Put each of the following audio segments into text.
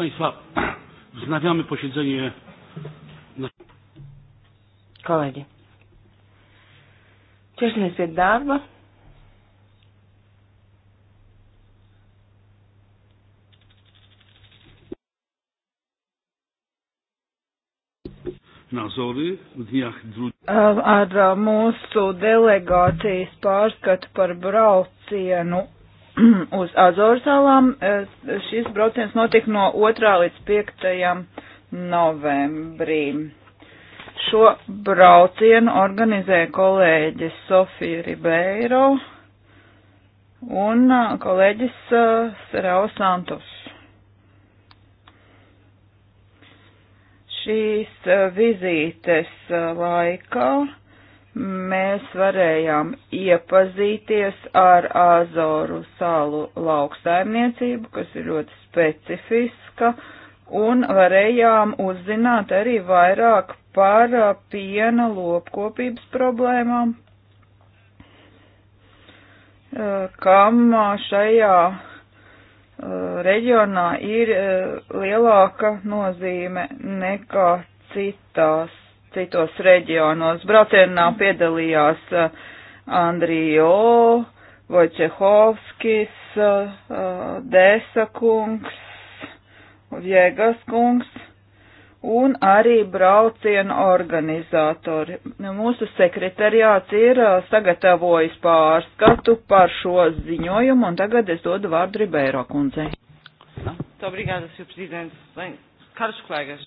Państwa, wznawiamy posiedzenie. Kolēģi, ķersimies pie darba. Nazori dniach drudz. Ar mūsu delegācijas pārskatu par braucienu uz Azoru salām. Šis brauciens notika no 2. līdz 5. novembrim. Šo braucienu organizē kolēģis Sofija Ribeiro un uh, kolēģis uh, Serau Santos. Šīs uh, vizītes laikā mēs varējām iepazīties ar Azoru salu lauksaimniecību, kas ir ļoti specifiska, un varējām uzzināt arī vairāk par uh, piena lopkopības problēmām, uh, kam uh, šajā reģionā ir lielāka nozīme nekā citās citos reģionos. Braucienā mm. piedalījās uh, Andrijo, Vojčehovskis, uh, uh, Dēsa kungs, Viegas kungs un arī braucienu organizatori. Mūsu sekretariāts ir sagatavojis pārskatu par šo ziņojumu, un tagad es dodu vārdu Ribeiro kundzei. Obrigada, Sr. Presidente. Bem, caros colegas.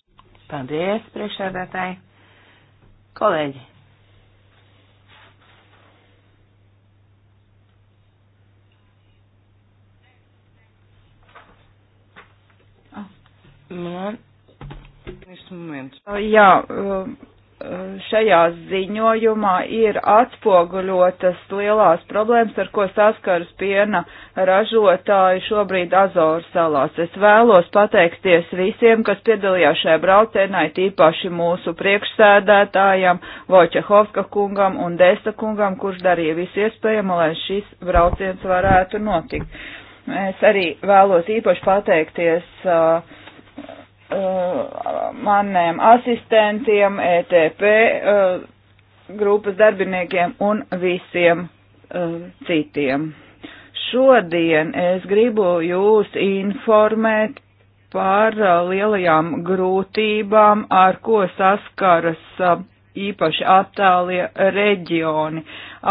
Paldies, priekšsēdētāji. Kolēģi! Ah. Man... Neste momento. Oh, jā, um šajā ziņojumā ir atspoguļotas lielās problēmas, ar ko saskaras piena ražotāji šobrīd Azoru salās. Es vēlos pateikties visiem, kas piedalījās šajā braucienā, tīpaši mūsu priekšsēdētājam, Vojčehovska kungam un Desta kungam, kurš darīja visu iespējamo, lai šis brauciens varētu notikt. Es arī vēlos īpaši pateikties uh, Uh, maniem asistentiem, ETP uh, grupas darbiniekiem un visiem uh, citiem. Šodien es gribu jūs informēt par lielajām grūtībām, ar ko saskaras īpaši attālie reģioni.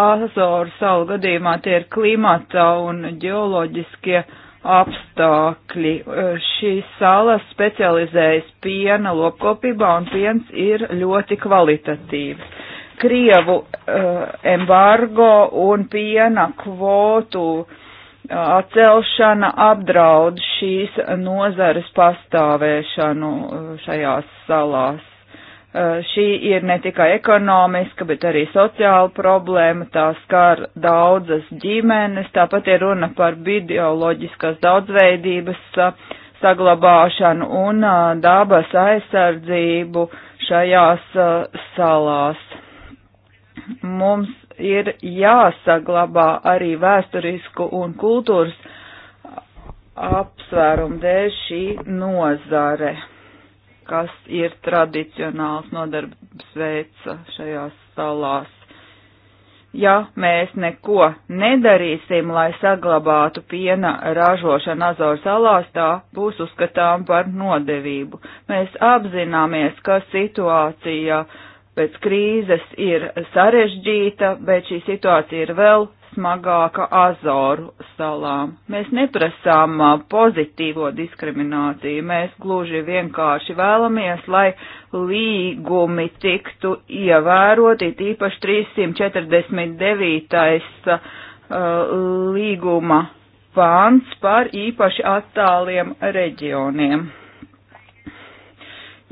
Azoru salu gadījumā tie ir klimata un ģeoloģiskie uh, apstākļi. Šīs salas specializējas piena lopkopībā un piens ir ļoti kvalitatīvs. Krievu uh, embargo un piena kvotu uh, atcelšana apdraud šīs nozares pastāvēšanu šajās salās. Eh, šī ir ne tikai ekonomiska, bet arī sociāla problēma, tā skar daudzas ģimenes, tāpat ir runa par bioloģiskās daudzveidības eh, saglabāšanu un eh, dabas aizsardzību šajās salās. Mums ir jāsaglabā arī vēsturisku un kultūras apsvērumu dēļ šī nozare kas ir tradicionāls nodarbs veids šajās salās. Ja mēs neko nedarīsim, lai saglabātu piena ražošanu Azoru salās, tā būs uzskatām par nodevību. Mēs apzināmies, ka situācija uh, pēc krīzes ir sarežģīta, bet šī situācija ir vēl smagāka Azoru salām. Mēs neprasām pozitīvo diskrimināciju, mēs gluži vienkārši vēlamies, lai līgumi tiktu ievēroti, tīpaši 349. līguma pāns par īpaši attāliem reģioniem.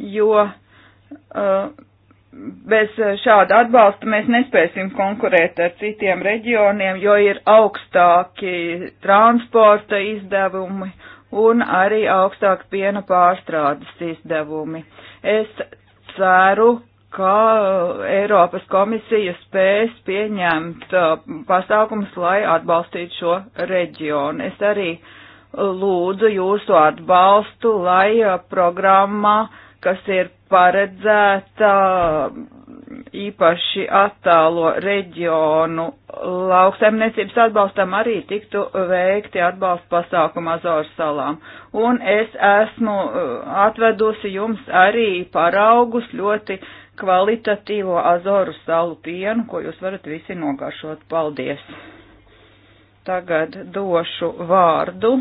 Jo uh, bez eh, šāda atbalsta mēs nespēsim konkurēt ar citiem reģioniem, jo ir augstāki transporta izdevumi un arī augstāki piena pārstrādes izdevumi. Es ceru, ka eh, Eiropas komisija spēs pieņemt eh, pasākumus, lai atbalstītu šo reģionu. Es arī lūdzu jūsu atbalstu, lai programmā uh, kas ir paredzēta um, īpaši attālo reģionu lauksaimniecības atbalstam arī tiktu veikti atbalsta pasākuma Azoru salām. Un es esmu uh, atvedusi jums arī paraugus ļoti kvalitatīvo Azoru salu pienu, ko jūs varat visi nogašot. Paldies! Tagad došu vārdu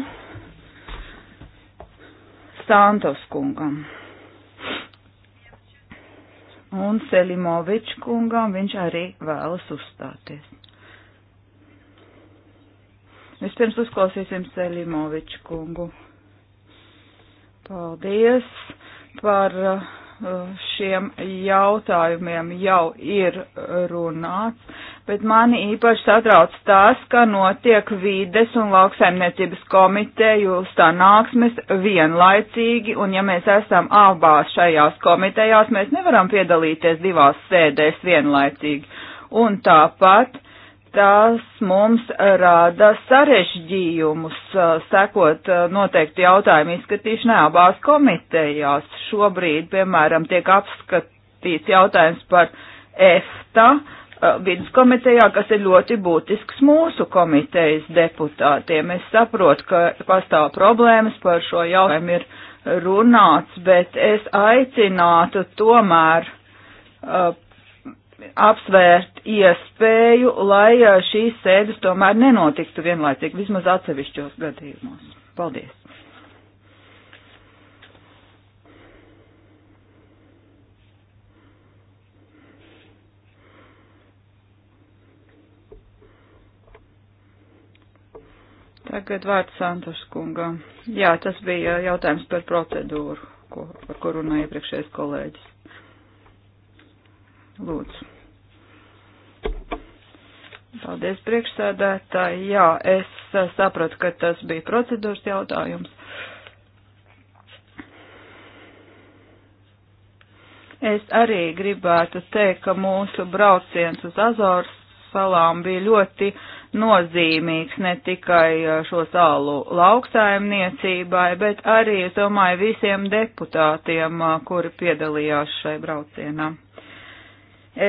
Santos kungam un Selimovičs kungam viņš arī vēlas uzstāties. Vispirms uzklausīsim Selimovičs kungu. Paldies par uh, šiem jautājumiem jau ir runāts bet mani īpaši satrauc tas, ka notiek vides un lauksaimniecības komiteju sanāksmes vienlaicīgi, un ja mēs esam abās šajās komitejās, mēs nevaram piedalīties divās sēdēs vienlaicīgi. Un tāpat tas mums rada sarežģījumus, sekot noteikti jautājumu izskatīšanai abās komitejās. Šobrīd, piemēram, tiek apskatīts jautājums par EFTA, Uh, vidas komitejā, kas ir ļoti būtisks mūsu komitejas deputātiem. Es saprotu, ka pastāv problēmas par šo jautājumu ir runāts, bet es aicinātu tomēr uh, apsvērt iespēju, lai uh, šīs sēdes tomēr nenotiktu vienlaicīgi, vismaz atsevišķos gadījumos. Paldies! Tagad vārds Santos kungam. Jā, tas bija jautājums par procedūru, ko, par ko runāja iepriekšējais kolēģis. Lūdzu. Paldies priekšsēdētāji. Jā, es sapratu, ka tas bija procedūras jautājums. Es arī gribētu teikt, ka mūsu brauciens uz Azoras salām bija ļoti uh, nozīmīgs ne tikai šo salu lauksaimniecībai, bet arī, es domāju, visiem deputātiem, kuri piedalījās šai braucienā.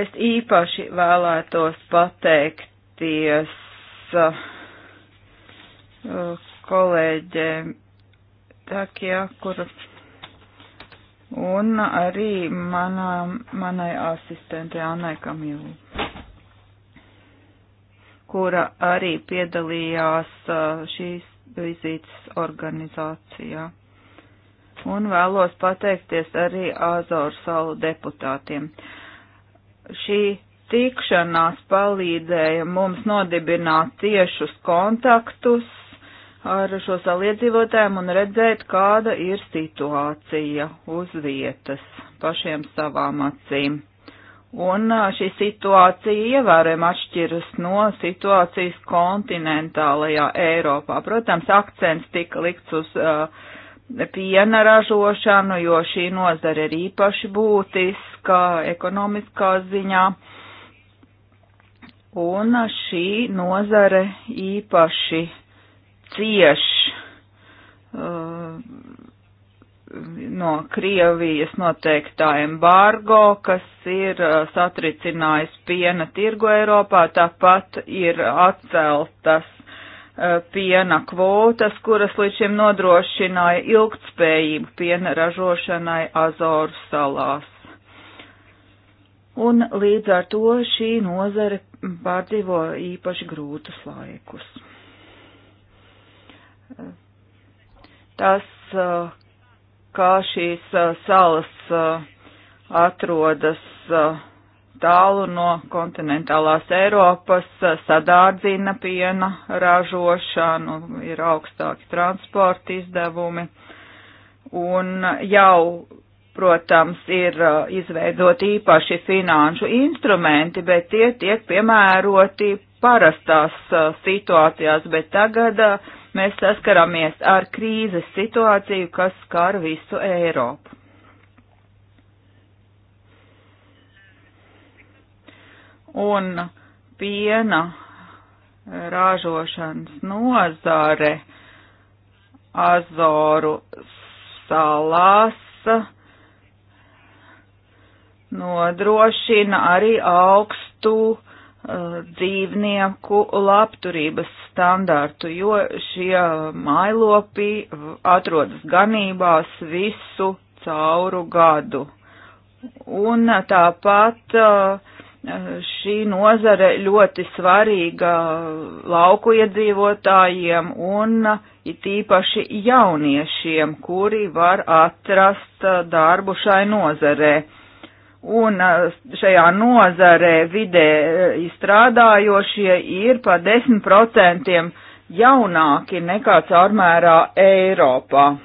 Es īpaši vēlētos pateikties kolēģiem Takijā, kura un arī manā, manai asistentei Annai Kamilai kura arī piedalījās uh, šīs vizītes organizācijā. Un vēlos pateikties arī Azoru salu deputātiem. Šī tikšanās palīdzēja mums nodibināt tiešus kontaktus ar šo saliedzīvotājiem un redzēt, kāda ir situācija uz vietas pašiem savām acīm. Un šī situācija ievērojami atšķiras no situācijas kontinentālajā Eiropā. Protams, akcents tika likts uz uh, piena ražošanu, jo šī nozara ir īpaši būtiska ekonomiskā ziņā. Un šī nozare īpaši cieš uh, no Krievijas noteiktā embargo, kas ir uh, satricinājis piena tirgu Eiropā, tāpat ir atceltas uh, piena kvotas, kuras līdz šim nodrošināja ilgtspējību piena ražošanai Azoru salās. Un līdz ar to šī nozare pārdzīvo īpaši grūtus laikus. Uh, tas, ka šīs salas atrodas tālu no kontinentālās Eiropas, sadārdzina piena ražošanu, ir augstāki transporta izdevumi. Un jau, protams, ir izveidot īpaši finanšu instrumenti, bet tie tiek piemēroti parastās situācijās, bet tagad uh, mēs saskaramies ar krīzes situāciju, kas skar visu Eiropu. Un piena ražošanas nozare Azoru salās nodrošina arī augstu Uh, dzīvnieku labturības standārtu, jo šie mailopi atrodas ganībās visu cauru gadu. Un tāpat uh, šī nozare ļoti svarīga lauku iedzīvotājiem un it īpaši jauniešiem, kuri var atrast darbu šai nozarei Un uh, šajā nozarē vidē uh, strādājošie ir pa 10% jaunāki nekā caurmērā Eiropā.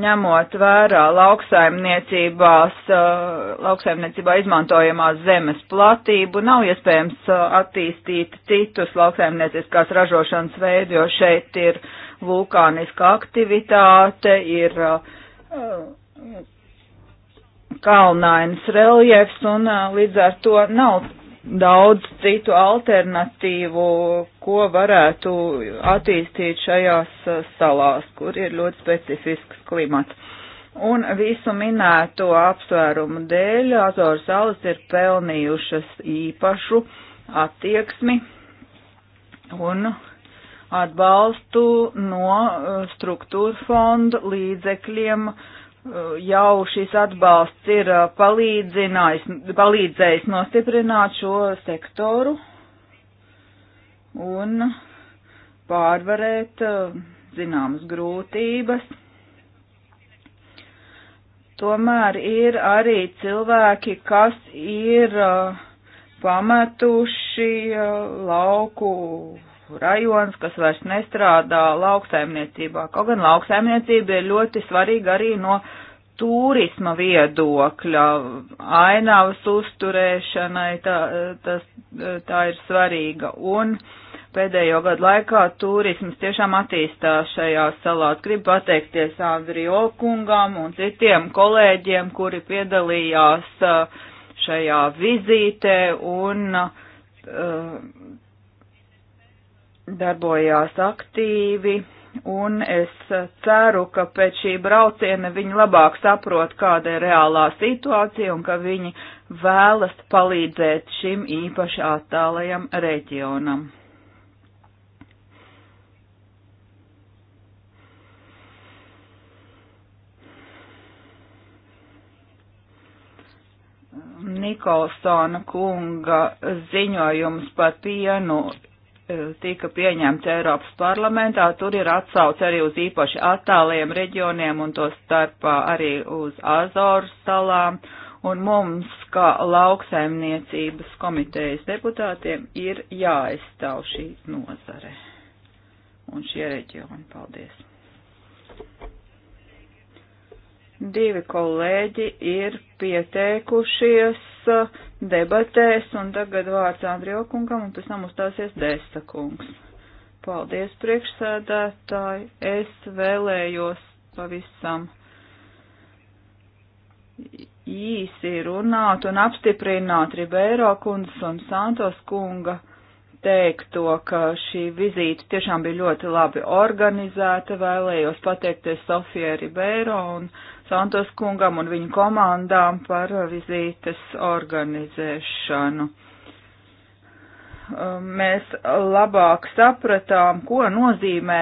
ņemot vērā lauksaimniecībās, uh, lauksaimniecībā izmantojamās zemes platību, nav iespējams attīstīt citus lauksaimnieciskās ražošanas veidu, jo šeit ir vulkāniska aktivitāte, ir uh, Oh, kalnains reljefs un uh, līdz ar to nav daudz citu alternatīvu, ko varētu attīstīt šajās uh, salās, kur ir ļoti specifisks klimats. Un visu minēto apsvērumu dēļ Azoru salas ir pelnījušas īpašu attieksmi un atbalstu no eh, struktūra fonda līdzekļiem. Eh, jau šis atbalsts ir eh, palīdzējis nostiprināt šo sektoru un pārvarēt zināmas grūtības. Tomēr ir arī cilvēki, kas ir pametuši lauku rajons, kas vairs nestrādā lauksaimniecībā. Kaut gan lauksaimniecība ir ļoti svarīga arī no turisma viedokļa, ainavas uzturēšanai, tā, tas, tā ir svarīga. Un pēdējo gadu laikā turisms tiešām attīstās šajā salā. Gribu pateikties Andriju Okungam un citiem kolēģiem, kuri piedalījās uh, šajā vizītē un uh, darbojās aktīvi, un es ceru, ka pēc šī brauciena viņi labāk saprot, kāda ir reālā situācija un ka viņi vēlas palīdzēt šim īpaši attālajam reģionam. Nikolsona kunga ziņojums par pienu tika pieņemts Eiropas parlamentā, tur ir atsauce arī uz īpaši attāliem reģioniem un to starpā arī uz Azoru salām. Un mums, kā lauksaimniecības komitejas deputātiem, ir jāaizstāv šī nozare un šie reģioni. Paldies! Divi kolēģi ir pieteikušies. Uh, debatēs, un tagad vārds Andrija kungam, un pēc tam uzstāsies Dēsta kungs. Paldies, priekšsēdētāji, es vēlējos pavisam īsi runāt un apstiprināt Ribeiro kundas un Santos kunga teikto, ka šī vizīte tiešām bija ļoti labi organizēta. Vēlējos pateikties Sofijai Ribeiro un Santos kungam un viņu komandām par vizītes organizēšanu. Um, mēs labāk sapratām, ko nozīmē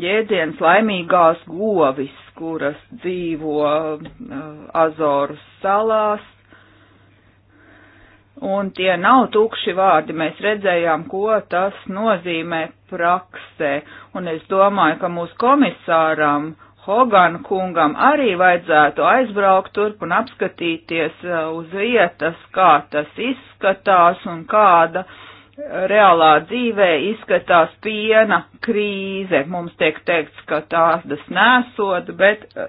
jēdziens laimīgās govis, kuras dzīvo uh, Azoru salās. Un tie nav tukši vārdi, mēs redzējām, ko tas nozīmē praksē. Un es domāju, ka mūsu komisāram Hogan kungam arī vajadzētu aizbraukt turp un apskatīties e, uz vietas, kā tas izskatās un kāda reālā dzīvē izskatās piena krīze. Mums tiek teikts, ka tās tas nesot, bet e,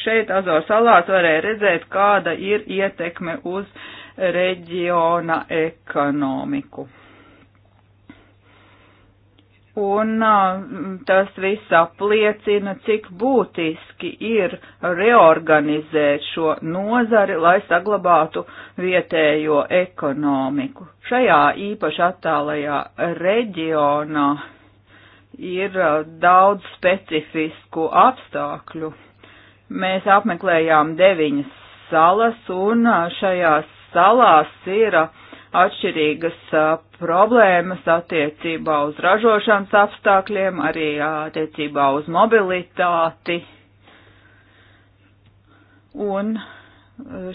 šeit Azor salās varēja redzēt, kāda ir ietekme uz reģiona ekonomiku. Un tas viss apliecina, cik būtiski ir reorganizēt šo nozari, lai saglabātu vietējo ekonomiku. Šajā īpaši attālajā reģionā ir daudz specifisku apstākļu. Mēs apmeklējām deviņas salas, un šajās salās ir uh, atšķirīgas problēmas attiecībā uz ražošanas apstākļiem, arī attiecībā uz mobilitāti. Un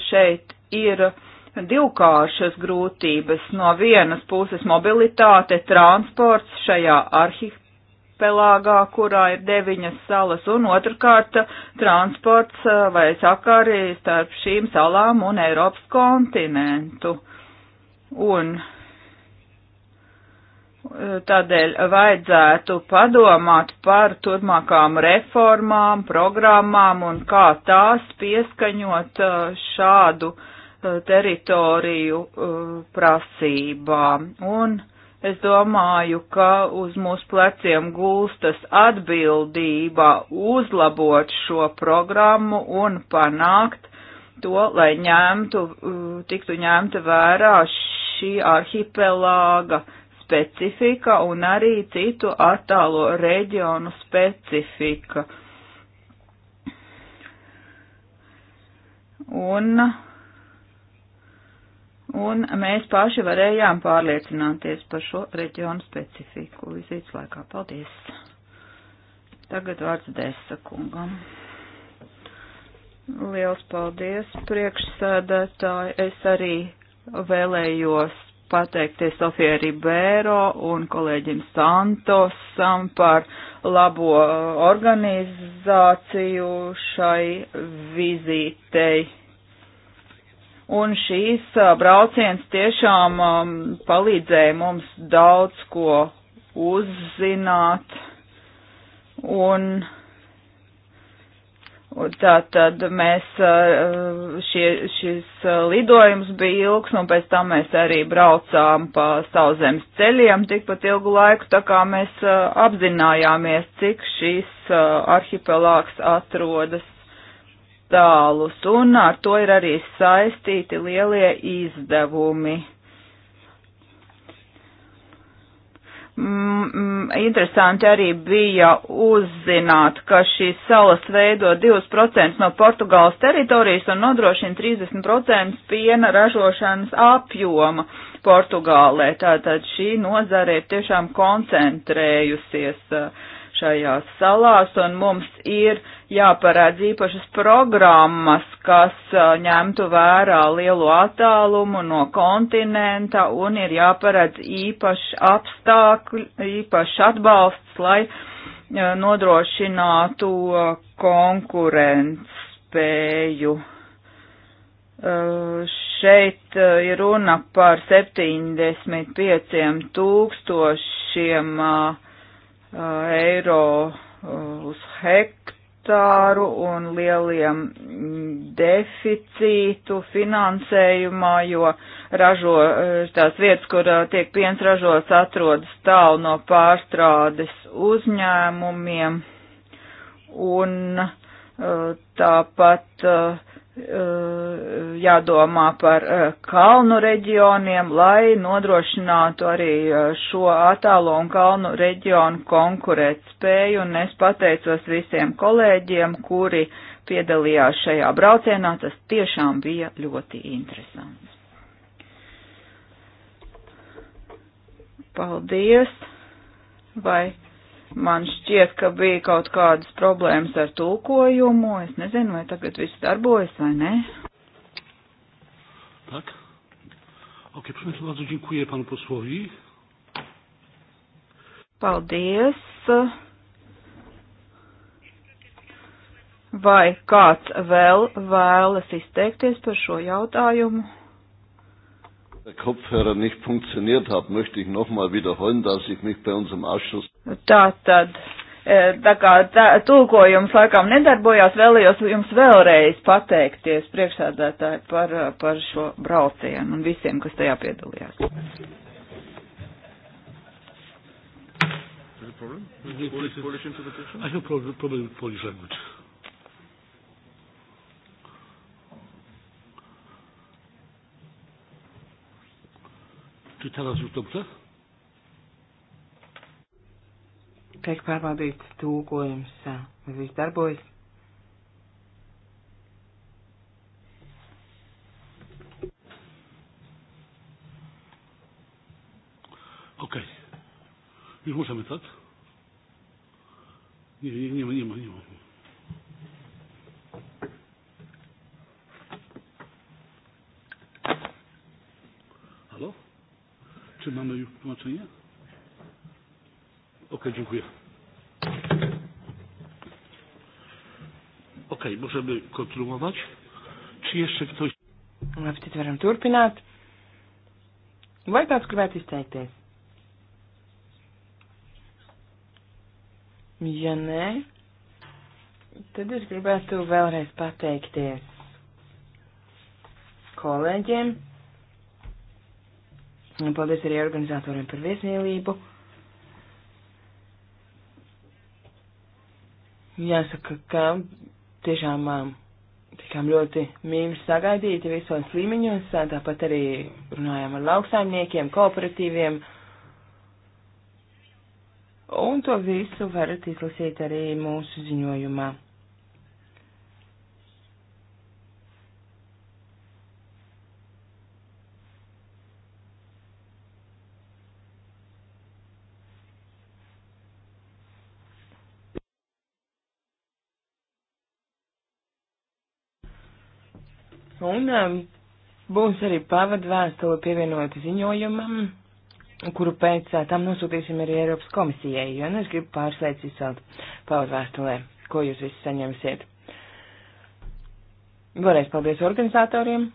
šeit ir divkāršas grūtības. No vienas puses mobilitāte, transports šajā arhipelāgā, kurā ir deviņas salas, un otrkārt transports vai sakarī starp šīm salām un Eiropas kontinentu. Uh, Un eh, tādēļ vajadzētu padomāt par turpmākām reformām, programmām un kā tās pieskaņot eh, šādu eh, teritoriju prasībām. Un es domāju, ka uz mūsu pleciem gulstas atbildība uzlabot šo programmu un panākt to, lai ņemtu, tiktu ņemta vērā šī arhipelāga specifika un arī citu attālo reģionu specifika. Un, un mēs paši varējām pārliecināties par šo reģionu specifiku vizītes laikā. Paldies! Tagad vārds Desa kungam. Liels paldies, priekšsēdētāji. Es arī vēlējos pateikties Sofijai Ribeiro un kolēģim Santosam par labo organizāciju šai vizītei. Un šīs brauciens tiešām um, palīdzēja mums daudz ko uzzināt. Un Un tā tad mēs eh, šie, šis eh, lidojums bija ilgs, un pēc tam mēs arī braucām pa sauszemes ceļiem tikpat ilgu laiku, tā kā mēs eh, apzinājāmies, cik šis arhipelāgs atrodas tālus, un ar to ir arī saistīti lielie izdevumi. interesanti arī bija uzzināt, ka šīs salas veido 2% no Portugāles teritorijas un nodrošina 30% piena ražošanas apjoma Portugālē. Tātad šī nozare ir tiešām koncentrējusies uh, šajās salās un mums ir uh, jāparādz īpašas programmas, kas ņemtu vērā lielu attālumu no kontinenta un ir jāparādz īpašs apstākļi, īpašs atbalsts, lai nodrošinātu konkurentspēju. Šeit ir runa par 75 tūkstošiem eiro uz hektāru deficitāru un lieliem deficītu finansējumā, jo ražo, tās vietas, kur tiek piens ražots, atrodas tālu no pārstrādes uzņēmumiem. Un tāpat uh, Eh, jādomā par eh, kalnu reģioniem, lai nodrošinātu arī eh, šo attālo un kalnu reģionu konkurēt spēju, un es pateicos visiem kolēģiem, kuri piedalījās šajā braucienā, tas tiešām bija ļoti interesants. Paldies! Vai Man šķiet, ka bija kaut kādas problēmas ar tulkojumu. Es nezinu, vai tagad viss darbojas vai nē. Tak. Ok, proszę bardzo, dziękuję panu posłowi. Paldies. Vai kāds vēl vēlas izteikties par šo jautājumu? Kopfhörer nicht funktioniert hat, möchte ich nochmal wiederholen, dass ich mich bei unserem Ausschuss. Nu, tā tad, e, tā kā tā, tulkojums laikam nedarbojās, vēlējos jums vēlreiz pateikties priekšsēdētāji par, par šo braucienu un visiem, kas tajā piedalījās. Problem? Polish, Polish interpretation? I have problem, problem with Polish language. Czy teraz już dobrze? Tiek pārbaudīts tūkojums, vai viss darbojas. Ok. Już możemy, tak? Nie, nie, nie ma, nie ma, nie ma. Czy mamy już tłumaczenie? Okej, okay, dziękuję. Okej, okay, możemy kontynuować. Czy jeszcze ktoś... Labi, tad varam turpināt. Vai kāds gribētu izteikties? Ja nē, tad es gribētu vēlreiz pateikties kolēģiem. Un paldies arī organizatoriem par viesmīlību. Jāsaka, ka tiešām tikām ļoti mīļi sagaidīti visos līmeņos, tāpat arī runājām ar lauksaimniekiem, kooperatīviem. Un to visu varat izlasīt arī mūsu ziņojumā. Un um, būs arī pavadu vēstule pievienota ziņojumam, kuru pēc uh, tam nosūtīsim arī Eiropas komisijai, jo nu, es gribu pārslēgt izcelt pavadu vēstulē, ko jūs visi saņemsiet. Vēlreiz paldies organizatoriem!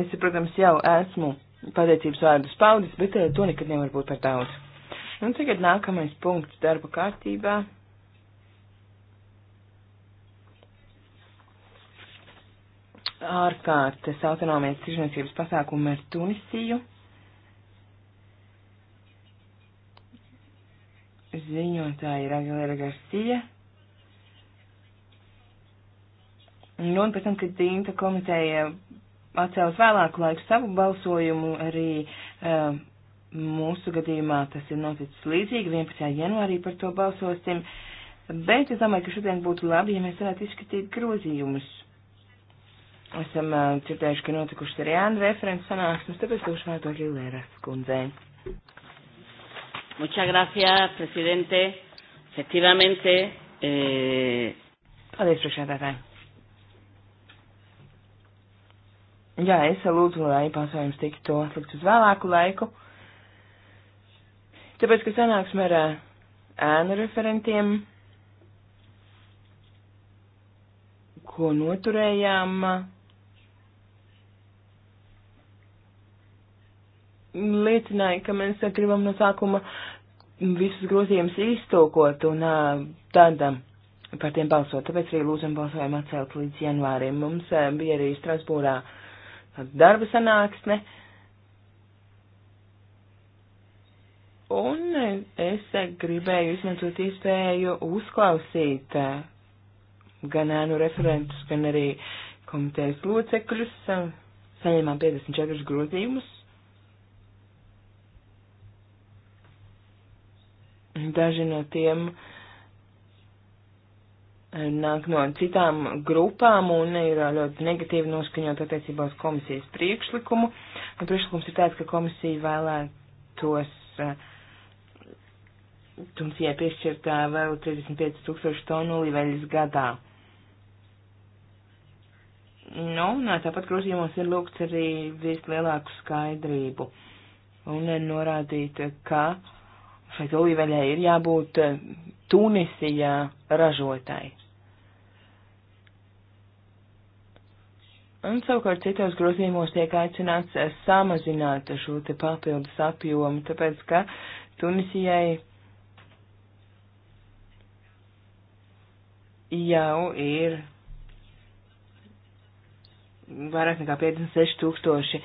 Es, protams, jau esmu pateicības vārdus paudis, bet uh, to nekad nevar būt par daudz. Un tagad nākamais punkts darba kārtībā. Ārkārtas autonomijas tirzniecības pasākumi ar Tunisiju. Ziņotāja ir Agilera Garcia. Nu, un pēc tam, kad Dīnta komiteja atcēlas vēlāku laiku savu balsojumu, arī uh, Mūsu gadījumā tas ir noticis līdzīgi, 11. janvārī par to balsosim, bet es domāju, ka šodien būtu labi, ja mēs varētu izskatīt grozījumus. Esam uh, dzirdējuši, ka notikušas arī Ānu referents sanāksmes, tāpēc došu vārdu Agilēras kundzei. Muchas gracias, presidente. Efectivamente. Eh... Paldies, priekšsēdētāji. Jā, es lūdzu, lai balsojums tiktu atlikts uz vēlāku laiku. Tāpēc, ka sanāksim ar eh, ēnu referentiem, ko noturējām. Liecināja, ka mēs gribam no sākuma visus grozījumus iztūkot un eh, tādam um, par tiem balsot. Tāpēc arī lūdzam balsojumu atcelt līdz janvārim. Mums eh, bija arī Strasbūrā darba sanāksme. Ne? Un es gribēju izmantot iespēju uzklausīt eh, gan ēnu referentus, gan arī komitejas locekļus. Saņēmām 54 grozījumus. Daži no tiem eh, nāk no citām grupām un ir eh, ļoti negatīvi noskaņot attiecībā uz komisijas priekšlikumu. Un priekšlikums ir tāds, ka komisija vēlētos uh, Tuncijai piešķirtā vēl 35 tūkstoši tonu olīveļas gadā. Nu, nā, tāpat grozījumos ir lūgts arī vislielāku skaidrību un norādīt, ka šai olīveļai ir jābūt Tunisijā ražotai. Un savukārt citos grozījumos tiek aicināts samazināt šo te papildus apjomu, tāpēc ka Tunisijai jau ir vairāk nekā 56 tūkstoši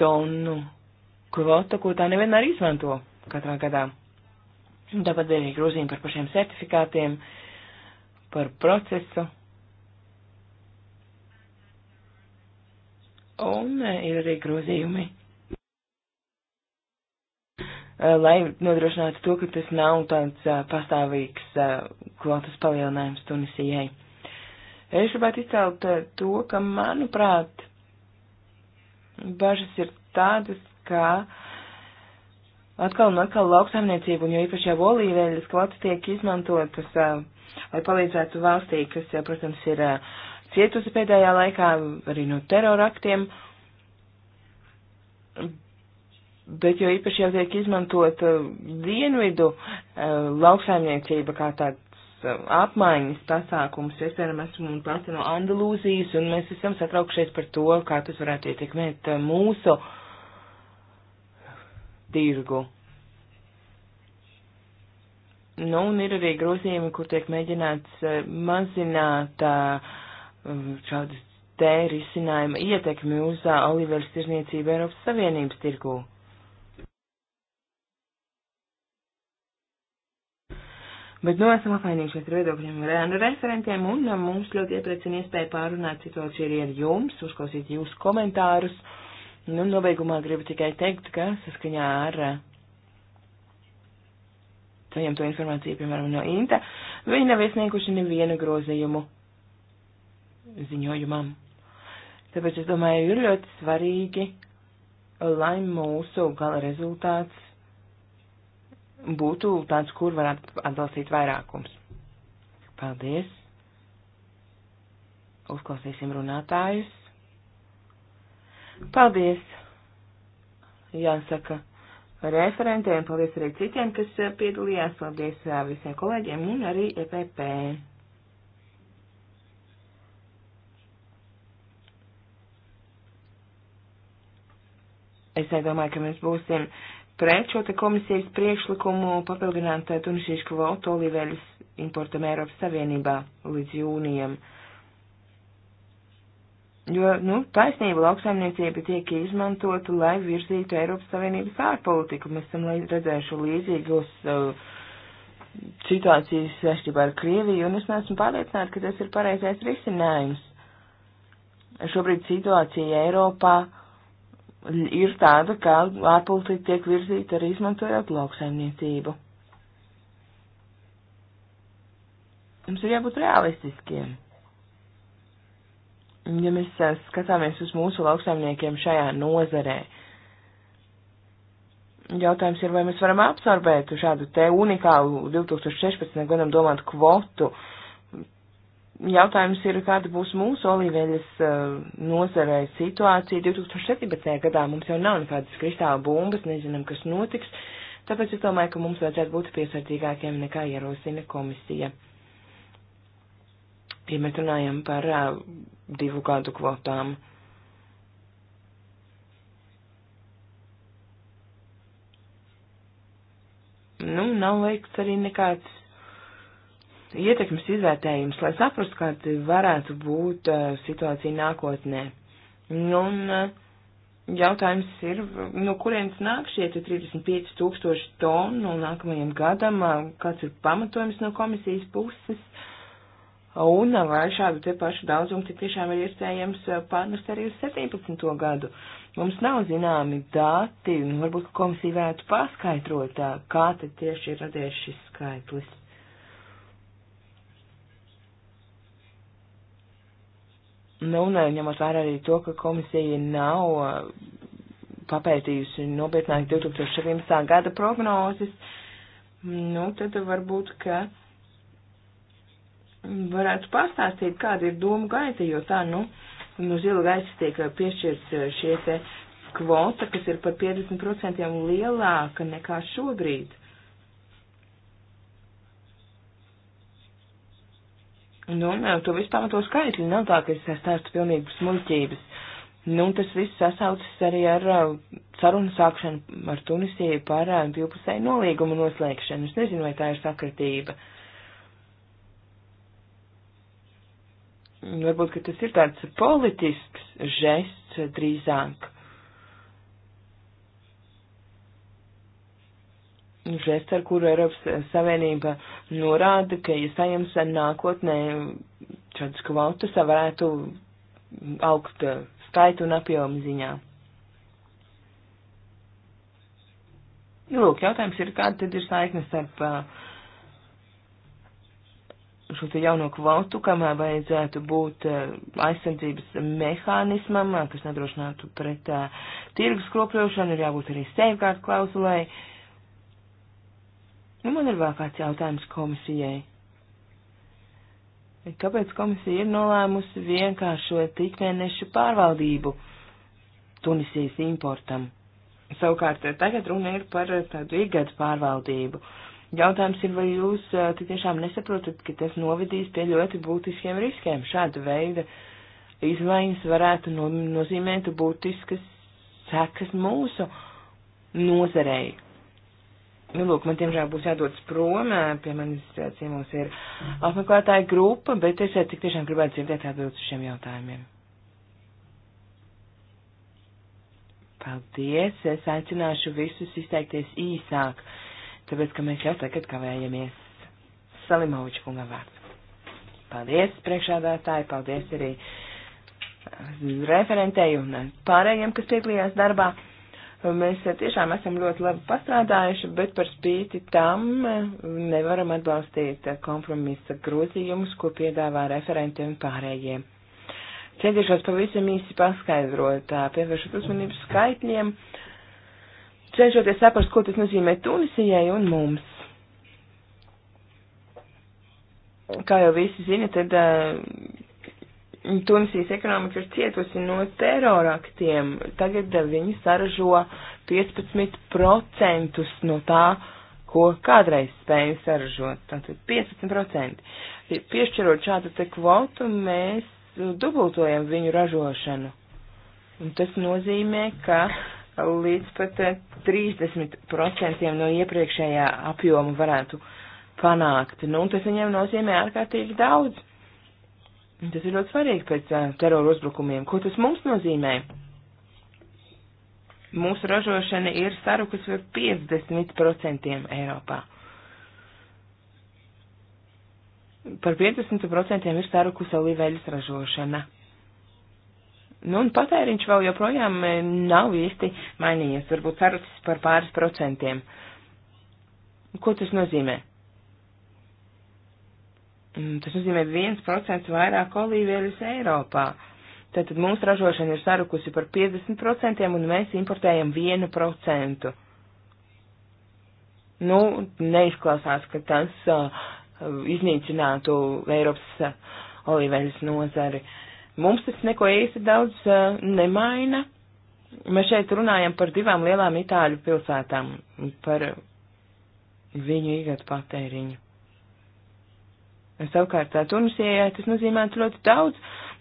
tonu kvota, ko tā nevienmēr izmanto katrā gadā. Un tāpat arī grozījumi par pašiem certifikātiem, par procesu. Un eh, ir arī grozījumi Eh, lai nodrošinātu to, ka tas nav tāds eh, pastāvīgs eh, kvotas palielinājums Tunisijai. Es gribētu izcelt to, ka, manuprāt, bažas ir tādas, ka atkal un atkal lauksaimniecība, un jo īpaši jau olīveļas kvotas tiek izmantotas, lai palīdzētu valstī, kas, protams, ir cietusi pēdējā laikā arī no teroraktiem, bet jo īpaši jau tiek izmantot eh, dienvidu eh, lauksaimniecība kā tāds eh, apmaiņas pasākums. Es vienam esmu pati no Andalūzijas, un mēs esam satraukšies par to, kā tas varētu ietekmēt mūsu tirgu. Nu, un ir arī grozījumi, kur tiek mēģināts mazināt šādas te risinājuma ietekmi uz olīveru tirzniecību Eiropas Savienības tirgū. Bet nu esam apmainījušies ar viedokļiem ar ēnu referentiem un um, mums ļoti iepriecina iespēja pārunāt situāciju arī ar jums, uzklausīt jūsu komentārus. Nu, nobeigumā gribu tikai teikt, ka saskaņā ar saņemto uh, informāciju, piemēram, no Inta, viņi nav iesnieguši nevienu grozījumu ziņojumam. Tāpēc es domāju, ir ļoti svarīgi, lai mūsu gala rezultāts būtu tāds, kur varētu atbalstīt vairākums. Paldies! Uzklausīsim runātājus. Paldies! Jāsaka referentiem, paldies arī citiem, kas eh, piedalījās, paldies eh, visiem kolēģiem un arī EPP. Es nedomāju, ka mēs būsim uh, pret šo te komisijas priekšlikumu papildināt eh, tunišķīšu kvotu olīveļas importam Eiropas Savienībā līdz jūnijam. Jo, nu, taisnība lauksaimniecība tiek izmantota, lai virzītu Eiropas Savienības ārpolitiku. Mēs esam redzējuši līdzīgos uh, situācijas saistībā ar Krieviju, un es neesmu pārliecināta, ka tas ir pareizais risinājums. Šobrīd situācija Eiropā ir tāda, ka ārpolitika tiek virzīta arī izmantojot lauksaimniecību. Mums ir jābūt realistiskiem. Ja mēs eh, skatāmies uz mūsu lauksaimniekiem šajā nozarē, jautājums ir, vai mēs varam absorbēt šādu te unikālu 2016. gadam domātu kvotu, uh, jautājums ir, kāda būs mūsu olīveļas eh, nozarē situācija 2017. gadā. Mums jau nav nekādas kristāla bumbas, nezinām, kas notiks, tāpēc es domāju, ka mums vajadzētu būt piesardzīgākiem nekā ierosina komisija. Ja mēs runājam par uh, divu gadu kvotām. Nu, nav veikts arī nekāds ietekmes izvērtējums, lai saprastu, kāda varētu būt uh, situācija nākotnē. Nu, un uh, jautājums ir, no kurienes nāk šie 35 tūkstoši tonu nākamajam gadam, uh, kāds ir pamatojums no komisijas puses, un uh, vai šādu te pašu daudzumu tik tiešām ir iespējams uh, pārnest arī uz 17. gadu. Mums nav zināmi dati, un varbūt komisija varētu paskaidrot, uh, kā tad tieši ir radies šis skaitlis. Nu, un eh, ņemot vērā arī to, ka komisija nav eh, papētījusi nopietnāk 2017. gada prognozes, nu, tad varbūt, ka varētu pastāstīt, kāda ir doma gaita, jo tā, nu, no zila gaisa tiek eh, piešķirts šie te kvota, kas ir par 50% lielāka nekā šobrīd. Nu, un eh, to visu pamato skaitļi nav tā, ka es stāstu pilnīgi smuļķības. Nu, tas viss sasaucas arī ar eh, sarunu sākšanu ar Tunisiju par eh, divpusēju nolīgumu noslēgšanu. Es nezinu, vai tā ir sakritība. Varbūt, ka tas ir tāds politisks žests drīzāk. žests, ar kuru Eiropas Savienība norāda, ka iespējams ja nākotnē šādas kvotas varētu augt skaitu un apjomu ziņā. Nu, lūk, jautājums ir, kāda tad ir saikne starp uh, šo te jauno kvotu, kam vajadzētu būt uh, aizsardzības mehānismam, uh, kas nodrošinātu pret tirgus kropļošanu, ir jābūt arī safeguard klausulai. Uh, Nu, man ir vēl kāds jautājums komisijai. Kāpēc komisija ir nolēmusi vienkāršot ikmēnešu pārvaldību Tunisijas importam? Savukārt, tagad runa ir par tādu ikgadu pārvaldību. Jautājums ir, vai jūs tiešām nesaprotat, ka tas novedīs pie ļoti būtiskiem riskiem. Šāda veida izmaiņas varētu no, nozīmēt būtiskas sekas mūsu nozarei, Nu, lūk, man tiemžēl būs jādodas prom, pie manis ciemos ir apmeklētāja grupa, bet es tik tiešām gribētu dzirdēt atbildes uz šiem jautājumiem. Paldies! Es aicināšu visus izteikties īsāk, tāpēc, ka mēs jau tagad kavējamies. Salimoviča kungam vārds. Paldies, priekšādātāji, paldies arī referentēju un pārējiem, kas piedalījās darbā. Mēs eh, tiešām esam ļoti labi pastrādājuši, bet par spīti tam eh, nevaram atbalstīt eh, kompromisa grozījumus, ko piedāvā referenti un pārējie. Centīšos pavisam īsi paskaidrot, pievēršot uzmanību skaitļiem, cenšoties saprast, ko tas nozīmē Tunisijai un mums. Kā jau visi zina, tad uh, Tunisijas ekonomika ir cietusi no teroraktiem. Tagad eh, viņi saražo 15% no tā, ko kādreiz spēja saražot. Tātad 15%. Piešķirot šādu te kvotu, mēs eh, dubultojam viņu ražošanu. Un tas nozīmē, ka līdz pat 30% eh, no iepriekšējā apjoma varētu panākt. Nu, un tas viņiem nozīmē ārkārtīgi daudz. Tas ir ļoti svarīgi pēc uh, terora uzbrukumiem. Ko tas mums nozīmē? Mūsu ražošana ir sarukas par 50% Eiropā. Par 50% ir sarukus olīveļas ražošana. Nu, un patēriņš vēl joprojām nav īsti mainījies, varbūt sarucis par pāris procentiem. Ko tas nozīmē? Mm, tas nozīmē 1% vairāk olīvieļas Eiropā. Tātad mūsu ražošana ir sarukusi par 50% un mēs importējam 1%. Nu, neizklausās, ka tas uh, iznīcinātu Eiropas uh, olīvieļas nozari. Mums tas neko īsti daudz uh, nemaina. Mēs šeit runājam par divām lielām itāļu pilsētām, par viņu īgatu patēriņu. Savukārt Tunisijai tas nozīmētu ļoti daudz,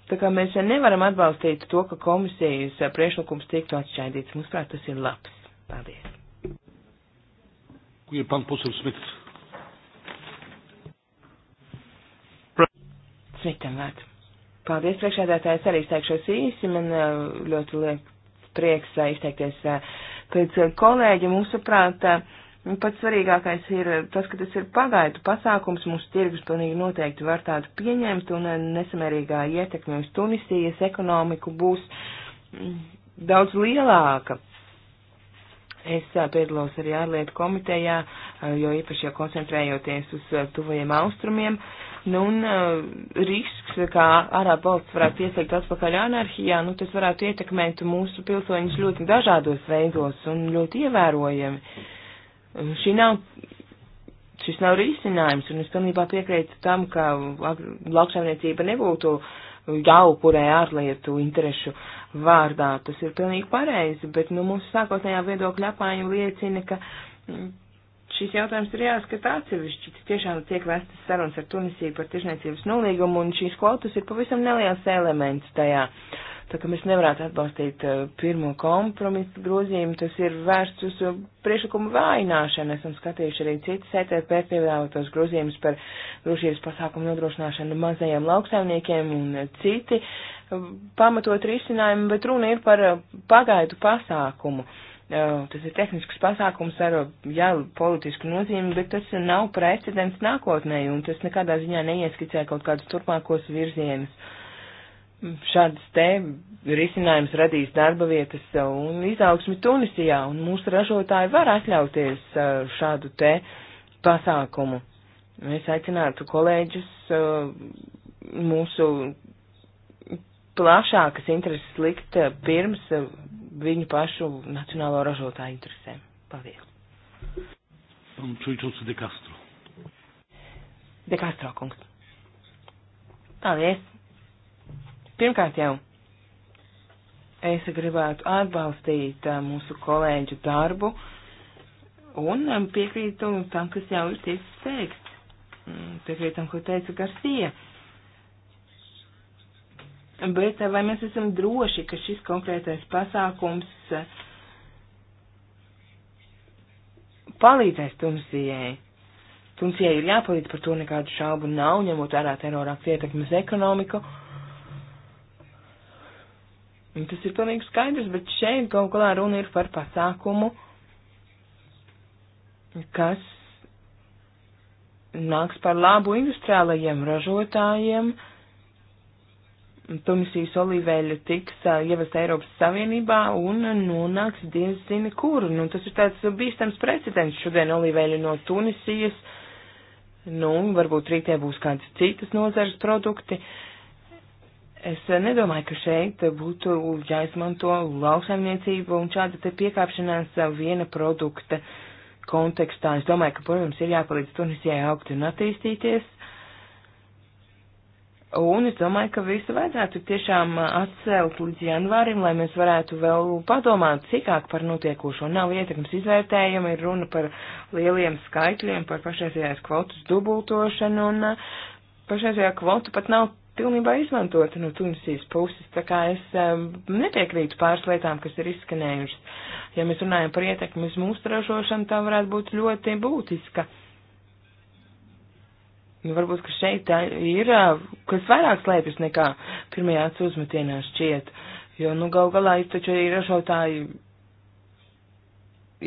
tā kā mēs nevaram atbalstīt to, ka komisijas priešlikums tiktu atšķaidīts. Mums prāt, tas ir labs. Paldies. Dziękuję. Pan poseł Smith. Smitam vārds. Paldies, priekšādātājs. Arī izteikšos īsi. Man ļoti liek prieks izteikties pēc kolēģa. Mūsuprāt, uh, Pats svarīgākais ir tas, ka tas ir pagaidu pasākums, mūsu tirgus pilnīgi noteikti var tādu pieņemt, un eh, nesamērīgā ietekme uz Tunisijas ekonomiku būs mm, daudz lielāka. Es eh, piedalos arī ārlietu komitejā, eh, jo īpaši jau koncentrējoties uz tuvajiem austrumiem, nu un risks, kā Arābu valsts varētu iesaikt atpakaļ anarhijā, nu tas varētu ietekmēt mūsu pilsoņus ļoti dažādos veidos un ļoti ievērojami šī nav, šis nav risinājums, un es pilnībā piekrītu tam, ka lauksaimniecība nebūtu jaukurē ārlietu interešu vārdā. Tas ir pilnīgi pareizi, bet, nu, mūsu sākotnējā viedokļa apmaiņa liecina, ka šīs jautājums ir jāskata atsevišķi. Tiešām tiek vestas sarunas ar Tunisiju par tiešniecības nolīgumu, un šīs kvotas ir pavisam neliels elements tajā. Tā kā mēs nevarētu atbalstīt eh, pirmo kompromisu grozījumu, tas ir vērsts uz eh, priešlikumu vājināšanu. Esam skatījuši arī citas ETP pievēlētos grozījumus par drošības pasākumu nodrošināšanu mazajiem lauksaimniekiem un eh, citi pamatot risinājumu, bet runa ir par pagaidu pasākumu. Uh, Tas ir tehnisks pasākums ar, jā, politisku nozīmi, bet tas nav precedents nākotnē, un tas nekādā ziņā neieskicē kaut kādus turpmākos virzienus. Šādas te risinājums radīs darba vietas un izaugsmi Tunisijā, un mūsu ražotāji var atļauties šādu te pasākumu. Es aicinātu kolēģus mūsu plašākas intereses likt pirms viņu pašu nacionālo ražotāju interesēm. Paldies. Un Čuļčuls de Castro. De Castro kungs. Paldies. Pirmkārt jau, es gribētu atbalstīt mūsu kolēģu darbu un piekrītu tam, kas jau ir tiek teikts. Mm, piekrītam, ko teica Garcija. Uh, bet eh, vai mēs esam droši, ka šis konkrētais pasākums eh, palīdzēs Tunisijai? Tunisijai ir jāpalīdz, par to nekādu šaubu nav, ņemot vērā terorāks ietekmes ekonomiku. Un tas ir pilnīgi skaidrs, bet šeit kaut kādā runa ir par pasākumu, kas nāks par labu industriālajiem ražotājiem, uh, Tunisijas olīveļa tiks ievest Eiropas Savienībā un nonāks diez zina kur. Nu, tas ir tāds bīstams precedents šodien olīveļa no Tunisijas. Nu, varbūt rītē būs kādas citas nozares produkti. Es nedomāju, ka šeit būtu jāizmanto lauksaimniecība un šāda te piekāpšanās viena produkta kontekstā. Es domāju, ka, protams, ir jāpalīdz Tunisijai augt un attīstīties Un es domāju, ka visu vajadzētu tiešām atcelt līdz janvārim, lai mēs varētu vēl padomāt cikāk par notiekošo. Nav ietekmes izvērtējumi, ir runa par lieliem skaitļiem, par pašreizējās kvotas dubultošanu, un uh, pašreizējā kvota pat nav pilnībā izmantota no Tunisijas puses, tā kā es um, nepiekrītu pāris lietām, kas ir izskanējušas. Ja mēs runājam par ietekmi uz mūsu ražošanu, tā varētu būt ļoti būtiska. Uh, Nu, varbūt, ka šeit ir kas vairāk slēpjas nekā pirmajās uzmetienās šķiet, jo, nu, gal galā ir taču arī ražotāji,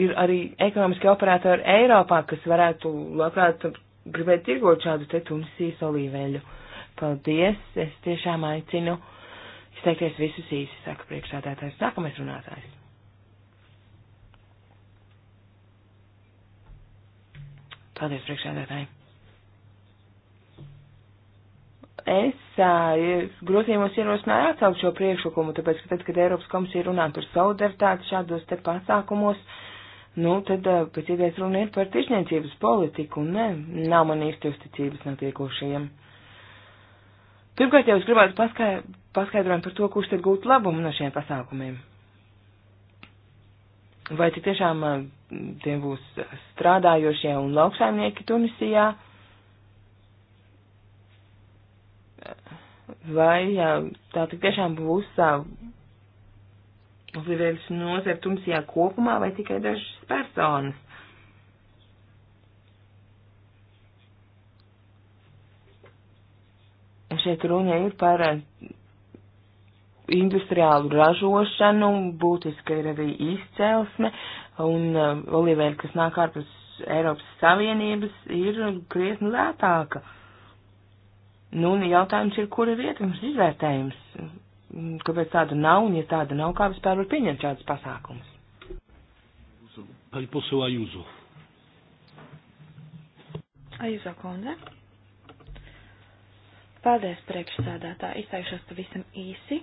ir arī ekonomiski operatori Eiropā, kas varētu labprāt gribēt tirgot šādu te tumsīs olīveļu. Paldies, es tiešām aicinu izteikties visus īsi, saka priekšsādātājs. Nākamais runātājs. Paldies, priekšsēdētāji. es grozījumos ierosināju atcelt šo priekšlikumu, tāpēc, ka tad, kad Eiropas komisija runā par solidaritāti šādos te pasākumos, nu, tad pēc idejas runa ir par tiešniecības politiku, un ne, nav man īsti uzticības notiekošajiem. Pirmkārt, jau es gribētu paskaidrojumu par to, kurš tad gūt labumu no šiem pasākumiem. Vai tik tiešām tie būs strādājošie un lauksaimnieki Tunisijā? vai tā tik tiešām būs sievietes nozara Tunisijā kopumā vai tikai dažas personas. Šeit runa ir par industriālu ražošanu, būtiska ir arī izcelsme, un olivēra, kas nāk ārpus Eiropas Savienības, ir krietni lētāka. Uh, Nu, un jautājums ir, kur ir ietekmes izvērtējums? Kāpēc tāda nav, un ja tāda nav, kā vispār var pieņemt šādas pasākumus? Paļposu Ajūzu. Ajūza kundze. Paldies, priekšsādātā. Izteikšos pavisam īsi.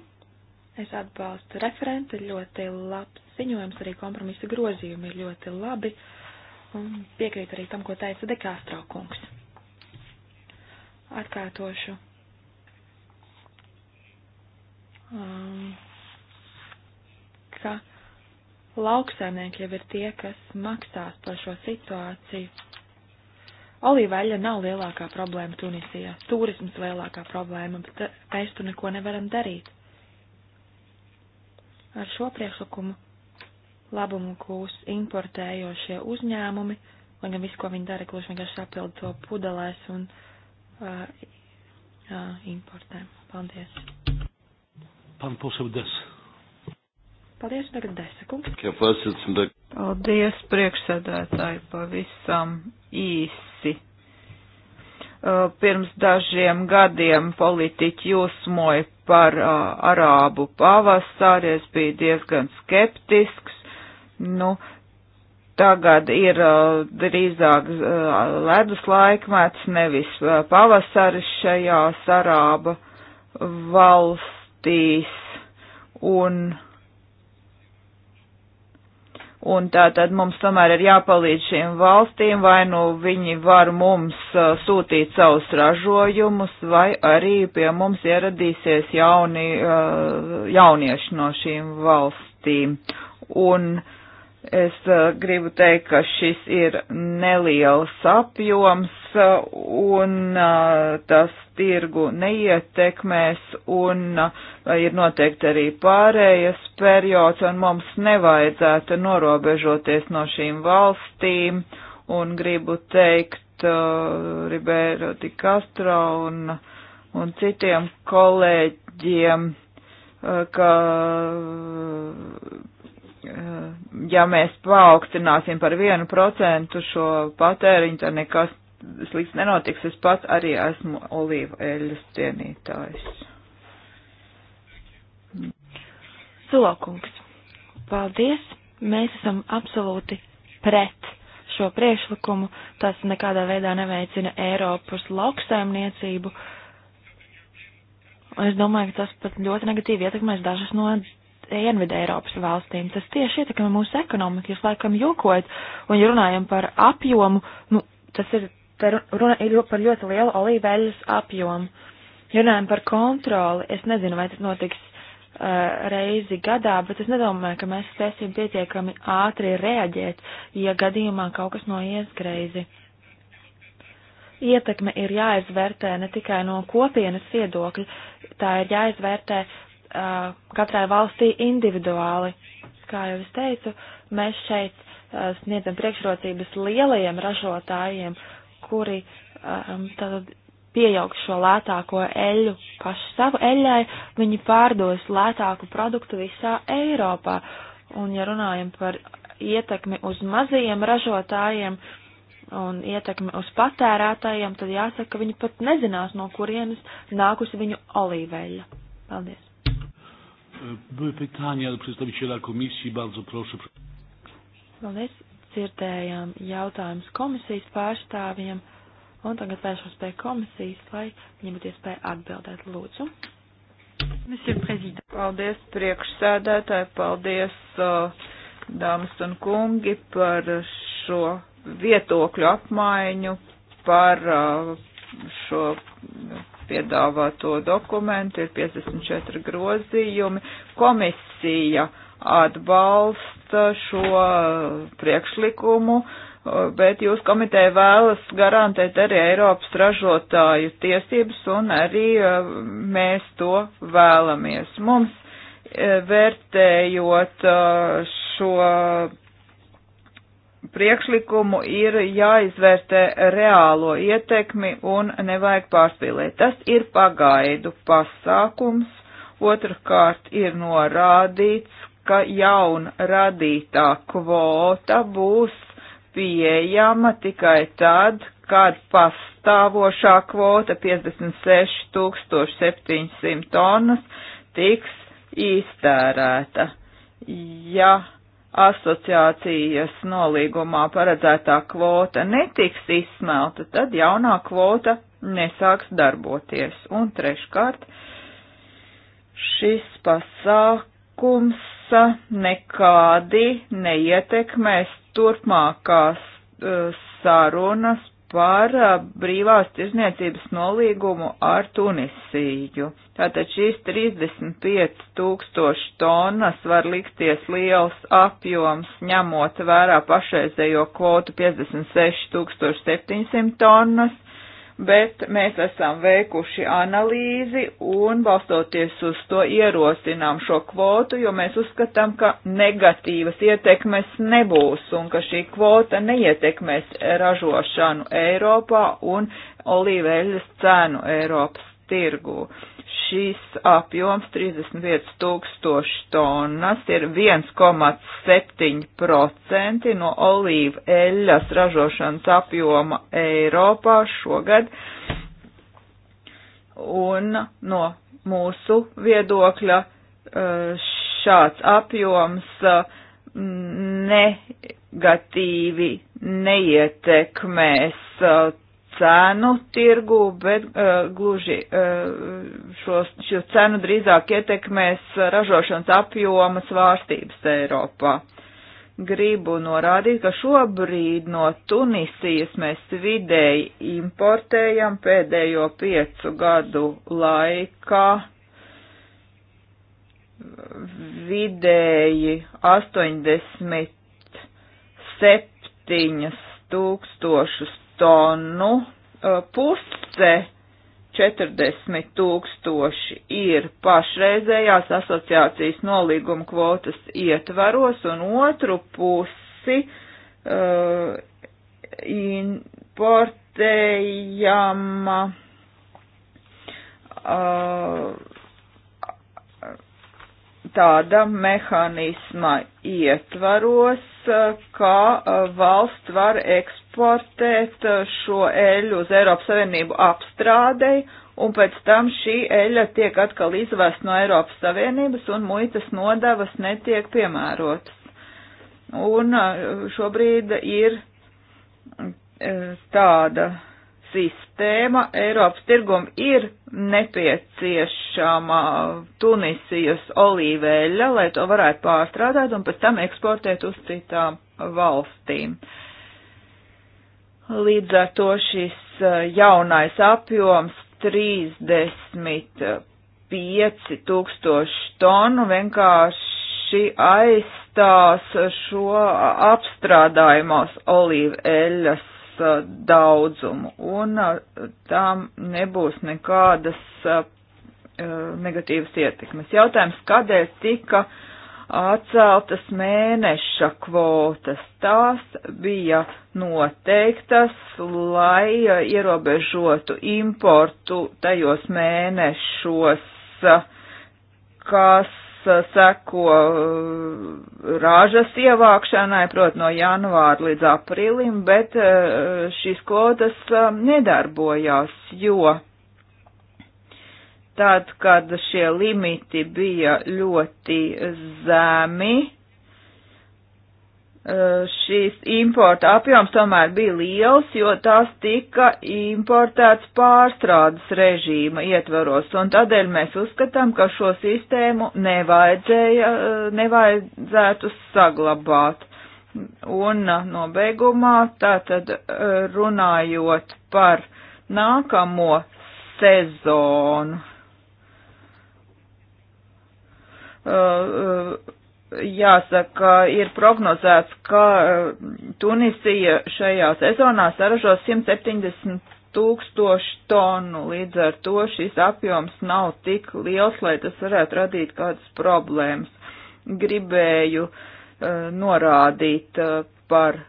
Es atbalstu referentu, ļoti labs ziņojums, arī kompromisa grozījumi ir ļoti labi. Un piekrītu arī tam, ko teica Dekāstro kungs Atkārtošu. Um, ka lauksaimnieki jau ir tie, kas maksās par šo situāciju. Olīveļa nav lielākā problēma Tunisijā, turisms lielākā problēma, bet mēs tur neko nevaram darīt. Ar šo priekšlikumu labumu gūs importējošie uzņēmumi, lai gan viss, ko viņi dara, gluži vienkārši apilda to pudelēs un uh, Uh, uh, importēm. Paldies. Pan posel des. Paldies, tagad desakungs. Paldies, priekšsēdētāji, pavisam īsi. Uh, pirms dažiem gadiem politiķi jūsmoja par uh, arābu pavasāri, es biju diezgan skeptisks, nu, tagad ir uh, drīzāk uh, ledus laikmets, nevis uh, pavasaris šajā sarāba valstīs. Un, un tā tad mums tomēr ir jāpalīdz šīm valstīm, vai nu viņi var mums sūtīt savus ražojumus, vai arī pie mums ieradīsies jauni, jaunieši no šīm valstīm. Un uh, Es uh, gribu teikt, ka šis ir neliels apjoms uh, un uh, tas tirgu neietekmēs un ir noteikti arī pārējas periods un mums nevajadzētu norobežoties no šīm valstīm un gribu teikt uh, Ribeiro di Castro un, un citiem kolēģiem, uh, ka Eh, ja mēs paaugstināsim par vienu procentu šo patēriņu, tad nekas slikts nenotiks. Es pats arī esmu olīvu eļas cienītājs. Cilvēkungs, paldies! Mēs esam absolūti pret šo priekšlikumu. Tas nekādā veidā neveicina Eiropas lauksaimniecību. Es domāju, ka tas pat ļoti negatīvi ietekmēs dažas no Dienvidu Eiropas valstīm. Tas tieši ietekmē mūsu ekonomiku. Jūs laikam jokojat un ja runājam par apjomu, nu, tas ir, runa ir par ļoti lielu olīveļas apjomu. Ja runājam par kontroli, es nezinu, vai tas notiks uh, reizi gadā, bet es nedomāju, ka mēs spēsim pietiekami ātri reaģēt, ja gadījumā kaut kas noies greizi. Ietekme ir jāizvērtē ne tikai no kopienas viedokļa, tā ir jāizvērtē uh, uh, katrai valstī individuāli. Kā jau es teicu, mēs šeit uh, sniedzam priekšrocības lielajiem ražotājiem, kuri um, tad pieaug šo lētāko eļu pašu savu eļai, viņi pārdos lētāku produktu visā Eiropā. Un ja runājam par ietekmi uz mazajiem ražotājiem un ietekmi uz patērētājiem, tad jāsaka, ka viņi pat nezinās, no kurienes nākusi viņu olīveļa. Paldies! Były pytania do przedstawiciela komisji. Bardzo proszę. Paldies. Dzirdējām jautājumus komisijas pārstāvjiem. Un tagad vēršos pie komisijas, lai viņiem būtu iespēja atbildēt. Lūdzu. Paldies priekšsēdētāji, paldies, uh, dāmas un kungi, par šo vietokļu apmaiņu, par uh, šo piedāvāto dokumentu, ir 54 grozījumi. Komisija atbalsta šo priekšlikumu, bet jūs komiteja vēlas garantēt arī Eiropas ražotāju tiesības, un arī e, mēs to vēlamies. Mums e, vērtējot e, šo priekšlikumu ir jāizvērtē reālo ietekmi un nevajag pārspīlēt. Tas ir pagaidu pasākums. Otrkārt ir norādīts, ka jaun radītā kvota būs pieejama tikai tad, kad pastāvošā kvota 56,700 tonnas tiks iztērēta. Ja asociācijas nolīgumā paredzētā kvota netiks izsmelta, tad jaunā kvota nesāks darboties. Un treškārt, šis pasākums nekādi neietekmēs turpmākās eh, sarunas par uh, brīvās tirzniecības nolīgumu ar Tunisiju. Tātad šīs 35 tūkstoši tonnas var likties liels apjoms, ņemot vērā pašreizējo kvotu 56 700 tonnas, bet mēs esam veikuši analīzi un balstoties uz to ierosinām šo kvotu, jo mēs uzskatām, ka negatīvas ietekmes nebūs un ka šī kvota neietekmēs ražošanu Eiropā un olīveļas cenu Eiropas tirgū. Uh, šis apjoms 35 tūkstoši tonnas ir 1,7% no olīvu eļas ražošanas apjoma Eiropā šogad. Un no mūsu viedokļa eh, šāds apjoms eh, negatīvi neietekmēs eh, cenu tirgu, bet uh, gluži uh, šos, šo cenu drīzāk ietekmēs ražošanas apjoma svārstības Eiropā. Gribu norādīt, ka šobrīd no Tunisijas mēs vidēji importējam pēdējo piecu gadu laikā vidēji 87 tūkstošus tonu, puse 40 tūkstoši ir pašreizējās asociācijas nolīguma kvotas ietvaros, un otru pusi uh, importējama. Uh, tāda mehānisma ietvaros, eh, kā eh, valsts var eksportēt eh, šo eļu uz Eiropas Savienību apstrādei, un pēc tam šī eļa tiek atkal izvest no Eiropas Savienības, un muitas nodavas netiek piemērotas. Un šobrīd ir tāda sistēma Eiropas tirgum ir nepieciešama Tunisijas olīveļa, lai to varētu pārstrādāt un pēc tam eksportēt uz citām valstīm. Līdz ar to šis eh, jaunais apjoms 35 tūkstoši tonu vienkārši aizstās šo apstrādājumos olīveļas Uh, daudzumu, un uh, tām nebūs nekādas uh, negatīvas ietekmes. Jautājums, kādēļ tika atceltas mēneša kvotas? Tās bija noteiktas, lai ierobežotu importu tajos mēnešos, kas Uh, seko uh, rāžas ievākšanai, prot no janvāra līdz aprīlim, bet uh, šīs kvotas nedarbojās, jo tad, kad šie limiti bija ļoti zemi, Eh, šīs importa apjoms tomēr bija liels, jo tās tika importēts pārstrādes režīma ietvaros, un tādēļ mēs uzskatām, ka šo sistēmu nevajadzēja, eh, nevajadzētu saglabāt. Un eh, nobeigumā tātad runājot par nākamo sezonu. Uh, uh, jāsaka, ir prognozēts, ka eh, Tunisija šajā sezonā saražos 170 tūkstoši tonu, līdz ar to šis apjoms nav tik liels, lai tas varētu radīt kādas problēmas. Gribēju uh, norādīt uh, par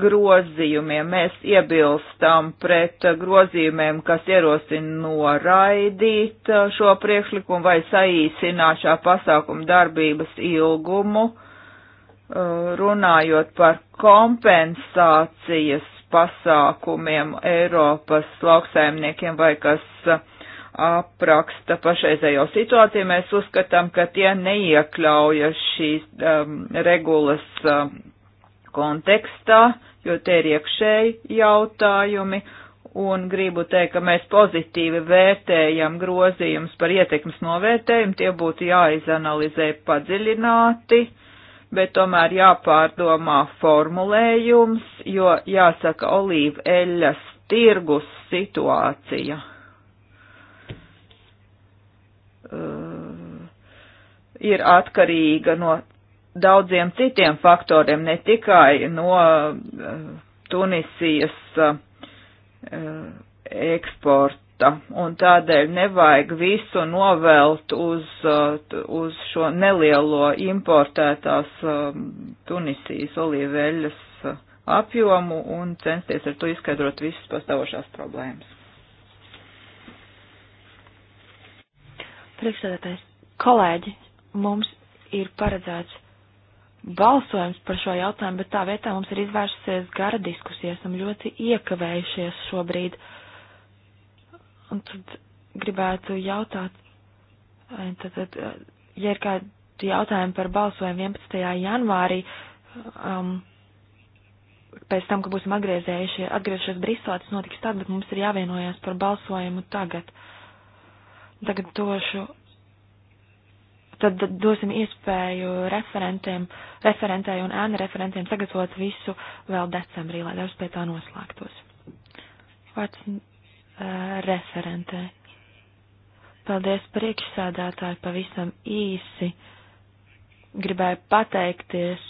grozījumiem. Mēs iebilstam pret grozījumiem, kas ierosina noraidīt uh, šo priekšlikumu vai saīsināt šā pasākuma darbības ilgumu, uh, runājot par kompensācijas pasākumiem Eiropas lauksaimniekiem vai kas uh, apraksta pašreizējo situāciju. Mēs uzskatām, ka tie neiekļauja šīs um, regulas um, kontekstā, jo tie ir iekšēji jautājumi, un gribu teikt, ka mēs pozitīvi vērtējam grozījumus par ietekmes novērtējumu, tie būtu jāizanalizē padziļināti, bet tomēr jāpārdomā formulējums, jo jāsaka olīva eļas tirgus situācija. Uh, ir atkarīga no daudziem citiem faktoriem, ne tikai no eh, Tunisijas eh, eksporta. Un tādēļ nevajag visu novelt uz, eh, uz šo nelielo importētās Tunisijas olīveļas apjomu un censties ar to izskaidrot visas pastāvošās problēmas. Priekšsēdētājs, kolēģi, mums ir paredzēts balsojums par šo jautājumu, bet tā vietā mums ir izvērsusies gara diskusija, esam ļoti iekavējušies šobrīd. Un tad gribētu jautāt, eh, tad, tad, eh, ja ir kādi jautājumi par balsojumu 11. janvārī, um, pēc tam, ka būsim atgriezējušies, atgriežoties Briselē, tas notiks tad, bet mums ir jāvienojas par balsojumu tagad. Tagad došu tad dosim iespēju referentiem, referentēju un ēna referentiem sagatavot visu vēl decembrī, lai darbs pie tā noslēgtos. Vārds uh, referentē. Paldies priekšsādātāji pavisam īsi. Gribēju pateikties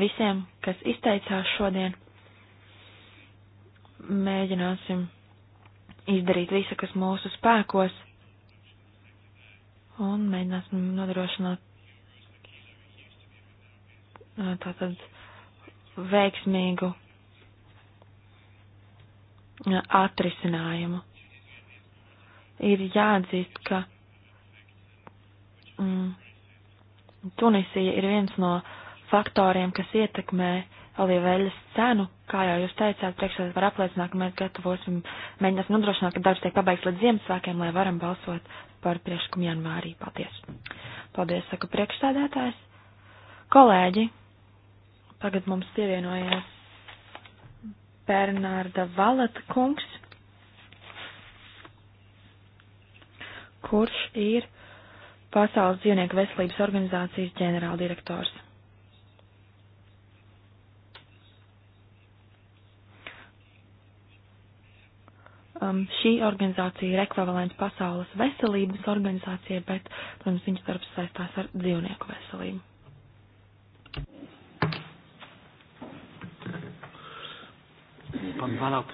visiem, kas izteicās šodien. Mēģināsim izdarīt visu, kas mūsu spēkos, un mēģināsim nodrošināt tātad veiksmīgu atrisinājumu. Ir jāatzīst, ka mm, Tunisija ir viens no faktoriem, kas ietekmē uh, olīveļas cenu, kā jau jūs teicāt, priekšsēdētājs var apliecināt, ka mēs gatavosim, mēģināsim nodrošināt, ka darbs tiek pabeigts līdz Ziemassvētkiem, lai varam balsot par priekšlikumu janvārī. Paldies! Paldies, saka priekšsēdētājs. Kolēģi, tagad mums pievienojies Bernārda Valata kungs, kurš ir Pasaules dzīvnieku veselības organizācijas ģenerāldirektors. um, šī organizācija ir ekvivalents pasaules veselības organizācijai, bet, protams, viņas darbs saistās ar dzīvnieku veselību. Pan Walat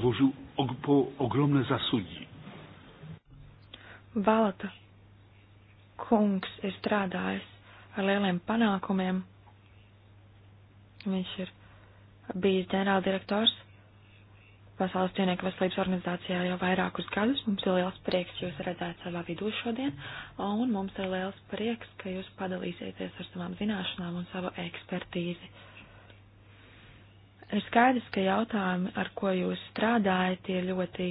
włożył og po ogromne zasługi. Walata kungs ir strādājis ar lieliem panākumiem. Viņš ir bijis ģenerāldirektors Pasaules dzīvnieku veselības organizācijā jau vairākus gadus. Mums ir liels prieks jūs redzēt savā vidū šodien, un mums ir liels prieks, ka jūs padalīsieties ar savām zināšanām un savu ekspertīzi. Ir skaidrs, ka jautājumi, ar ko jūs strādājat, ir ļoti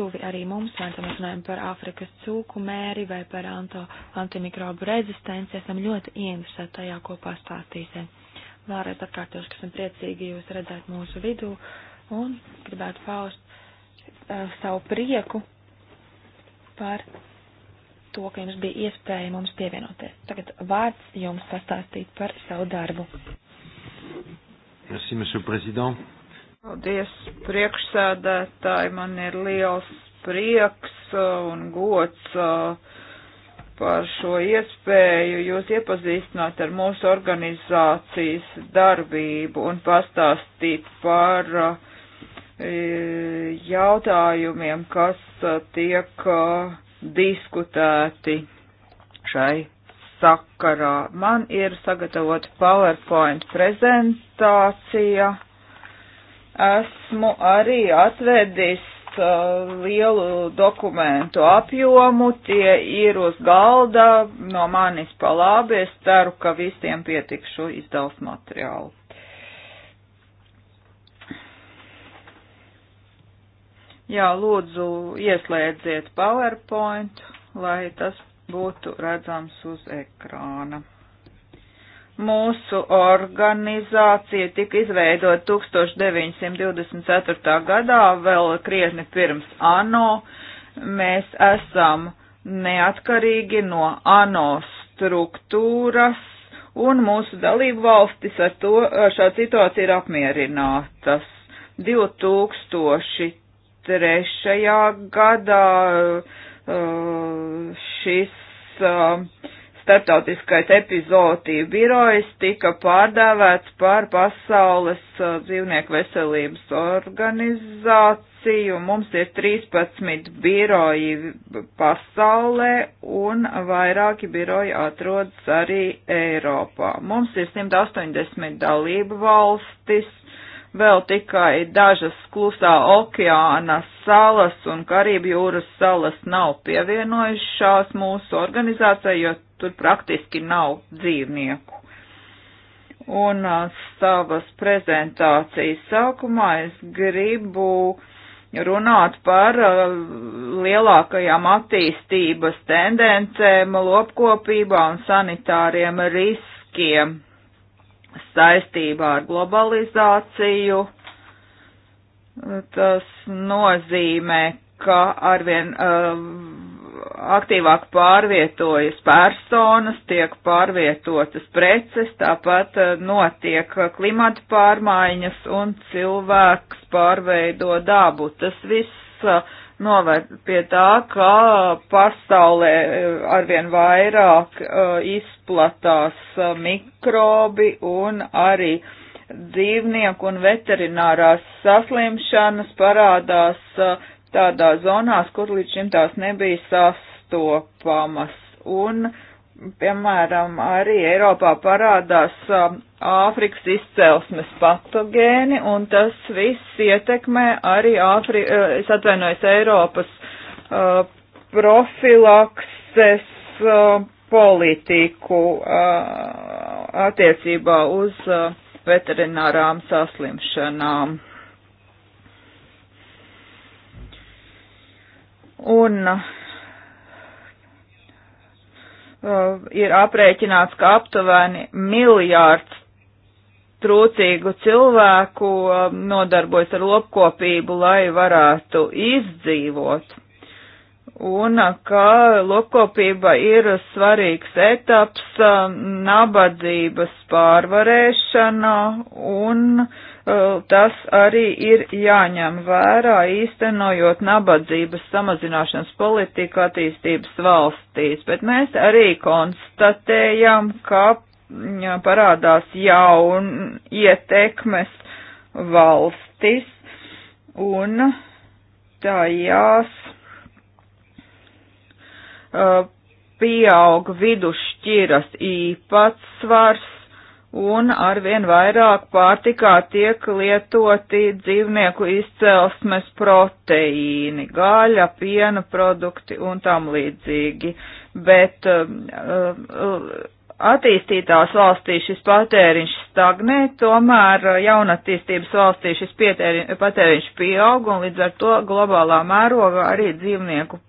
tuvi arī mums, vai mēs runājam par Āfrikas cūku mēri vai par anto, antimikrobu rezistenci, esam ļoti ieinteresēti tajā, ko pastāstīsim. Vēlreiz atkārtošu, ka esam priecīgi jūs redzēt mūsu vidū un gribētu paust uh, savu prieku par to, ka jums bija iespēja mums pievienoties. Tagad vārds jums pastāstīt par savu darbu. Merci, monsieur président. Paldies, priekšsēdētāji. Man ir liels prieks eh, un gods eh, par šo iespēju jūs iepazīstināt ar mūsu organizācijas darbību un pastāstīt par uh, E, jautājumiem, kas e, tiek e, diskutēti šai sakarā. Man ir sagatavota PowerPoint prezentācija. Esmu arī atvedis lielu dokumentu apjomu, tie ir uz galda no manis pa labi, es ceru, ka visiem pietikšu izdevumu materiālu. Jā, lūdzu, ieslēdziet PowerPoint, lai tas būtu redzams uz ekrāna. Mūsu organizācija tika izveidota 1924. gadā, vēl krietni pirms ANO. Mēs esam neatkarīgi no ANO struktūras, un mūsu dalību valstis ar, to, ar šādu situāciju ir apmierinātas. 2000 gadā uh, šis uh, starptautiskais epizodiju birojs tika pārdēvēts par Pasaules uh, dzīvnieku veselības organizāciju. Mums ir 13 biroji pasaulē un vairāki biroji atrodas arī Eiropā. Mums ir 180 dalību valstis vēl tikai dažas klusā okeāna salas un Karību jūras salas nav pievienojušās mūsu organizācijai, jo tur praktiski nav dzīvnieku. Un uh, savas prezentācijas sākumā es gribu runāt par uh, lielākajām attīstības tendencēm, lopkopībā un sanitāriem riskiem saistībā ar globalizāciju. Tas nozīmē, ka arvien uh, aktīvāk pārvietojas personas, tiek pārvietotas preces, tāpat uh, notiek klimata pārmaiņas un cilvēks pārveido dabu. Tas viss uh, novērt pie tā, ka pasaulē eh, arvien vairāk uh, izplatās uh, mikrobi un arī dzīvnieku un veterinārās saslimšanas parādās uh, tādā zonās, kur līdz šim tās nebija sastopamas. Un, piemēram, arī Eiropā parādās Āfrikas izcelsmes patogēni, un tas viss ietekmē arī Āfri, eh, es atvainojos, Eiropas uh, profilakses uh, politiku uh, attiecībā uz uh, veterinārām saslimšanām. Un uh, ir aprēķināts, ka aptuveni miljārds trūcīgu cilvēku um, nodarbojas ar lopkopību, lai varētu izdzīvot. Un uh, ka lopkopība ir svarīgs etaps um, nabadzības pārvarēšanā, un uh, tas arī ir jāņem vērā īstenojot nabadzības samazināšanas politiku attīstības valstīs. Bet mēs arī konstatējam, ka parādās jaun ietekmes valstis un tajās uh, pieaug vidusšķiras īpatsvars un arvien vairāk pārtikā tiek lietoti dzīvnieku izcelsmes proteīni, gaļa, piena produkti un tam līdzīgi. Bet uh, uh, attīstītās valstīs šis patēriņš stagnē, tomēr jaunatīstības valstīs šis patēriņš pieaug un līdz ar to globālā mērogā arī dzīvnieku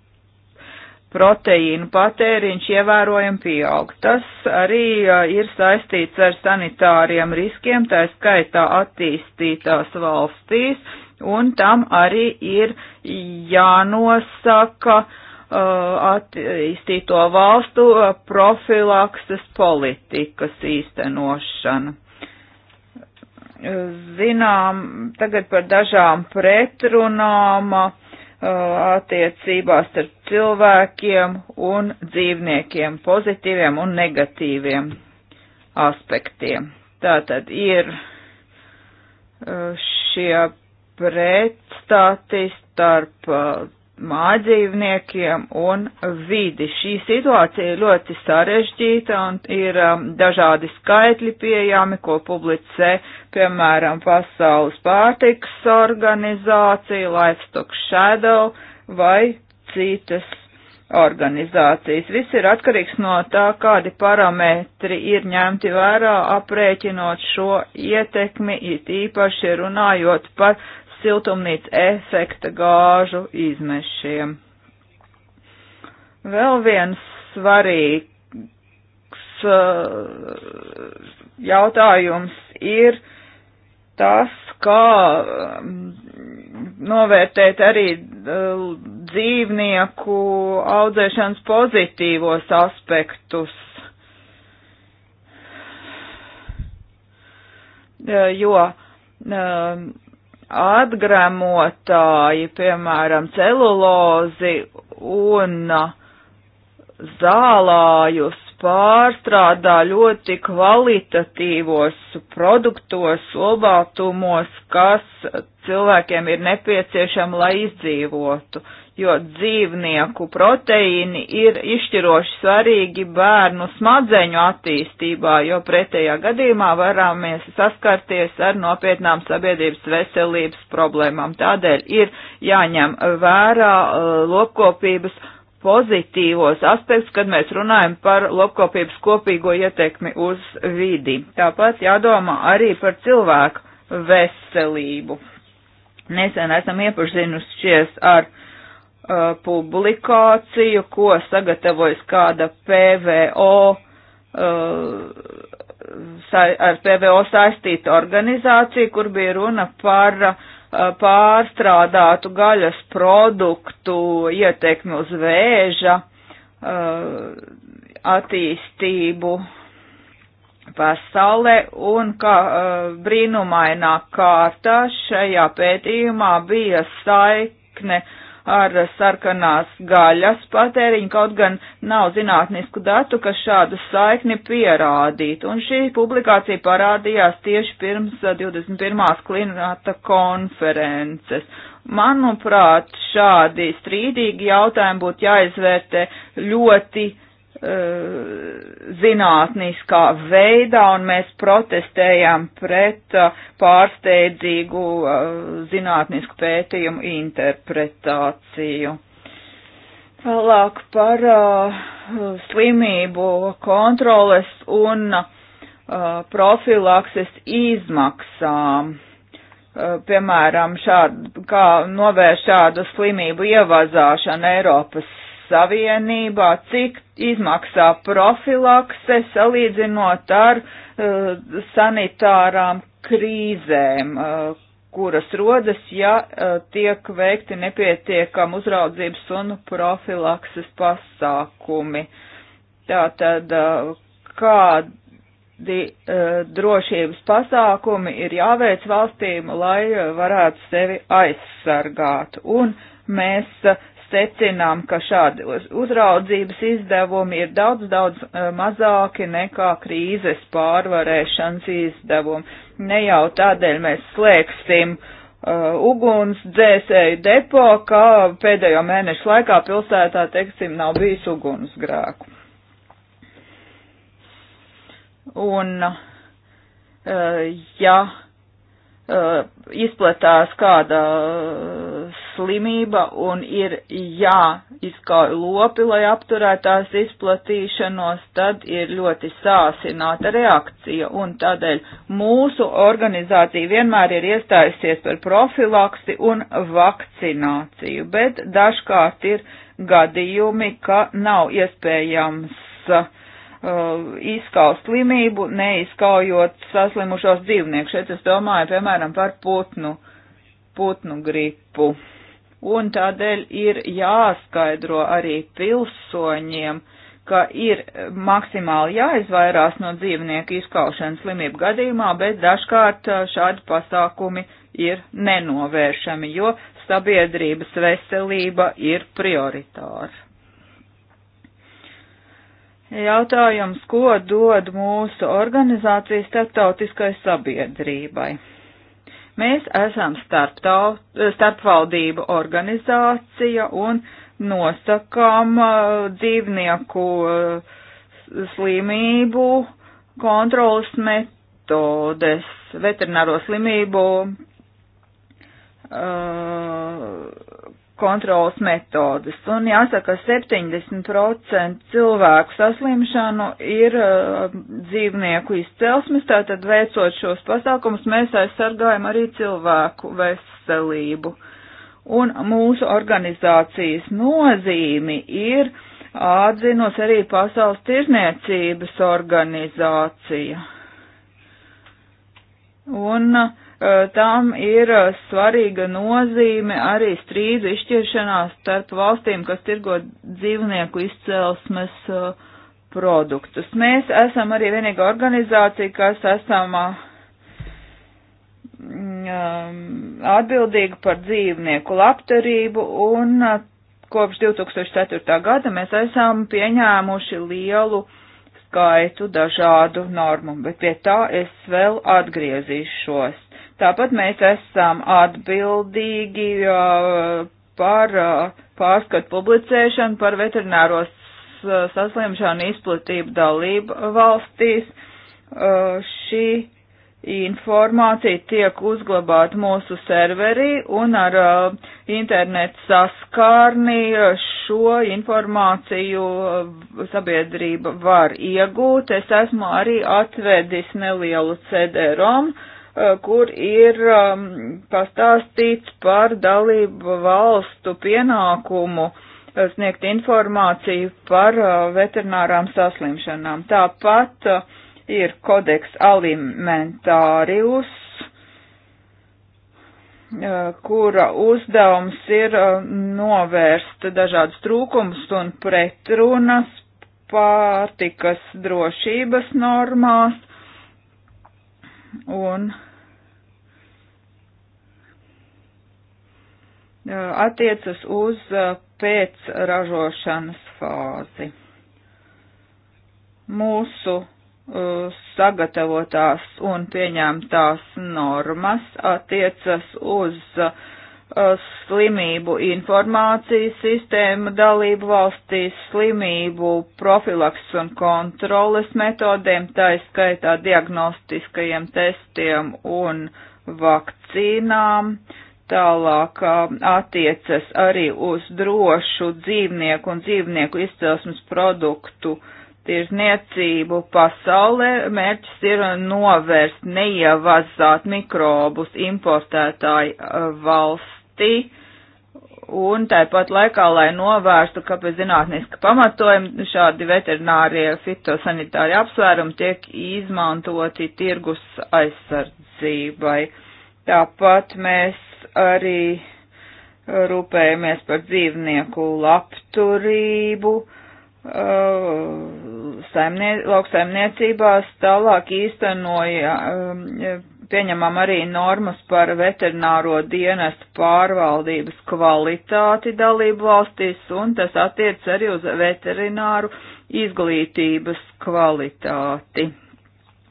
proteīnu patēriņš ievērojami pieaug. Tas arī ir saistīts ar sanitāriem riskiem, tā skaitā attīstītās valstīs, un tam arī ir jānosaka uh, Uh, attīstīto valstu uh, profilakses politikas īstenošana. Zinām tagad par dažām pretrunām uh, attiecībās ar cilvēkiem un dzīvniekiem, pozitīviem un negatīviem aspektiem. Tātad ir šie pretstati starp mājdzīvniekiem un vidi. Šī situācija ir ļoti sarežģīta un ir um, dažādi skaitļi pieejami, ko publicē, piemēram, Pasaules pārtiks organizācija, Livestock Shadow vai citas organizācijas. Viss ir atkarīgs no tā, kādi parametri ir ņemti vērā aprēķinot šo ietekmi, it īpaši runājot par siltumnīca efekta gāžu izmešiem. Vēl viens svarīgs uh, jautājums ir tas, kā um, novērtēt arī uh, dzīvnieku audzēšanas pozitīvos aspektus. Uh, jo um, atgremotāji, piemēram, celulozi un zālājus pārstrādā ļoti kvalitatīvos produktos, olbaltumos, kas cilvēkiem ir nepieciešami, lai izdzīvotu, jo dzīvnieku proteīni ir izšķiroši svarīgi bērnu smadzeņu attīstībā, jo pretējā gadījumā varāmies saskarties ar nopietnām sabiedrības veselības problēmām. Tādēļ ir jāņem vērā uh, lopkopības pozitīvos aspektus, kad mēs runājam par lopkopības kopīgo ietekmi uz vidi. Tāpat jādomā arī par cilvēku veselību. Nesen esam iepazinušies ar uh, publikāciju, ko sagatavojas kāda PVO, uh, sa ar PVO saistīta organizācija, kur bija runa par uh, pārstrādātu gaļas produktu ietekmi uz vēža attīstību pasaulē un kā brīnumainā kārtā šajā pētījumā bija saikne ar sarkanās gaļas patēriņu, kaut gan nav zinātnisku datu, kas šādu saikni pierādītu. Un šī publikācija parādījās tieši pirms 21. klimata konferences. Manuprāt, šādi strīdīgi jautājumi būtu jāizvērtē ļoti uh, zinātniskā veidā, un mēs protestējam pret uh, pārsteidzīgu uh, zinātnisku pētījumu interpretāciju. Tālāk par uh, slimību kontroles un uh, profilakses izmaksām. Uh, piemēram, šād, kā novērst šādu slimību ievazāšanu Eiropas Savienībā, cik izmaksā profilakse salīdzinot ar uh, sanitārām krīzēm, uh, kuras rodas, ja uh, tiek veikti nepietiekam uzraudzības un profilakses pasākumi. Tātad, uh, kādi uh, drošības pasākumi ir jāveic valstīm, lai varētu sevi aizsargāt. Un mēs secinām, ka šādi uzraudzības izdevumi ir daudz, daudz e, mazāki nekā krīzes pārvarēšanas izdevumi. Ne jau tādēļ mēs slēgsim uh, e, uguns dzēsēju depo, ka pēdējo mēnešu laikā pilsētā, teiksim, nav bijis uguns grēku. Un, uh, ja Uh, izplatās kāda slimība un ir jāizkauj lopi, lai apturētu tās izplatīšanos, tad ir ļoti sāsināta reakcija. Un tādēļ mūsu organizācija vienmēr ir iestājusies par profilaksi un vakcināciju, bet dažkārt ir gadījumi, ka nav iespējams uh, Uh, izskaust slimību, neizskaujot saslimušos dzīvniekus. Šeit es domāju, piemēram, par putnu, putnu gripu. Un tādēļ ir jāskaidro arī pilsoņiem, ka ir maksimāli jāizvairās no dzīvnieku izskaušanas slimību gadījumā, bet dažkārt uh, šādi pasākumi ir nenovēršami, jo sabiedrības veselība ir prioritāra. Jautājums, ko dod mūsu organizācija starptautiskai sabiedrībai? Mēs esam starpvaldību organizācija un nosakām uh, dzīvnieku uh, slimību kontrolas metodes, veterināro slimību uh, kontrolas metodas. Un jāsaka, 70% cilvēku saslimšanu ir uh, dzīvnieku izcelsmes, tātad veicot šos pasākumus, mēs aizsargājam arī cilvēku veselību. Un mūsu organizācijas nozīmi ir atzinos arī Pasaules tirzniecības organizācija. Un uh, tam ir svarīga nozīme arī strīdu izšķiršanās starp valstīm, kas tirgo dzīvnieku izcelsmes produktus. Mēs esam arī vienīga organizācija, kas esam atbildīga par dzīvnieku labturību un kopš 2004. gada mēs esam pieņēmuši lielu skaitu dažādu normu, bet pie tā es vēl atgriezīšos. Tāpat mēs esam atbildīgi par pārskatu publicēšanu, par veterināros saslimšanu izplatību dalību valstīs. Šī informācija tiek uzglabāta mūsu serverī un ar uh, internetu saskārni šo informāciju sabiedrība var iegūt. Es esmu arī atvedis nelielu CD-ROM, uh, Eh, kur ir ehm, pastāstīts par dalību valstu pienākumu eh, sniegt informāciju par eh, veterinārām saslimšanām. Tāpat ir kodeks alimentārius, kura uzdevums ir novērst dažādas trūkumus un pretrunas pārtikas drošības normās un uh, Uh, attiecas uz uh, pēcražošanas fāzi. Mūsu uh, sagatavotās un pieņemtās normas attiecas uz slimību informācijas sistēmu dalību valstīs, slimību profilaks un kontroles metodēm, tā izskaitā diagnostiskajiem testiem un vakcīnām, uh, tālāk attiecas arī uz drošu dzīvnieku un dzīvnieku izcelsmes produktu tirzniecību pasaulē. Mērķis ir novērst neievazāt mikrobus importētāju valstī un tāpat laikā, lai novērstu, ka bez zinātniska pamatojuma šādi veterinārie fitosanitāri apsvērumi tiek izmantoti tirgus aizsardzībai. Tāpat mēs arī rūpējamies par dzīvnieku labturību, uh, saimnie, lauksaimniecībās, tālāk īstenoja, um, pieņemam arī normas par veterināro dienestu pārvaldības kvalitāti dalību valstīs, un tas attiec arī uz veterināru izglītības kvalitāti.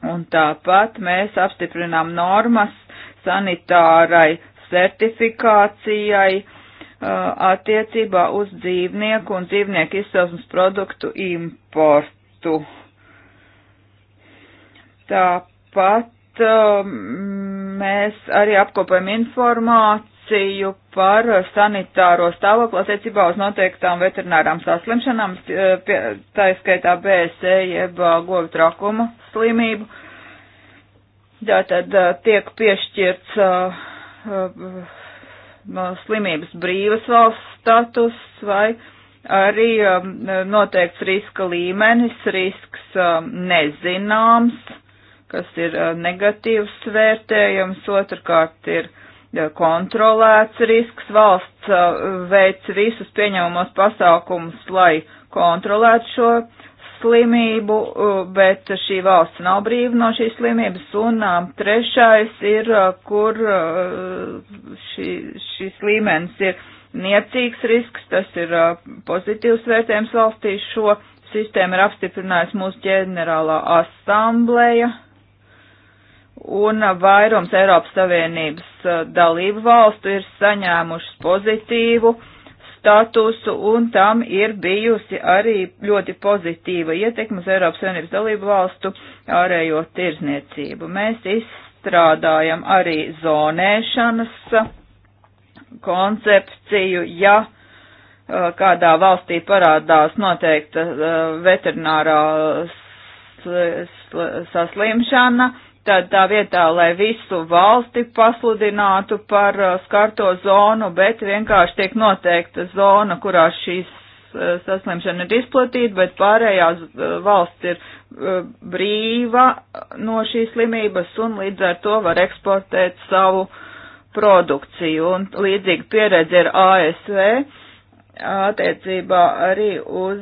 Un tāpat mēs apstiprinām normas sanitārai certifikācijai uh, attiecībā uz dzīvnieku un dzīvnieku izcelsmes produktu importu. Tāpat um, mēs arī apkopējam informāciju par sanitāro stāvokli attiecībā uz noteiktām veterinārām saslimšanām, uh, tā skaitā BSE jeb uh, govu trakumu slimību. Tātad tiek piešķirts uh, no uh, uh, slimības brīvas valsts status vai arī um, noteikts riska līmenis, risks um, nezināms, kas ir uh, negatīvs vērtējums, otrkārt ir kontrolēts risks, valsts veic visus pieņemamos pasākumus, lai kontrolētu šo risku slimību, uh, bet šī valsts nav brīva no šīs slimības. Un um, trešais ir, uh, kur uh, šī, šis līmenis ir niecīgs risks, tas ir pozitīvs vērtējums valstī. Šo sistēmu ir apstiprinājusi mūsu ģenerālā asambleja. Un vairums Eiropas Savienības dalību valstu ir saņēmušas pozitīvu uh, statusu, un tam ir bijusi arī ļoti pozitīva ietekme uz Eiropas Savienības dalību valstu ārējo tirzniecību. Mēs izstrādājam arī zonēšanas koncepciju, ja uh, kādā valstī parādās noteikta uh, veterinārā saslimšana, Tad tā vietā, lai visu valsti pasludinātu par uh, skarto zonu, bet vienkārši tiek noteikta zona, kurā šīs uh, saslimšana ir izplatīta, bet pārējās uh, valsts ir brīva no šīs slimības un līdz ar to var eksportēt savu produkciju. Un līdzīga pieredze ir ASV attiecībā arī uz,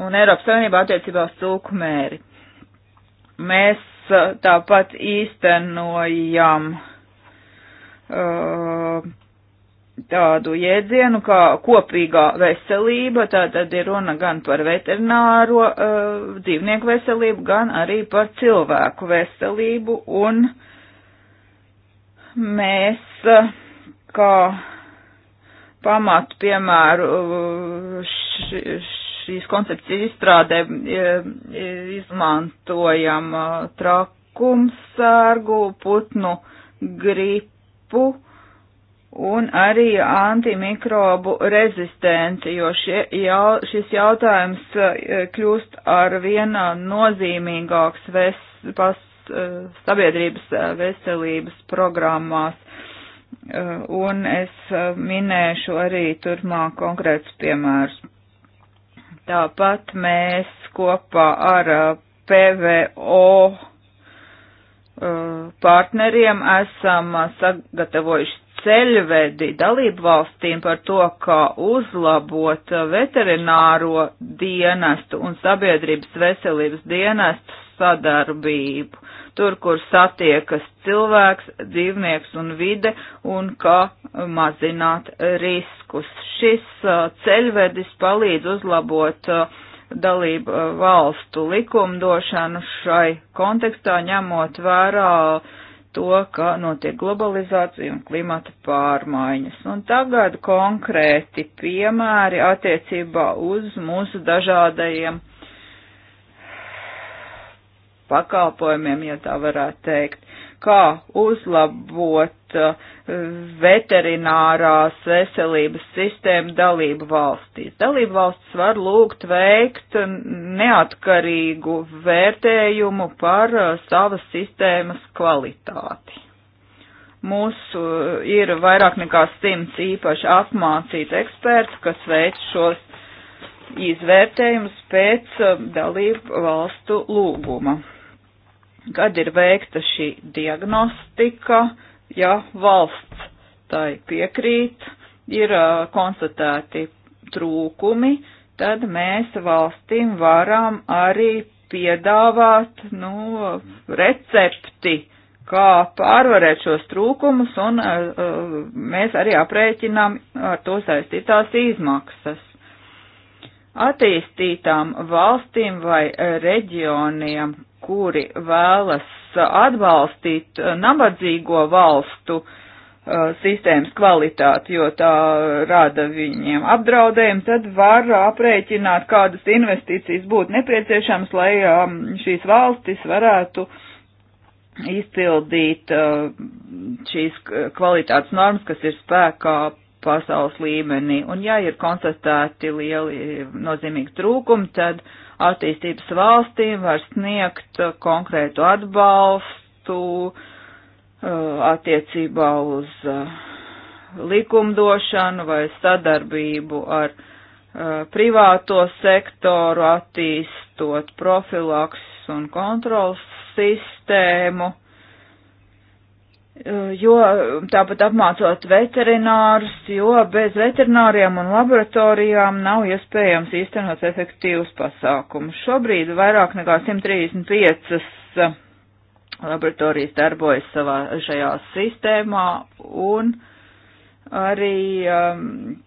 un Eiropas Savienībā attiecībā uz cūku mēri. Mēs tāpat īstenojam uh, tādu jēdzienu kā kopīgā veselība, tātad ir runa gan par veterināro uh, dzīvnieku veselību, gan arī par cilvēku veselību, un mēs uh, kā pamatu piemēru uh, š, š, šīs koncepcijas izstrādē e, e, izmantojam e, trakumsārgu, putnu gripu un arī antimikrobu rezistenci, jo šie, jau, šis jautājums kļūst ar vienā nozīmīgāks ves, pas, sabiedrības veselības programmās. Un es minēšu arī turpmāk konkrētus piemērus. Tāpat mēs kopā ar uh, PVO uh, partneriem esam uh, sagatavojuši ceļvedi dalību valstīm par to, kā uzlabot veterināro dienestu un sabiedrības veselības dienestu sadarbību tur, kur satiekas cilvēks, dzīvnieks un vide, un kā mazināt riskus. Šis ceļvedis palīdz uzlabot dalību valstu likumdošanu šai kontekstā, ņemot vērā to, ka notiek globalizācija un klimata pārmaiņas. Un tagad konkrēti piemēri attiecībā uz mūsu dažādajiem pakalpojumiem, ja tā varētu teikt, kā uzlabot uh, veterinārās veselības sistēmu dalību valstīs. Dalību valstis var lūgt veikt neatkarīgu vērtējumu par uh, savas sistēmas kvalitāti. Mūsu uh, ir vairāk nekā simts īpaši apmācīti eksperti, kas veic šos izvērtējumus pēc dalību valstu lūguma kad ir veikta šī diagnostika, ja valsts tai piekrīt, ir uh, konstatēti trūkumi, tad mēs valstīm varam arī piedāvāt nu, recepti, kā pārvarēt šos trūkumus, un uh, mēs arī aprēķinām ar to saistītās izmaksas attīstītām valstīm vai e, reģioniem, kuri vēlas e, atbalstīt e, nabadzīgo valstu sistēmas kvalitāti, jo tā rada viņiem apdraudējumu, tad var aprēķināt, kādas investīcijas būtu nepieciešams, lai šīs valstis varētu izpildīt šīs kvalitātes normas, kas ir spēkā pasaules līmenī. Un ja ir konstatēti lieli nozīmīgi trūkumi, tad attīstības valstīm var sniegt konkrētu atbalstu uh, attiecībā uz uh, likumdošanu vai sadarbību ar uh, privāto sektoru attīstot profilaks un kontrols sistēmu jo tāpat apmācot veterinārus, jo bez veterināriem un laboratorijām nav iespējams īstenot efektīvus pasākumus. Šobrīd vairāk nekā 135 uh, laboratorijas darbojas savā šajā sistēmā un arī um,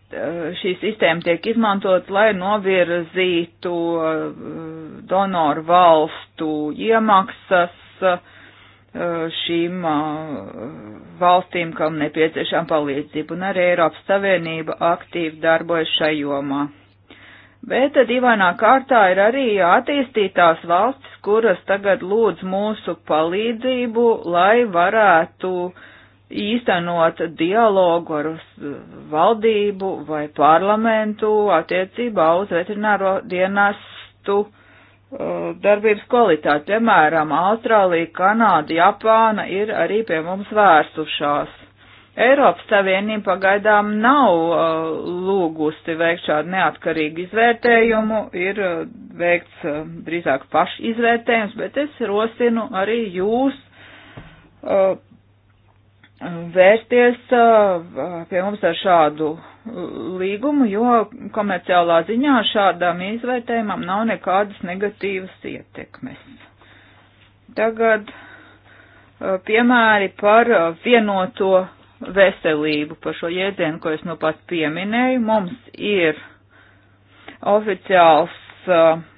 šī sistēma tiek izmantot, lai novirzītu uh, donoru valstu iemaksas uh, Eh, šīm eh, valstīm, kam nepieciešama palīdzība, un arī Eiropas Savienība aktīvi darbojas šai jomā. Bet dīvainā kārtā ir arī attīstītās valstis, kuras tagad lūdz mūsu palīdzību, lai varētu īstenot dialogu ar valdību vai parlamentu attiecībā uz veterināro dienestu uh, Uh, darbības kvalitāti. Piemēram, Austrālija, Kanāda, Japāna ir arī pie mums vērsušās. Eiropas Savienība pagaidām nav uh, lūgusi veikt šādu neatkarīgu izvērtējumu, ir uh, veikts uh, drīzāk pašizvērtējums, bet es rosinu arī jūs uh, vērsties uh, pie mums ar šādu līgumu, jo komerciālā ziņā šādām izvērtējumam nav nekādas negatīvas ietekmes. Tagad uh, piemēri par uh, vienoto veselību, par šo jēdzienu, ko es nu pat pieminēju. Mums ir oficiāls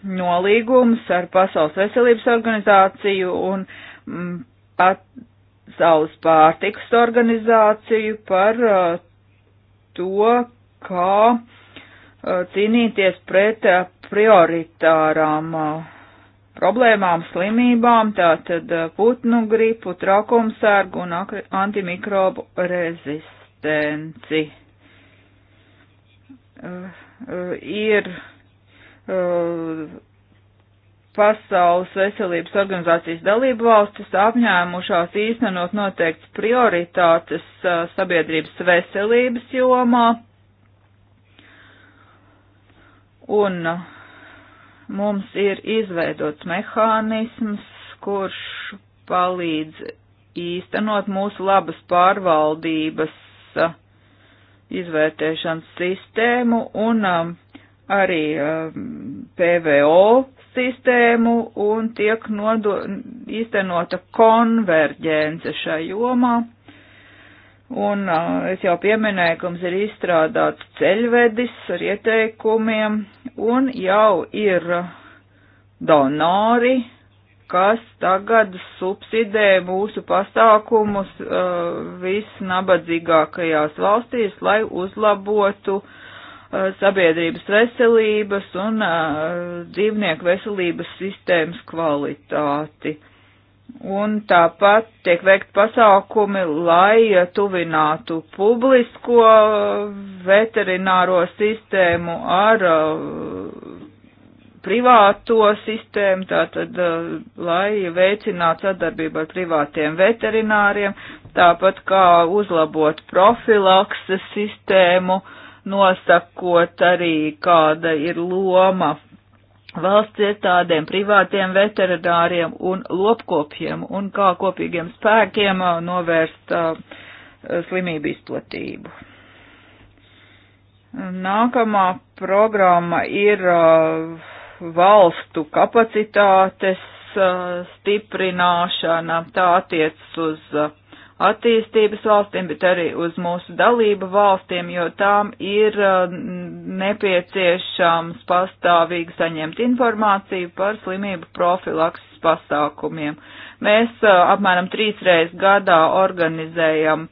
nolīgums ar Pasaules veselības organizāciju un mm, pat Saules pārtikas organizāciju par uh, to, kā uh, cīnīties pret uh, prioritārām uh, problēmām, slimībām, tātad uh, putnu gripu, trakumsērgu un antimikrobu rezistenci. Uh, ir Pasaules veselības organizācijas dalību valstis apņēmušās īstenot noteikts prioritātes sabiedrības veselības jomā. Un mums ir izveidots mehānisms, kurš palīdz īstenot mūsu labas pārvaldības izvērtēšanas sistēmu un arī PVO sistēmu un tiek nodo, īstenota konverģence šai jomā. Un uh, es jau pieminēju, ka mums ir izstrādāts ceļvedis ar ieteikumiem un jau ir donori, kas tagad subsidē mūsu pasākumus uh, visnabadzīgākajās valstīs, lai uzlabotu uh, Eh, sabiedrības veselības un eh, dzīvnieku veselības sistēmas kvalitāti. Un tāpat tiek veikt pasākumi, lai tuvinātu publisko veterināro sistēmu ar eh, privāto sistēmu, tātad, lai veicinātu sadarbību ar privātiem veterināriem, tāpat kā uzlabot profilakses sistēmu, uh, nosakot arī, kāda ir loma valsts iestādēm, privātiem veterināriem un lopkopiem un kā kopīgiem spēkiem uh, novērst uh, slimību izplatību. Nākamā programma ir uh, valstu kapacitātes uh, stiprināšana, tā attiec uz uh, attīstības valstīm, bet arī uz mūsu dalību valstīm, jo tām ir uh, nepieciešams pastāvīgi saņemt informāciju par slimību profilakses pasākumiem. Mēs uh, apmēram trīsreiz gadā organizējam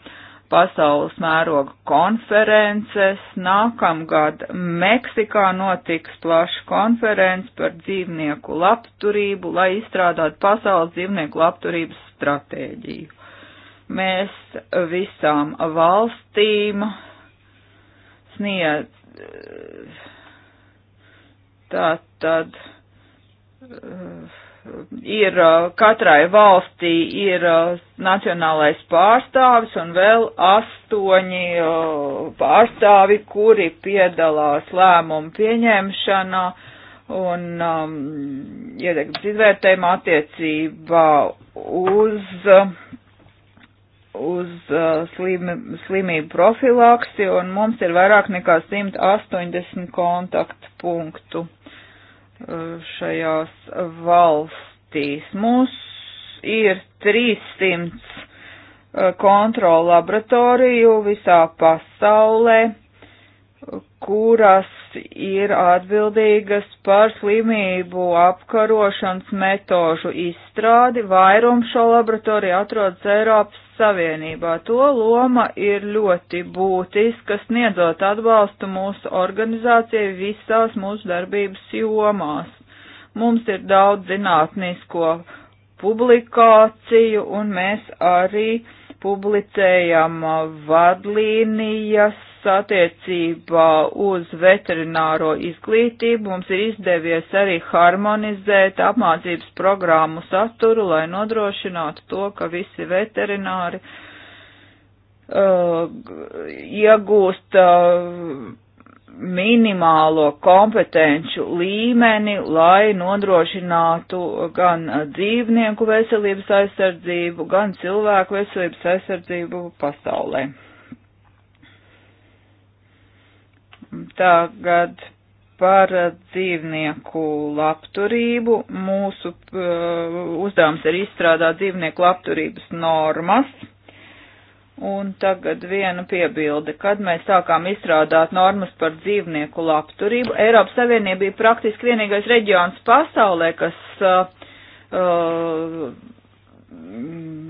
pasaules mēroga konferences. Nākamgad Meksikā notiks plaša konference par dzīvnieku labturību, lai izstrādātu pasaules dzīvnieku labturības stratēģiju Mēs visām valstīm sniedz tā tad eh, ir katrai valstī ir eh, nacionālais pārstāvis un vēl astoņi eh, pārstāvi, kuri piedalās lēmumu pieņemšanā un um, ietekmes izvērtējumā attiecībā uz uz uh, slim, slimību profilaksi, un mums ir vairāk nekā 180 kontaktpunktu uh, šajās valstīs. Mums ir 300 uh, kontrola laboratoriju visā pasaulē, kuras ir atbildīgas par slimību apkarošanas metožu izstrādi. Vairums šo laboratoriju atrodas Eiropas Savienībā. To loma ir ļoti būtiska, sniedzot atbalstu mūsu organizācijai visās mūsu darbības jomās. Mums ir daudz zinātnisko publikāciju, un mēs arī publicējam uh, vadlīnijas attiecībā uz veterināro izglītību mums ir izdevies arī harmonizēt apmācības programmu saturu, lai nodrošinātu to, ka visi veterināri uh, iegūst uh, minimālo kompetenču līmeni, lai nodrošinātu gan dzīvnieku veselības aizsardzību, gan cilvēku veselības aizsardzību pasaulē. Tagad par dzīvnieku labturību. Mūsu uh, uzdevums ir izstrādāt dzīvnieku labturības normas. Un tagad viena piebilde. Kad mēs sākām izstrādāt normas par dzīvnieku labturību, Eiropas Savienība bija praktiski vienīgais reģions pasaulē, kas uh, uh,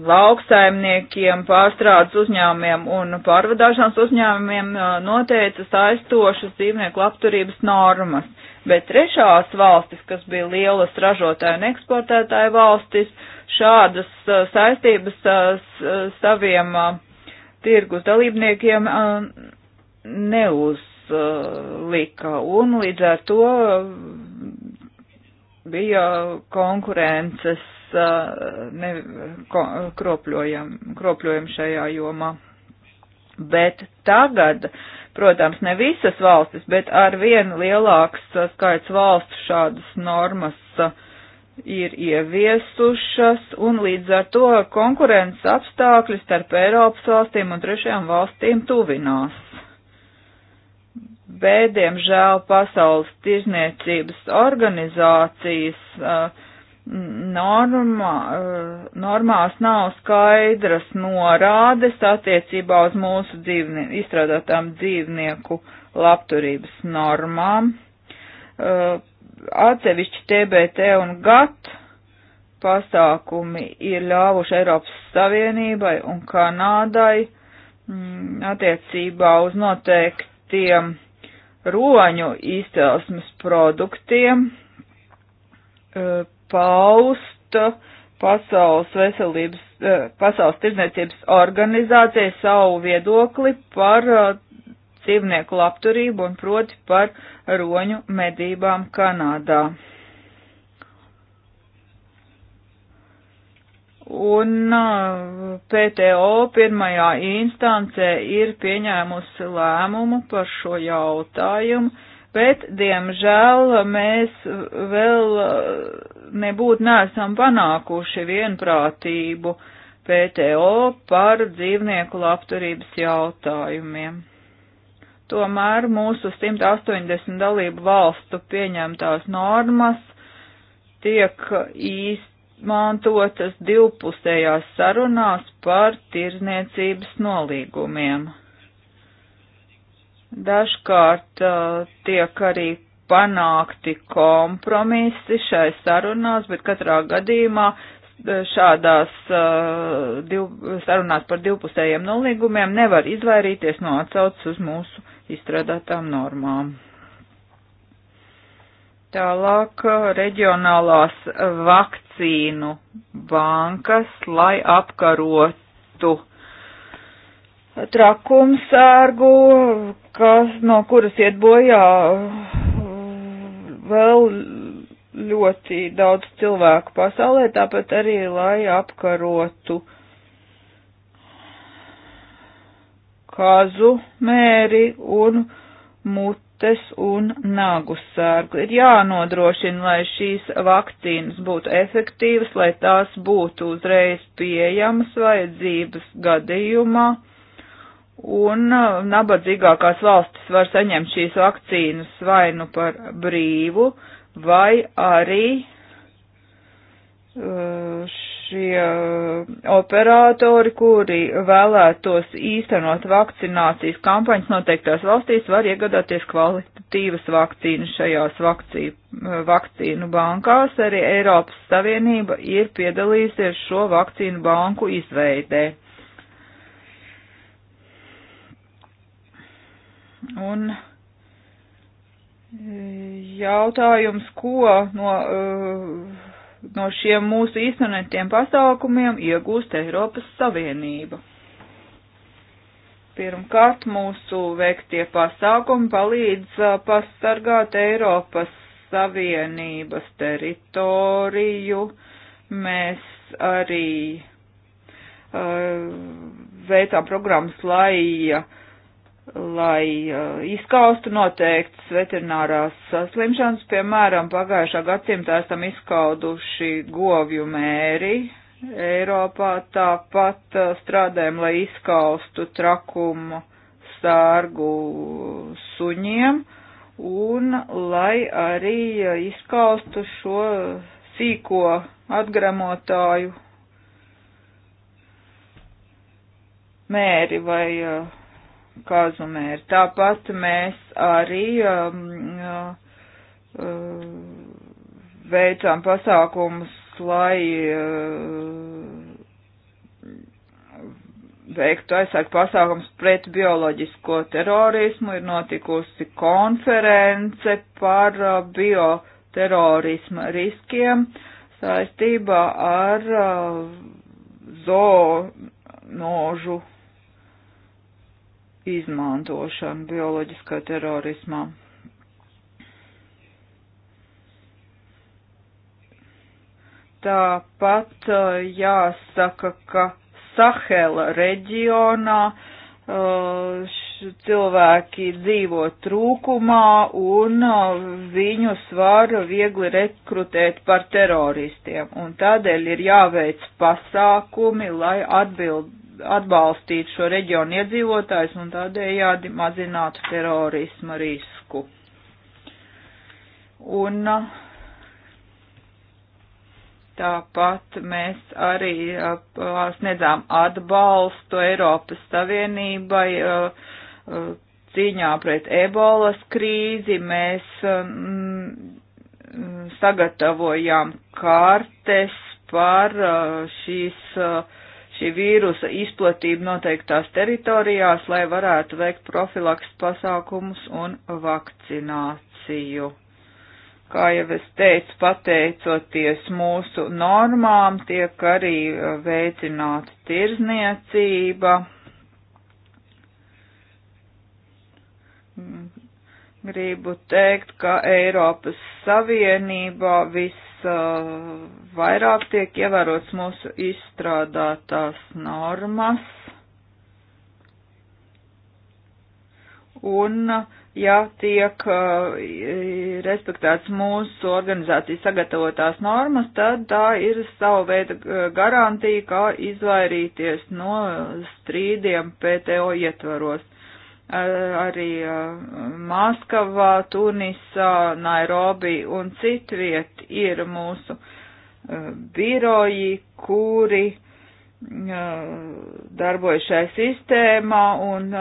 lauksaimniekiem, pārstrādes uzņēmumiem un pārvadāšanas uzņēmumiem noteica saistošas dzīvnieku labturības normas, bet trešās valstis, kas bija lielas ražotāju un eksportētāju valstis, šādas saistības saviem tirgus dalībniekiem neuzlika, un līdz ar to bija konkurences eh, ne, ko, kropļojumi, kropļojumi šajā jomā. Bet tagad, protams, ne visas valstis, bet ar vienu lielāks eh, skaits valstu šādas normas uh, ir ieviesušas, un līdz ar to konkurences apstākļi starp Eiropas valstīm un trešajām valstīm tuvinās bet, diemžēl, Pasaules tirzniecības organizācijas uh, normā, uh, normās nav skaidras norādes attiecībā uz mūsu dzīvnie, izstrādātām dzīvnieku labturības normām. Uh, atsevišķi TBT un GATT pasākumi ir ļāvuši Eiropas Savienībai un Kanādai mm, attiecībā uz noteiktiem uh, roņu izcelsmes produktiem e, paust Pasaules veselības, e, Pasaules tirdzniecības organizācija savu viedokli par e, dzīvnieku labturību un proti par roņu medībām Kanādā. Un uh, PTO pirmajā instancē ir pieņēmusi lēmumu par šo jautājumu, bet, diemžēl, mēs vēl uh, nebūtu nesam panākuši vienprātību PTO par dzīvnieku labturības jautājumiem. Tomēr mūsu 180 dalību valstu pieņemtās normas tiek īstenībā izmantotas divpusējās sarunās par tirzniecības nolīgumiem. Dažkārt uh, tiek arī panākti kompromisi šai sarunās, bet katrā gadījumā uh, šādās uh, div, sarunās par divpusējiem nolīgumiem nevar izvairīties no atsaucas uz mūsu izstrādātām normām. Tālāk uh, reģionālās uh, vakcīnu bankas, lai apkarotu trakumsērgu, kas, no kuras iet bojā uh, vēl ļoti daudz cilvēku pasaulē, tāpat arī, lai apkarotu kazu mēri un mutu ārtes un nagu sārgu. Ir jānodrošina, lai šīs vakcīnas būtu efektīvas, lai tās būtu uzreiz pieejamas vajadzības gadījumā, un uh, nabadzīgākās valstis var saņemt šīs vakcīnas vai nu par brīvu, vai arī uh, šie uh, operatori, kuri vēlētos īstenot vakcinācijas kampaņas noteiktās valstīs, var iegādāties kvalitatīvas vakcīnas šajās vakcīnu, uh, vakcīnu bankās. Arī Eiropas Savienība ir piedalījusies šo vakcīnu banku izveidē. Un uh, jautājums, ko no. Uh, no šiem mūsu īstenotiem pasākumiem iegūst Eiropas Savienība. Pirmkārt, mūsu veiktie pasākumi palīdz pasargāt Eiropas Savienības teritoriju. Mēs arī uh, veicām programmas, lai uh, lai uh, izskaustu noteikts veterinārās saslimšanas, piemēram, pagājušā gadsimta esam izskauduši govju mēri Eiropā, tāpat uh, strādājam, lai izskaustu trakumu sārgu suņiem un lai arī uh, izskaustu šo sīko atgramotāju mēri vai uh, Kazumēra. Tāpat mēs arī um, uh, uh, veicām pasākumus, lai uh, veiktu aizsargu pasākums pret bioloģisko terorismu. Ir notikusi konference par uh, bioterorisma riskiem saistībā ar uh, zoonožu izmantošanu bioloģiskā terorismā. Tāpat uh, jāsaka, ka Sahela reģionā uh, cilvēki dzīvo trūkumā un uh, viņus var viegli rekrutēt par teroristiem. Un tādēļ ir jāveic pasākumi, lai atbild, atbalstīt šo reģionu iedzīvotājus un tādējādi mazinātu terorisma risku. Un tāpat mēs arī sniedzām atbalstu Eiropas Savienībai cīņā pret ebolas krīzi. Mēs sagatavojām kartes par šīs uh, šī vīrusa izplatību noteiktās teritorijās, lai varētu veikt profilaks pasākumus un vakcināciju. Kā jau es teicu, pateicoties mūsu normām, tiek arī e, veicināta tirzniecība. Mm, gribu teikt, ka Eiropas Savienībā viss Uh, vairāk tiek ievērots mūsu izstrādātās normas. Un, ja tiek uh, respektēts mūsu organizācijas sagatavotās normas, tad tā ir savu veidu uh, garantija, kā izvairīties no strīdiem PTO ietvaros arī uh, Maskavā, Tunisā, Nairobi un citviet ir mūsu uh, biroji, kuri uh, darbojas šai sistēmā un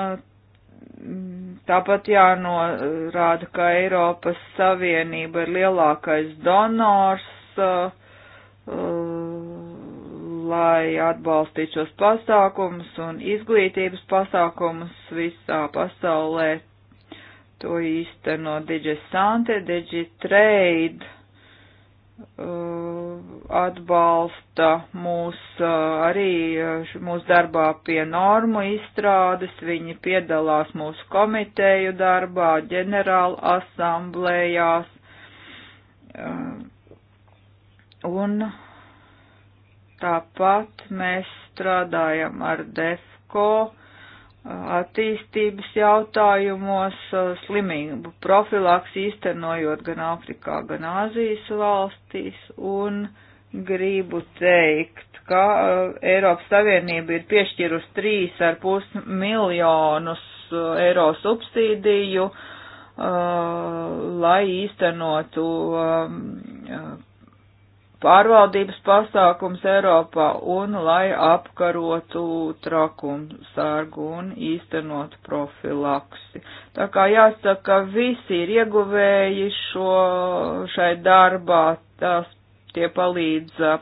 tāpat jānorāda, ka Eiropas Savienība ir lielākais donors lai atbalstītu šos pasākumus un izglītības pasākumus visā pasaulē. To īsteno Digisante, Digitrade uh, atbalsta mūs uh, arī uh, mūsu darbā pie normu izstrādes, viņi piedalās mūsu komiteju darbā, ģenerāla asamblējās. Un Tāpat mēs strādājam ar DEFCO uh, attīstības jautājumos, uh, slimību profilaks īstenojot gan Afrikā, gan Āzijas valstīs, un gribu teikt, ka uh, Eiropas Savienība ir piešķirusi 3,5 miljonus eiro subsīdiju, lai īstenotu um, pārvaldības pasākums Eiropā un lai apkarotu trakumu sārgu un īstenot profilaksi. Tā kā jāsaka, visi ir ieguvēji šo, šai darbā, tās tie palīdz uh,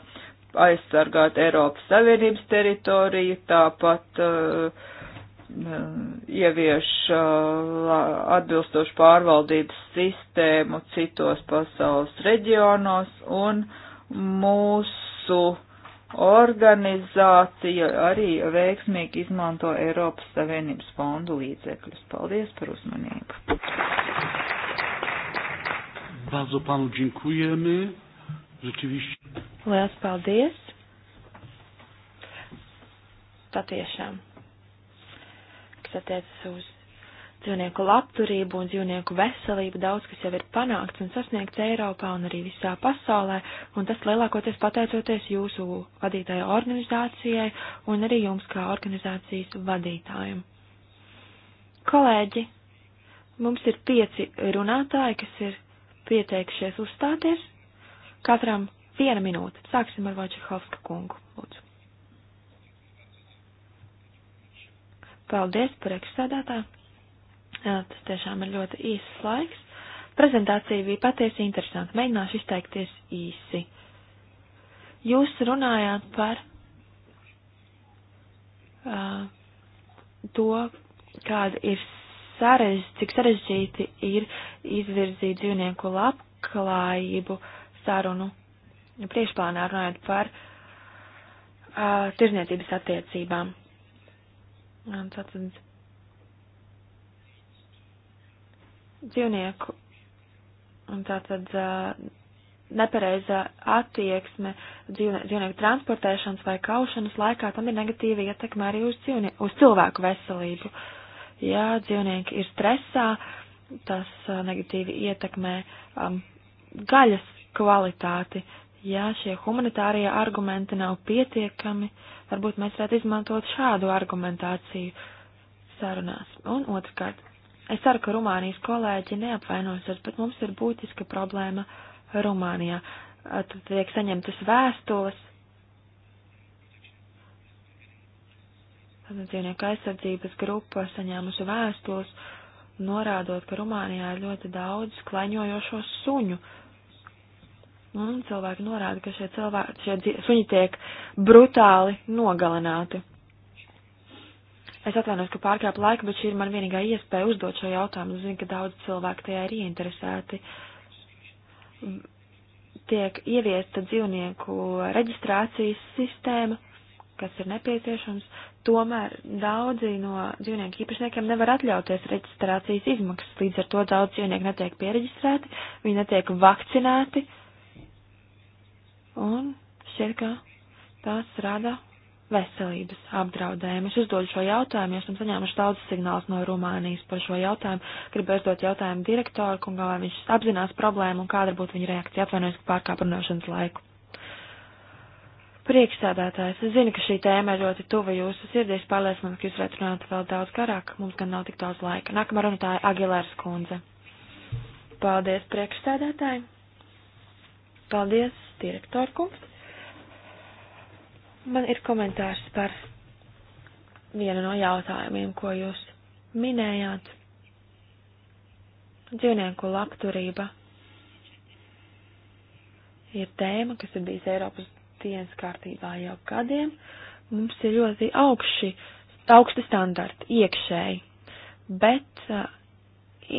aizsargāt Eiropas Savienības teritoriju, tāpat uh, ievieš uh, atbilstošu pārvaldības sistēmu citos pasaules reģionos un uh, mūsu organizācija arī veiksmīgi izmanto Eiropas Savienības fondu līdzekļus. Paldies par uzmanību. Bardzo panu dziękujemy. Rzeczywiście. Lielas paldies. Patiešām, kas attiecas uz dzīvnieku labturību un dzīvnieku veselību, daudz kas jau ir panākts un sasniegts Eiropā un arī visā pasaulē, un tas lielākoties pateicoties jūsu vadītāja organizācijai un arī jums kā organizācijas vadītājiem. Kolēģi, mums ir pieci runātāji, kas ir pieteikšies uzstāties. Katram viena minūte. Sāksim ar Vačehovska kungu, lūdzu. Paldies, priekšsēdētāji! Jā, tas tiešām ir ļoti īsts laiks. Prezentācija bija patiesi interesanta. Mēģināšu izteikties īsi. Jūs runājāt par uh, to, kāda ir sarez, cik sarežģīti ir izvirzīt dzīvnieku labklājību sarunu priekšplānā runājot par uh, tirzniecības attiecībām. Un tātad dzīvnieku. Un tā tad nepareizā attieksme dzīvnie, dzīvnieku transportēšanas vai kaušanas laikā tam ir negatīva ietekme arī uz, dzīvnie, uz cilvēku veselību. Ja dzīvnieki ir stresā, tas negatīvi ietekmē um, gaļas kvalitāti. Ja šie humanitārie argumenti nav pietiekami, varbūt mēs varētu izmantot šādu argumentāciju sarunās. Un otrkārt, Es ceru, ka Rumānijas kolēģi neapvainosies, bet mums ir būtiska problēma Rumānijā. Tur tiek saņemtas vēstules. Tātad dzīvnieku aizsardzības grupa saņēmusi vēstules, norādot, ka Rumānijā ir ļoti daudz klaņojošo suņu. Un cilvēki norāda, ka šie, cilvēki, šie suņi tiek brutāli nogalināti. Es atvainojos, ka pārkāpu laiku, bet šī ir man vienīgā iespēja uzdot šo jautājumu. Es zinu, ka daudz cilvēku tajā ir ieinteresēti. Tiek ieviesta dzīvnieku reģistrācijas sistēma, kas ir nepieciešams. Tomēr daudzi no dzīvnieku īpašniekiem nevar atļauties reģistrācijas izmaksas. Līdz ar to daudz dzīvnieku netiek pieregistrēti, viņi netiek vakcinēti. Un šķiet, ka tās rada veselības apdraudējumu. Es uzdodu šo jautājumu, jo esam saņēmuši daudz signālus no Rumānijas par šo jautājumu. Gribu uzdot jautājumu direktoru kungā, vai viņš apzinās problēmu un kāda būtu viņa reakcija. Atvainojos, ka pārkāpu runāšanas laiku. Priekšsēdētājs, es zinu, ka šī tēma ir ļoti tuva jūsu sirdīs, pārliecināts, ka jūs varētu runāt vēl daudz garāk, mums gan nav tik daudz laika. Nākamā runātāja Agilērs kundze. Paldies priekšsēdētāji. Paldies, direktorkungs. Man ir komentārs par vienu no jautājumiem, ko jūs minējāt. Dzīvnieku labturība ir tēma, kas ir bijis Eiropas dienas kārtībā jau gadiem. Mums ir ļoti augši, augsti standarti iekšēji, bet uh,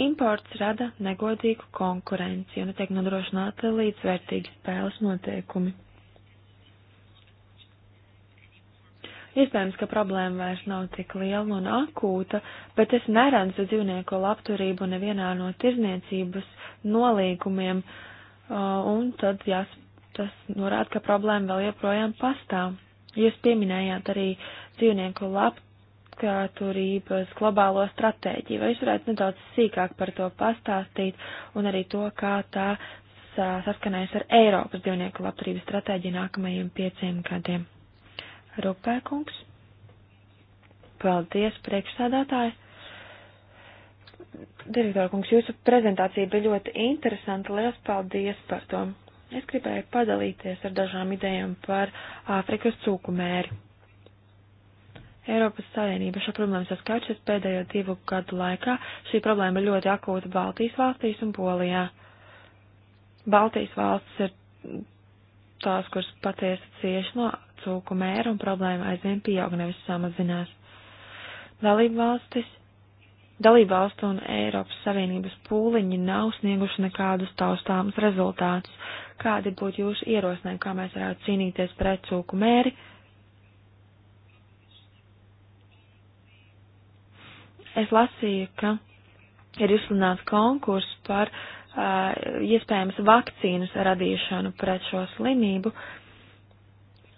imports rada negodīgu konkurenci un tiek nodrošināta līdzvērtīgi spēles noteikumi. Iespējams, ka problēma vairs nav tik liela un akūta, bet es neredzu dzīvnieku labturību nevienā no tirzniecības nolīgumiem, un tad jās, tas norāda, ka problēma vēl joprojām pastāv. Jūs pieminējāt arī dzīvnieku labturības globālo stratēģiju, vai jūs varētu nedaudz sīkāk par to pastāstīt un arī to, kā tā saskanējas ar Eiropas dzīvnieku labturības stratēģiju nākamajiem pieciem gadiem? Rupēkungs. Paldies, priekšsādātāji. Direktora kungs, jūsu prezentācija bija ļoti interesanta. Lielas paldies par to. Es gribēju padalīties ar dažām idejām par Āfrikas cūku mēri. Eiropas Savienība šo problēmu saskāršas pēdējo divu gadu laikā. Šī problēma ir ļoti akūta Baltijas valstīs un Polijā. Baltijas valsts ir tās, kuras patiesi cieši no cūku mēra un problēma aizvien pieaug, nevis samazinās. Dalību valstis, dalību valstu un Eiropas Savienības pūliņi nav snieguši nekādus taustāmus rezultātus. Kādi būtu jūsu ierosinājumi, kā mēs varētu cīnīties pret cūku mēri? Es lasīju, ka ir izsludināts konkurss par uh, Uh, iespējams vakcīnas radīšanu pret šo slimību.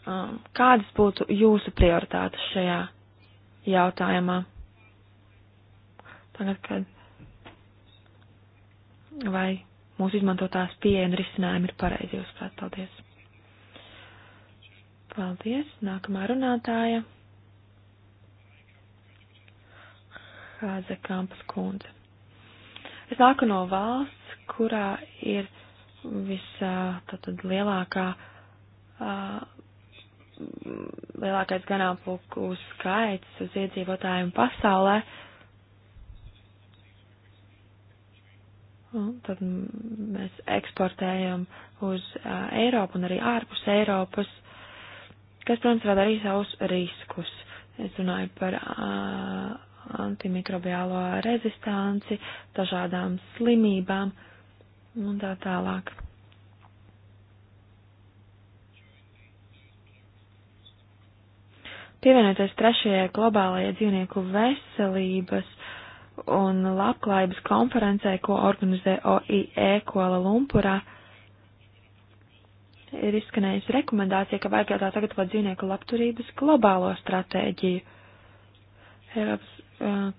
Um, kādas būtu jūsu prioritātes šajā jautājumā? Tagad, kad vai mūsu izmantotās pieeja un risinājumi ir pareizi, jūs prāt, paldies. Paldies, nākamā runātāja. Hāze Kampas kundze. Es nāku no valsts, kurā ir visā tātad lielākā, uh, lielākais ganāmpulku skaits uz iedzīvotājiem pasaulē. Un tad mēs eksportējam uz uh, Eiropu un arī ārpus Eiropas, kas, protams, rada arī savus riskus. Es runāju par uh, antimikrobiālo rezistanci, dažādām slimībām. Uh, un nu, tā tālāk. Pievienoties trešajai globālajai dzīvnieku veselības un labklājības konferencē, ko organizē OIE Kuala Lumpurā, ir izskanējusi rekomendācija, ka vajag jautāt tagad par dzīvnieku labturības globālo stratēģiju. Eiropas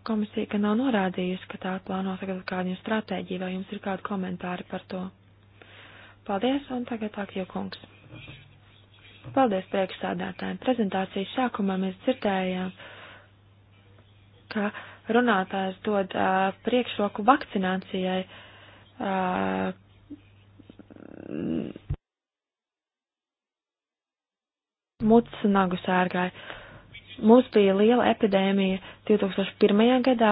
komisija, ka nav norādījusi, ka tā plāno tagad kādu stratēģiju, vai jums ir kādi komentāri par to? Paldies, un tagad Akjo kungs. Paldies priekšsādātājiem. Prezentācijas sākumā mēs dzirdējām, ka runātājs dod uh, priekšroku vakcinācijai. Uh, Mutes un nagu sērgai. Uh, Mums bija liela epidēmija 2001. gadā,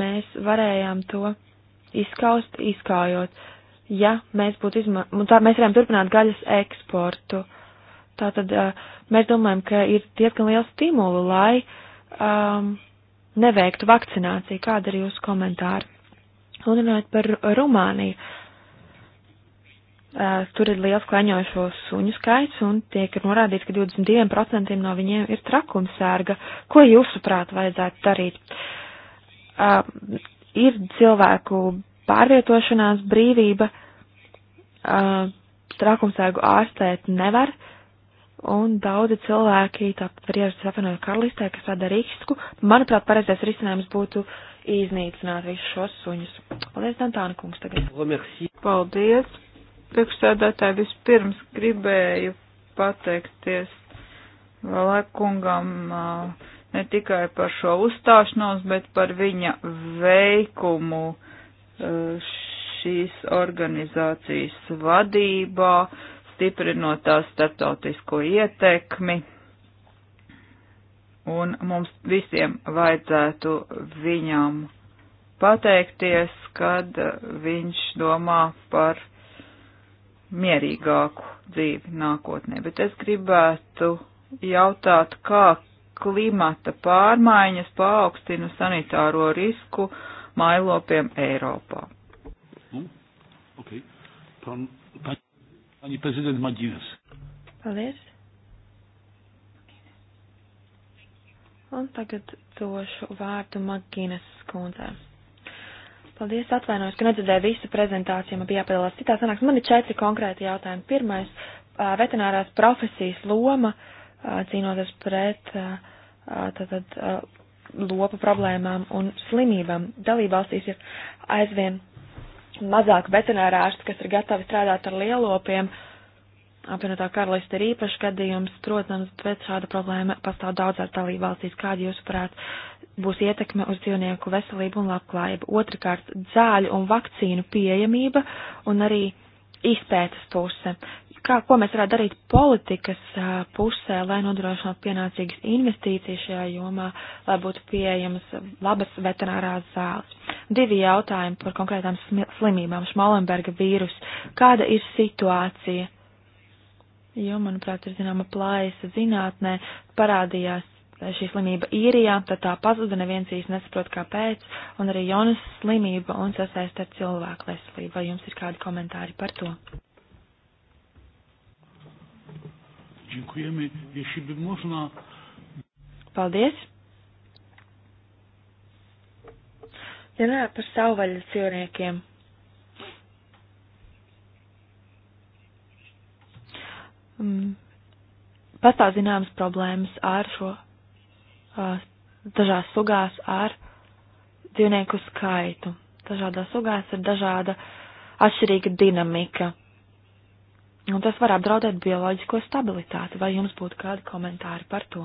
mēs varējām to izskaust, izkājot. Ja mēs būtu izma... Tā, mēs varējām turpināt gaļas eksportu. Tātad mēs domājam, ka ir diezgan liela stimula, lai um, neveiktu vakcināciju. Kāda ir jūsu komentāra? Un runājot par Rumāniju, Uh, tur ir liels klaņojošo suņu skaits, un tiek norādīts, ka 22% no viņiem ir trakumsērga. Ko jūsuprāt vajadzētu darīt? Uh, ir cilvēku pārvietošanās brīvība, uh, trakumsērgu ārstēt nevar, un daudzi cilvēki, tāpat arī apvienot karalistē, kas rada risku, manuprāt, pareizais risinājums būtu iznīcināt visus šos suņus. Paldies, Dantāna kungs, tagad. Paldies priekšsēdētāji vispirms gribēju pateikties Lekungam ne tikai par šo uzstāšanos, bet par viņa veikumu šīs organizācijas vadībā, stiprinot tās starptautisko ietekmi. Un mums visiem vajadzētu viņam pateikties, kad viņš domā par mierīgāku dzīvi nākotnē, bet es gribētu jautāt, kā klimata pārmaiņas paaugstina sanitāro risku mailopiem Eiropā. Nu, okay. Pan, pan, pani prezident Maģinas. Paldies. Un tagad došu vārdu Maģinas skundzēm. Paldies, atvainojos, ka nedzirdēju visu prezentāciju, man bija jāpiedalās citā sanāks. Man ir četri konkrēti jautājumi. Pirmais - veterinārās profesijas loma, cīnoties pret tātad lopu problēmām un slimībām. Dalībvalstīs ir aizvien mazāk veterinārārstu, kas ir gatavi strādāt ar lielopiem. Apvienotā karalista ir īpašs gadījums, protams, bet šāda problēma pastāv daudzās dalībvalstīs. Kādi jūs prāt? Uh, būs ietekme uz dzīvnieku veselību un labklājību. Otrakārt, zāļu un vakcīnu pieejamība un arī izpētes puse. Kā, ko mēs varētu darīt politikas uh, pusē, lai nodrošinātu pienācīgas investīcijas šajā jomā, lai būtu pieejamas labas veterinārās zāles? Divi jautājumi par konkrētām slimībām. Šmalenberga vīrus. Kāda ir situācija? Jo, manuprāt, ir zināma plājas zinātnē, parādījās Eh, šī slimība īrijā, tad tā pazuda, neviens īsti nesaprot, kāpēc, un arī Jonas slimība un sasaist ar cilvēku veselību. Vai jums ir kādi komentāri par to? Paldies! Ja runā par savvaļas dzīvniekiem. Mm pastāv zināmas problēmas ar šo Uh, dažās sugās ar dzīvnieku skaitu. Dažādās sugās ir dažāda atšķirīga dinamika. Un tas var apdraudēt bioloģisko stabilitāti. Vai jums būtu kādi komentāri par to?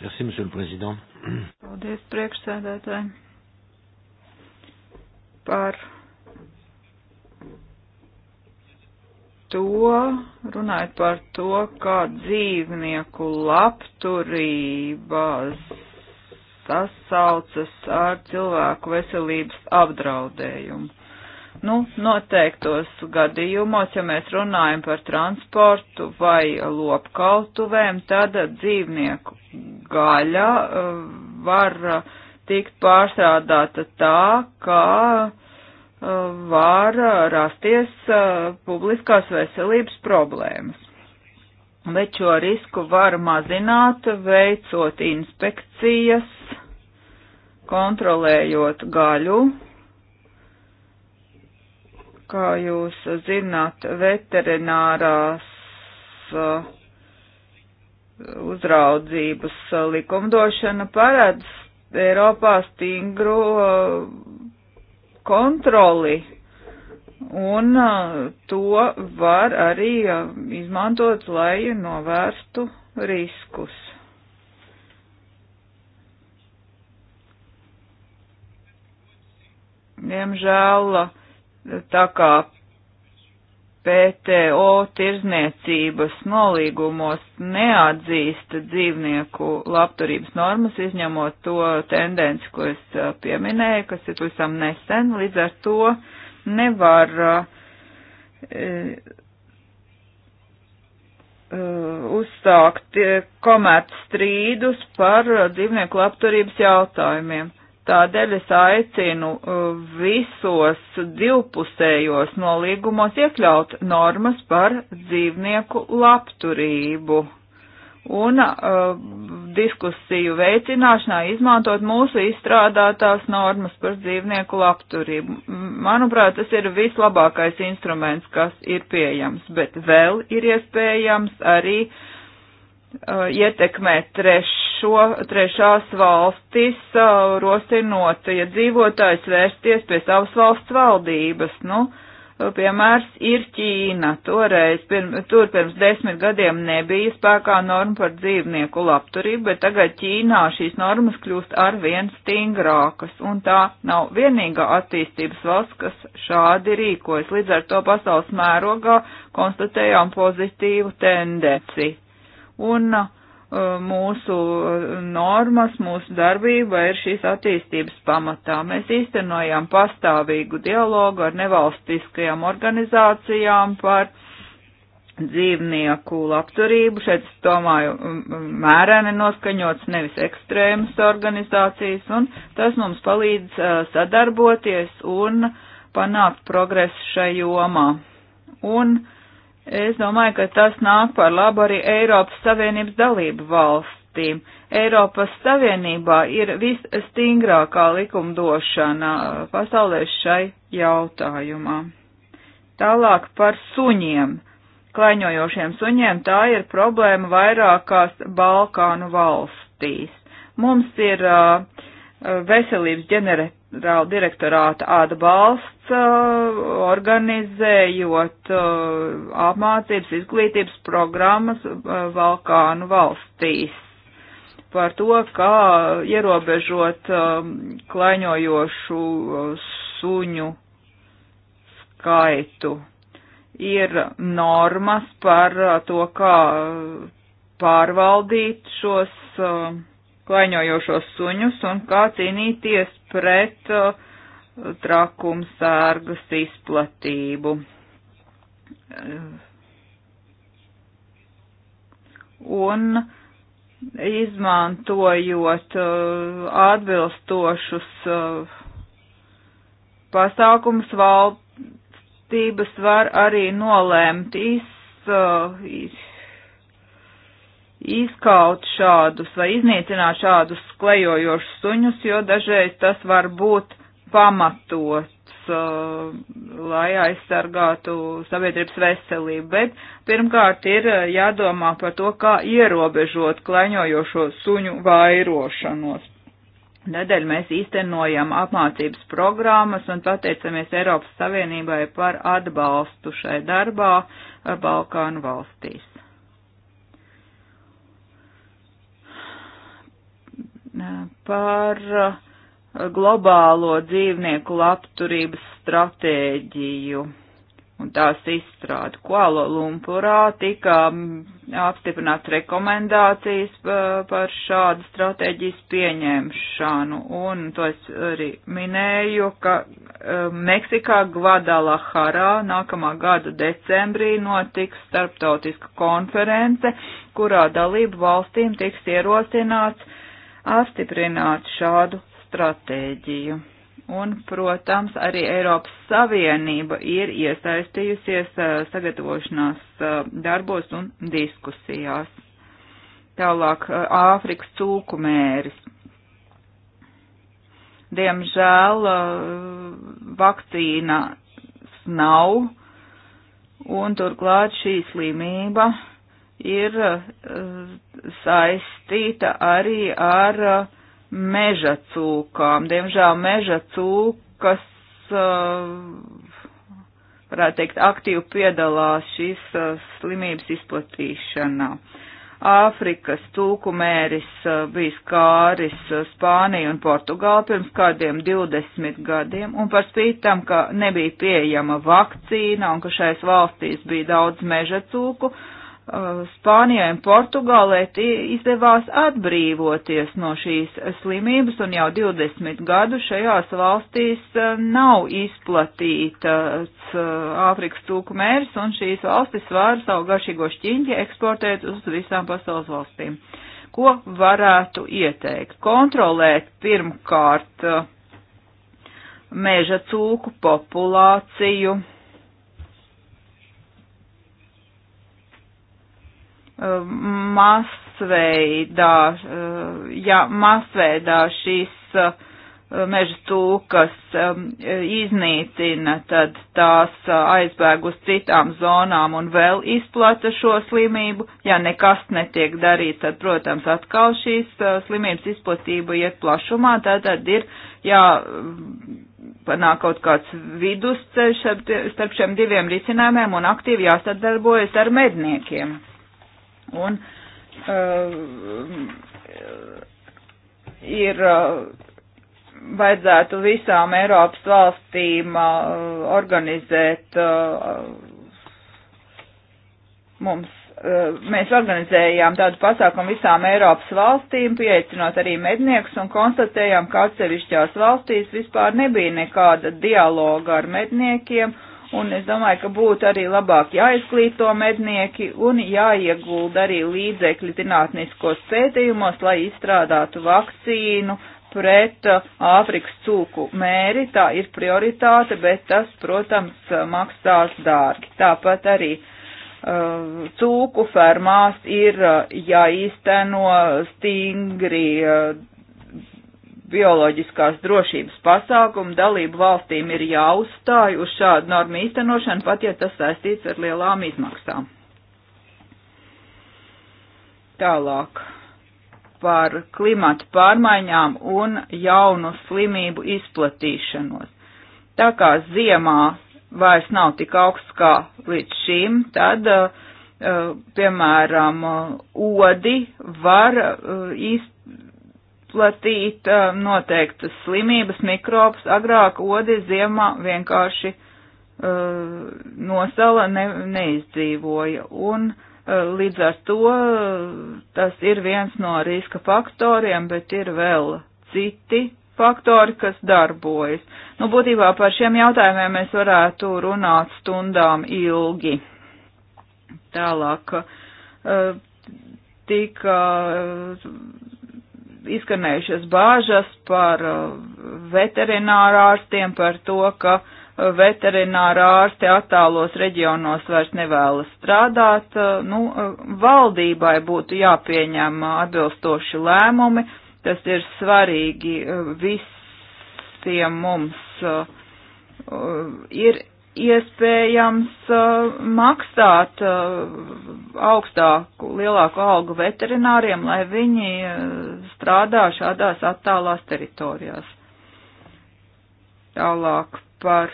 Merci, monsieur le président. Paldies, priekšsēdētāji, par to, runājot par to, kā dzīvnieku labturība sasaucas ar cilvēku veselības apdraudējumu. Nu, noteiktos gadījumos, ja mēs runājam par transportu vai lopkaltuvēm, tad dzīvnieku gaļa uh, var tikt pārstrādāta tā, ka var uh, rasties uh, publiskās veselības problēmas. Bet šo risku var mazināt, veicot inspekcijas, kontrolējot gaļu. Kā jūs zināt, veterinārās uh, uzraudzības likumdošana paredz Eiropā stingru kontroli, un to var arī izmantot, lai novērstu riskus. Diemžēl tā kā PTO tirzniecības nolīgumos neatzīsta dzīvnieku labturības normas, izņemot to tendenci, ko es eh, pieminēju, kas ir visam nesen, līdz ar to nevar e, uzsākt komerc strīdus par dzīvnieku labturības jautājumiem. Tādēļ es aicinu uh, visos divpusējos nolīgumos iekļaut normas par dzīvnieku labturību un uh, diskusiju veicināšanā izmantot mūsu izstrādātās normas par dzīvnieku labturību. Manuprāt, tas ir vislabākais instruments, kas ir pieejams, bet vēl ir iespējams arī uh, ietekmēt treš šo trešās valstis uh, rosinot iedzīvotājs ja vērsties pie savas valsts valdības. Nu, uh, piemērs ir Ķīna. Toreiz, pirm, tur pirms desmit gadiem nebija spēkā norma par dzīvnieku labturību, bet tagad Ķīnā šīs normas kļūst arvien stingrākas, un tā nav vienīgā attīstības valsts, kas šādi rīkojas. Līdz ar to pasaules mērogā konstatējām pozitīvu tendenci. Un uh, mūsu normas, mūsu darbība ir šīs attīstības pamatā. Mēs īstenojām pastāvīgu dialogu ar nevalstiskajām organizācijām par dzīvnieku labturību. Šeit, es domāju, mērēni noskaņots, nevis ekstrēmas organizācijas, un tas mums palīdz sadarboties un panākt progresu šai jomā. Un Es domāju, ka tas nāk par labu arī Eiropas Savienības dalību valstīm. Eiropas Savienībā ir visstingrākā likumdošana uh, pasaulē šai jautājumā. Tālāk par suņiem. Klaiņojošiem suņiem tā ir problēma vairākās Balkānu valstīs. Mums ir uh, uh veselības ģenere ģenerāla direktorāta atbalsts, uh, organizējot uh, apmācības, izglītības programmas uh, Balkānu valstīs par to, kā ierobežot um, klaiņojošu suņu skaitu. Ir normas par to, kā pārvaldīt šos uh, klaiņojošos suņus un kā cīnīties pret uh, trakumsārgas izplatību. Un izmantojot uh, atbilstošus uh, pasākumus valstības var arī nolēmt iz, uh, iz izkaut šādus vai iznīcināt šādus klejojošus suņus, jo dažreiz tas var būt pamatots, uh, lai aizsargātu sabiedrības veselību. Bet pirmkārt ir uh, jādomā par to, kā ierobežot kleņojošo suņu vairošanos. Tādēļ mēs īstenojam apmācības programmas un pateicamies Eiropas Savienībai par atbalstu šai darbā uh, Balkānu valstīs. par uh, globālo dzīvnieku labturības stratēģiju un tās izstrādi. Kuala Lumpurā tika mm, apstiprināts rekomendācijas par šādu stratēģijas pieņemšanu, un to es arī minēju, ka um, Meksikā Gvadalaharā nākamā gada decembrī notiks starptautiska konference, kurā dalību valstīm tiks ierosināts apstiprināt šādu stratēģiju. Un, protams, arī Eiropas Savienība ir iesaistījusies sagatavošanās darbos un diskusijās. Tālāk Āfrikas cūku mēris. Diemžēl vakcīnas nav, un turklāt šī slimība ir eh, saistīta arī ar eh, meža cūkām. Diemžēl meža cūkas, eh, varētu teikt, aktīvi piedalās šīs slimības izplatīšanā. Āfrikas cūku mēris bija skāris Spāniju un Portugālu pirms kādiem 20 gadiem, un par spīti tam, ka nebija pieejama vakcīna un ka šais valstīs bija daudz meža cūku, uh, Uh, Spānijai un Portugālei izdevās atbrīvoties no šīs slimības, un jau 20 gadu šajās valstīs uh, nav izplatīts uh, Āfrikas cūku mērs, un šīs valstis var savu garšīgo šķiņķi eksportēt uz visām pasaules valstīm. Ko varētu ieteikt? Kontrolēt pirmkārt meža cūku populāciju Uh, masveidā, uh, ja masveidā šīs uh, meža tūkas um, iznīcina, tad tās aizbēg uz citām zonām un vēl izplata šo slimību. Ja nekas netiek darīts, tad, protams, atkal šīs slimības izplatība iet plašumā, tātad ir jāpanāk kaut kāds vidusceļš starp šiem diviem risinājumiem un aktīvi jāsadarbojas ar medniekiem un uh, ir eh, vajadzētu visām Eiropas valstīm uh, organizēt uh, mums. Uh, mēs organizējām tādu pasākumu visām Eiropas valstīm, pieaicinot arī medniekus un konstatējām, ka atsevišķās valstīs vispār nebija nekāda dialoga ar medniekiem, uh, un es domāju, ka būtu arī labāk jāizglīto mednieki un jāiegulda arī līdzekļi zinātniskos pētījumos, lai izstrādātu vakcīnu pret uh, Āfrikas cūku mēri. Tā ir prioritāte, bet tas, protams, uh, maksās dārgi. Tāpat arī uh, cūku fermās ir uh, jāīsteno stingri uh, bioloģiskās drošības pasākumu dalību valstīm ir jāuzstāj uz šādu normu īstenošanu, pat ja tas saistīts ar lielām izmaksām. Tālāk par klimatu pārmaiņām un jaunu slimību izplatīšanos. Tā kā ziemā vairs nav tik augsts kā līdz šim, tad, eh, piemēram, eh, odi var eh, īstenot izplatīt eh, noteiktas slimības, mikrobus, agrāk odi ziemā vienkārši uh, nosala ne, neizdzīvoja. Un uh, līdz ar to tas ir viens no riska faktoriem, bet ir vēl citi faktori, kas darbojas. Nu, būtībā par šiem jautājumiem mēs varētu runāt stundām ilgi. Tālāk. Uh, tika uh, izskanējušas bāžas par uh, veterinārārstiem, par to, ka uh, veterinārārsti attālos reģionos vairs nevēlas strādāt. Uh, nu, valdībai būtu jāpieņem atbilstoši lēmumi, tas ir svarīgi visiem mums. Ir iespējams uh, maksāt uh, augstāku, lielāku algu veterināriem, lai viņi uh, strādā šādās attālās teritorijās. Tālāk par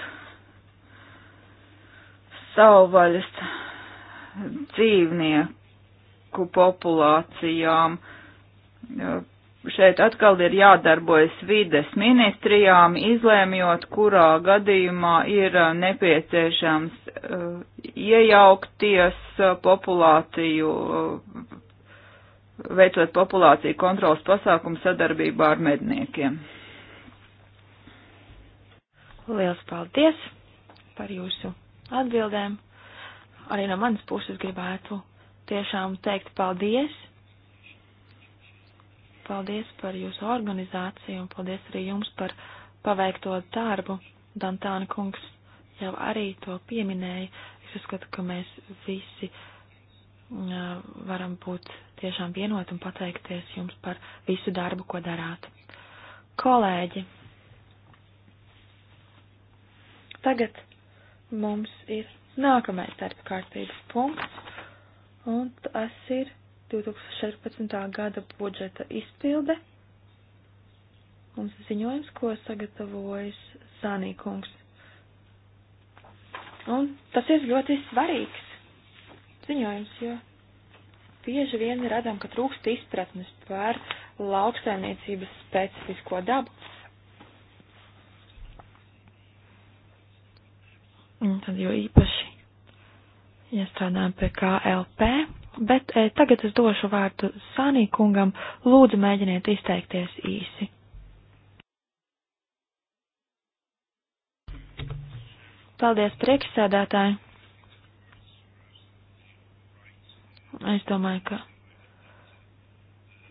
savvaļas dzīvnieku populācijām. Uh, šeit atkal ir jādarbojas vides ministrijām, izlēmjot, kurā gadījumā ir uh, nepieciešams uh, iejaukties uh, populāciju, uh, veicot populāciju kontrolas pasākumu sadarbībā ar medniekiem. Liels paldies par jūsu atbildēm. Arī no manas puses gribētu tiešām teikt paldies paldies par jūsu organizāciju un paldies arī jums par paveikto darbu. Dantāna kungs jau arī to pieminēja. Es uzskatu, ka mēs visi uh, varam būt tiešām vienot un pateikties jums par visu darbu, ko darāt. Kolēģi, tagad mums ir nākamais darba kārtības punkts, un tas ir 2014. gada budžeta izpilde. Mums ir ziņojums, ko sagatavojas Zanīkungs. Un tas ir ļoti svarīgs ziņojums, jo bieži vien redzam, ka trūkst izpratnes par lauksaimniecības specifisko dabu. Un tad jau īpaši, ja strādājam pie KLP, bet e, tagad es došu vārdu Sanī kungam, lūdzu mēģiniet izteikties īsi. Paldies priekšsēdētāji. Es domāju, ka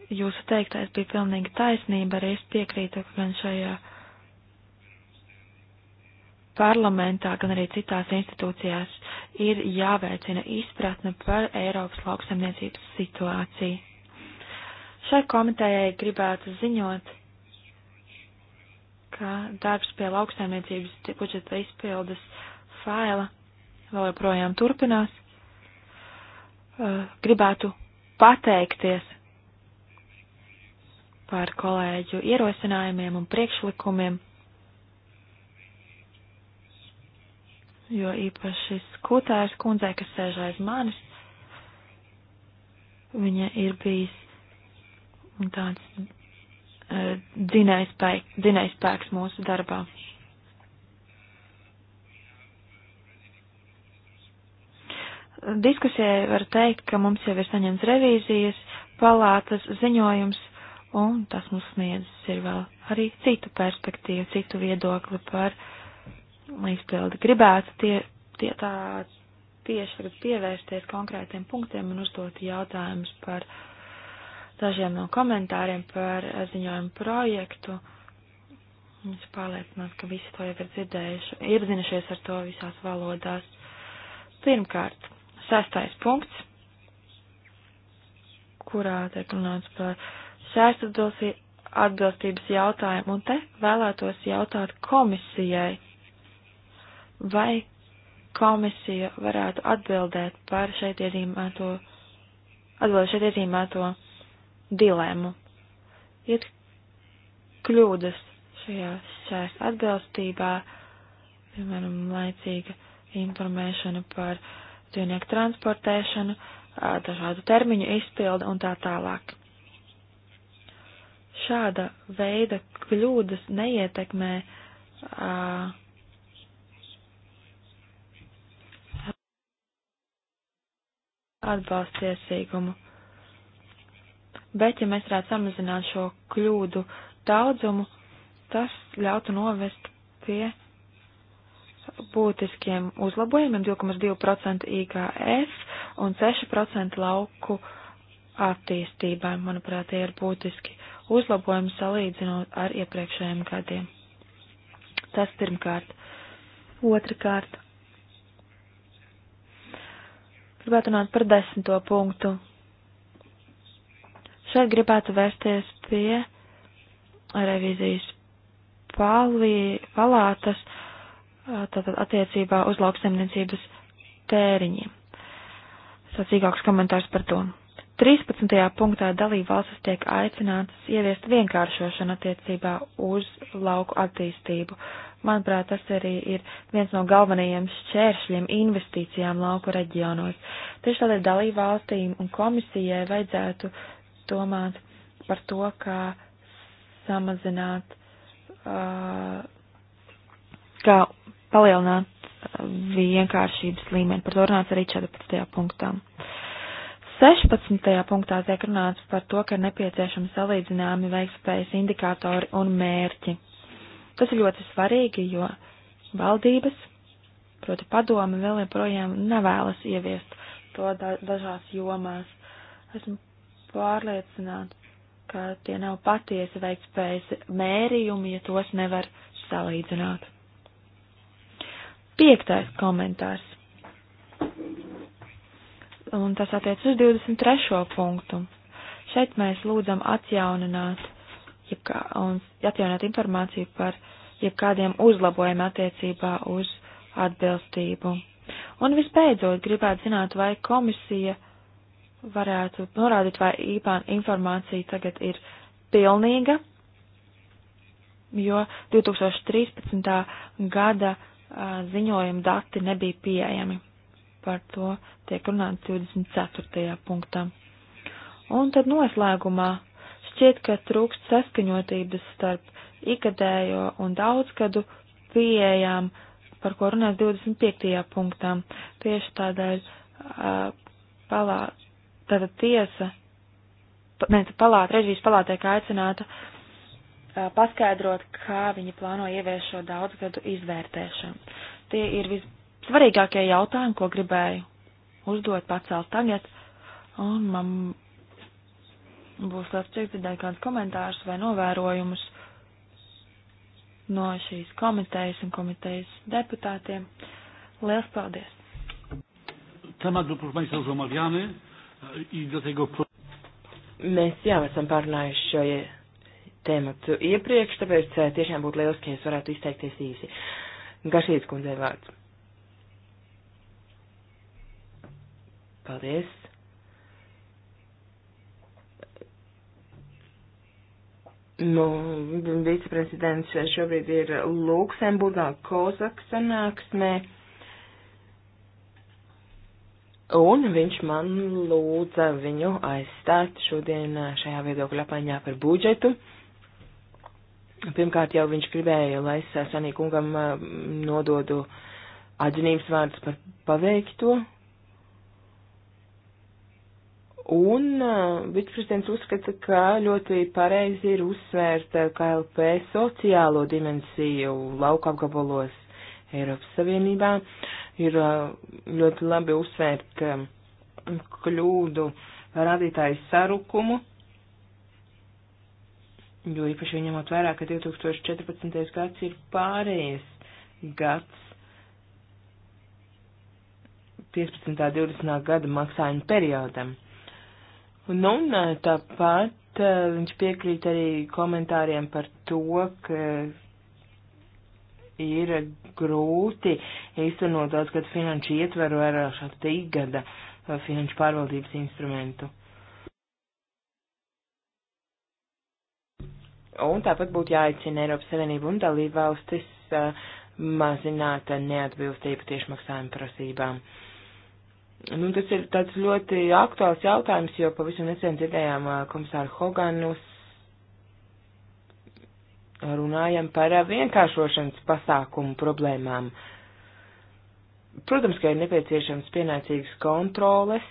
jūsu teiktais bija pilnīgi taisnība, arī es piekrītu, ka gan šajā uh, parlamentā, gan arī citās institūcijās ir jāveicina izpratne par Eiropas lauksaimniecības situāciju. Šai komitējai gribētu ziņot, ka darbs pie lauksaimniecības budžeta izpildes faila vēl joprojām turpinās. Eh, gribētu pateikties par kolēģu ierosinājumiem un priekšlikumiem jo īpaši skūtājs kundzei, kas sēž aiz manis, viņa ir bijis tāds uh, e, dzinējspēks, dzinējspēks mūsu darbā. Diskusijai var teikt, ka mums jau ir saņemts revīzijas, palātas ziņojums, un tas mums sniedz ir vēl arī citu perspektīvu, citu viedokli par uh, izpildi gribētu tie, tie tā tieši tagad pievērsties konkrētiem punktiem un uzdot jautājumus par dažiem no komentāriem par ziņojumu projektu. Es pārliecināts, ka visi to jau ir dzirdējuši, iepazinušies ar to visās valodās. Pirmkārt, sestais punkts, kurā tiek runāts par sēstu atbilstības jautājumu, un te vēlētos jautāt komisijai Vai komisija varētu atbildēt par šeit iezīmēto, atbildēt šeit iezīmēto dilēmu? Ir kļūdas šajā šajās atbilstībā, piemēram, laicīga informēšana par dzīvnieku transportēšanu, dažādu termiņu izpildu un tā tālāk. Šāda veida kļūdas neietekmē uh, atbalsta tiesīgumu. Bet, ja mēs varētu samazināt šo kļūdu daudzumu, tas ļautu novest pie būtiskiem uzlabojumiem 2,2% IKS un 6% lauku attīstībai. Manuprāt, tie ir būtiski uzlabojumi salīdzinot ar iepriekšējiem gadiem. Tas pirmkārt. Otrakārt gribētu runāt par desmito punktu. Šeit gribētu vērsties pie revizijas palī, palātas, tātad attiecībā uz lauksaimniecības tēriņiem. Sacīgāks komentārs par to. 13. punktā dalība valstis tiek aicinātas ieviest vienkāršošanu attiecībā uz lauku attīstību. Uh, Manuprāt, tas arī ir viens no galvenajiem šķēršļiem investīcijām lauku reģionos. Tieši tādēļ dalību valstīm un komisijai vajadzētu domāt par to, kā samazināt, uh, kā palielināt vienkāršības līmeni. Par to runāts arī 14. punktā. 16. punktā tiek runāts par to, ka nepieciešams salīdzināmi veiktspējas indikātori un mērķi. Tas ir ļoti svarīgi, jo valdības, proti padomi, vēl joprojām nevēlas ieviest to da dažās jomās. Esmu pārliecināta, ka tie nav patiesi veiktspējas mērījumi, ja tos nevar salīdzināt. Piektais komentārs. Un tas attiec uz 23. punktu. Šeit mēs lūdzam atjaunināt jebkā, un atjaunot informāciju par jebkādiem uzlabojumiem attiecībā uz atbilstību. Un visbeidzot, gribētu zināt, vai komisija varētu norādīt, vai īpān informācija tagad ir pilnīga, jo 2013. gada ziņojuma dati nebija pieejami. Par to tiek runāts 24. punktā. Un tad noslēgumā Šķiet, ka trūkst saskaņotības starp ikadējo un daudzgadu pieejām, par ko runās 25. punktā. Tieši tādēļ uh, palā, tāda tiesa, ne, palāta, režijas palātē, kā aicināta, uh, paskaidrot, kā viņi plāno ievies šo daudzgadu izvērtēšanu. Tie ir vissvarīgākie jautājumi, ko gribēju uzdot pacelt tagad, un man būs labs dzirdēt kādus komentārus vai novērojumus no šīs komitejas un komitejas deputātiem. Lielas paldies! Temat był, proszę Państwa, już omawiany e, i dlatego... Mēs jau esam pārunājuši šo tēmatu iepriekš, tāpēc e, tiešām būtu lieliski, ja es varētu izteikties īsi. Gašīts kundzei vārds. Paldies! Nu, viceprezidents šobrīd ir Luksemburgā Kozak sanāksmē. Un viņš man lūdza viņu aizstāt šodien šajā viedokļa apmaiņā par budžetu. Pirmkārt jau viņš gribēja, lai es Sanīkungam eh, nododu atzinības vārdus par paveikto, Un uh, viceprezidents uzskata, ka ļoti pareizi ir uzsvērt uh, KLP sociālo dimensiju lauka apgabalos Eiropas Savienībā. Ir uh, ļoti labi uzsvērt um, kļūdu radītāju sarukumu, jo īpaši ņemot vērā, ka 2014. gads ir pārējais gads 15. 20. gada maksājuma periodam. Un, un tāpat viņš piekrīt arī komentāriem par to, ka ir grūti īstenot daudz gadu finanšu ietveru ar šādu tīgada finanšu pārvaldības instrumentu. Un tāpat būtu jāicina Eiropas Savienība un dalība valstis mazināt neatbilstību tiešmaksājumu prasībām. Uh, Nu, tas ir tāds ļoti aktuāls jautājums, jo pavisam nesen dzirdējām komisāru Hoganus runājam par vienkāršošanas pasākumu problēmām. Protams, ka ir nepieciešams pienācīgas kontroles,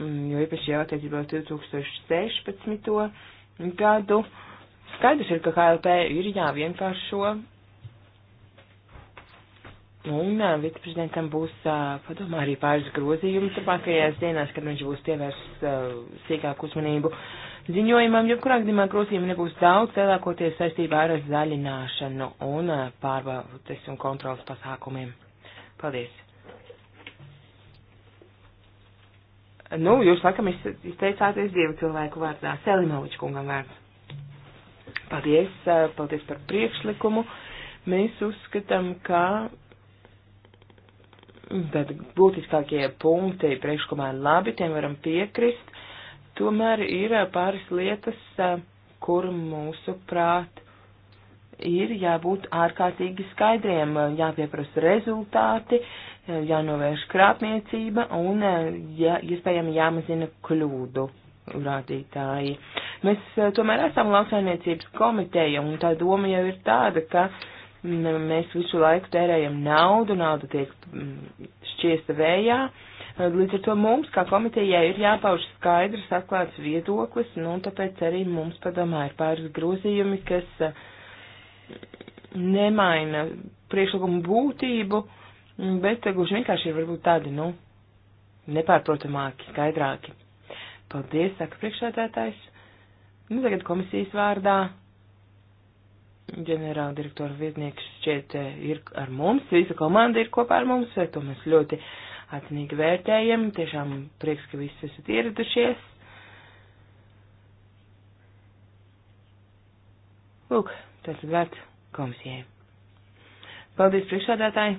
mm, jo īpaši jau attiecībā uz 2016. gadu. Skaidrs ir, ka KLP ir jāvienkāršo, Nu, un viceprezidentam būs padomā arī pāris grozījumi turpmākajās dienās, kad viņš būs pievērsts sīkāku uzmanību ziņojumam, jo kurā gadījumā grozījumi nebūs daudz, lielākoties saistībā ar zaļināšanu un pārbaudes un kontrolas pasākumiem. Paldies! Nu, jūs laikam izteicāties dievu cilvēku vārdā. Selimoviča kungam vārds. Paldies, paldies par priekšlikumu. Mēs uzskatām, ka Tad būtiskākie punkti priekšlikumā ir labi, tiem varam piekrist. Tomēr ir uh, pāris lietas, uh, kur mūsu prāt ir jābūt ārkārtīgi skaidriem, uh, jāpieprasa rezultāti, jānovērš krāpniecība un jā, iespējami jāmazina kļūdu rādītāji. Mēs tomēr esam lauksaimniecības komiteja, un tā doma jau ir tāda, ka mēs visu laiku tērējam naudu, nauda tiek šķiesta vējā. Līdz ar to mums, kā komitejai, ir jāpauž skaidrs, atklāts viedoklis, nu, tāpēc arī mums padomā ir pāris grozījumi, kas nemaina priekšlikumu būtību, bet eh, gluži vienkārši ir varbūt tādi, nu, nepārprotamāki, skaidrāki. Paldies, saka priekšsēdētājs. Nu, tagad komisijas vārdā ģenerāla direktora vietnieks šķiet eh, ir ar mums, visa komanda ir kopā ar mums, eh, to mēs ļoti atzinīgi vērtējam, tiešām prieks, ka visi esat ieradušies. Lūk, tas ir vērts komisijai. Paldies priekšādātāji.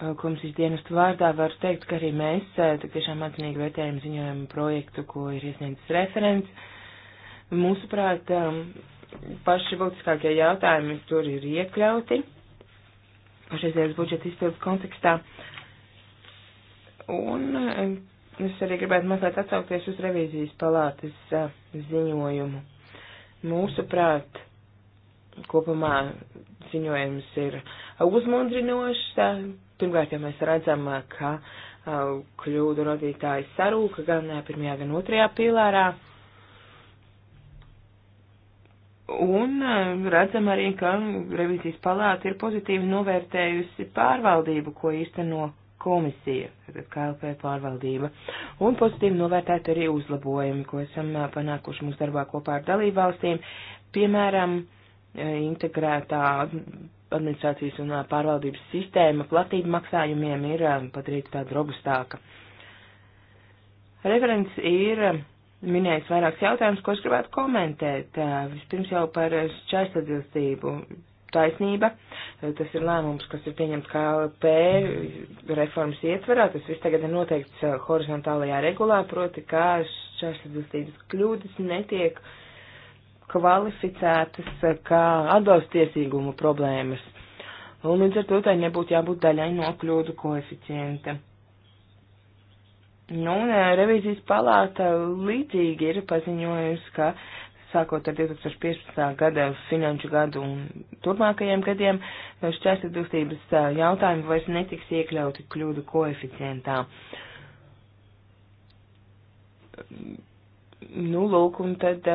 Eh, komisijas dienestu vārdā varu teikt, ka arī mēs tiešām atzinīgi vērtējam ziņojumu projektu, ko ir iesniedzis referents Mūsuprāt, um, paši būtiskākie jautājumi tur ir iekļauti pašreizējās budžeta izpildes kontekstā. Un um, es arī gribētu mazliet atsaukties uz revīzijas palātes uh, ziņojumu. Mūsuprāt, kopumā ziņojums ir uzmundrinošs. Uh, pirmkārt, jau mēs redzam, uh, ka kļūdu radītāji sarūka gan pirmajā, gan otrajā pīlārā. Un e, redzam arī, ka revizijas palāta ir pozitīvi novērtējusi pārvaldību, ko īsteno komisija, tātad KLP pārvaldība, un pozitīvi novērtēt arī uzlabojumi, ko esam e, panākuši mūsu darbā kopā ar dalībvalstīm, piemēram, e, integrētā administrācijas un pārvaldības sistēma platību maksājumiem ir padarīta tāda robustāka. Referents ir minējis vairākus jautājumus, ko es gribētu komentēt. Vispirms jau par šķērsadzīstību. Taisnība, tas ir lēmums, kas ir pieņemts KLP reformas ietverā, tas viss tagad ir noteikts horizontālajā regulā, proti, kā šķērsadzīstības kļūdas netiek kvalificētas kā atbalstiesīgumu problēmas. Un līdz ar to tai nebūtu jābūt daļai no kļūdu koeficienta. Nu, un revīzijas palāta līdzīgi ir paziņojusi, ka sākot ar 2015. gada finanšu gadu un turpmākajiem gadiem šķērsadustības jautājumi vairs netiks iekļauti kļūdu koeficientā. Nu, lūk, un tad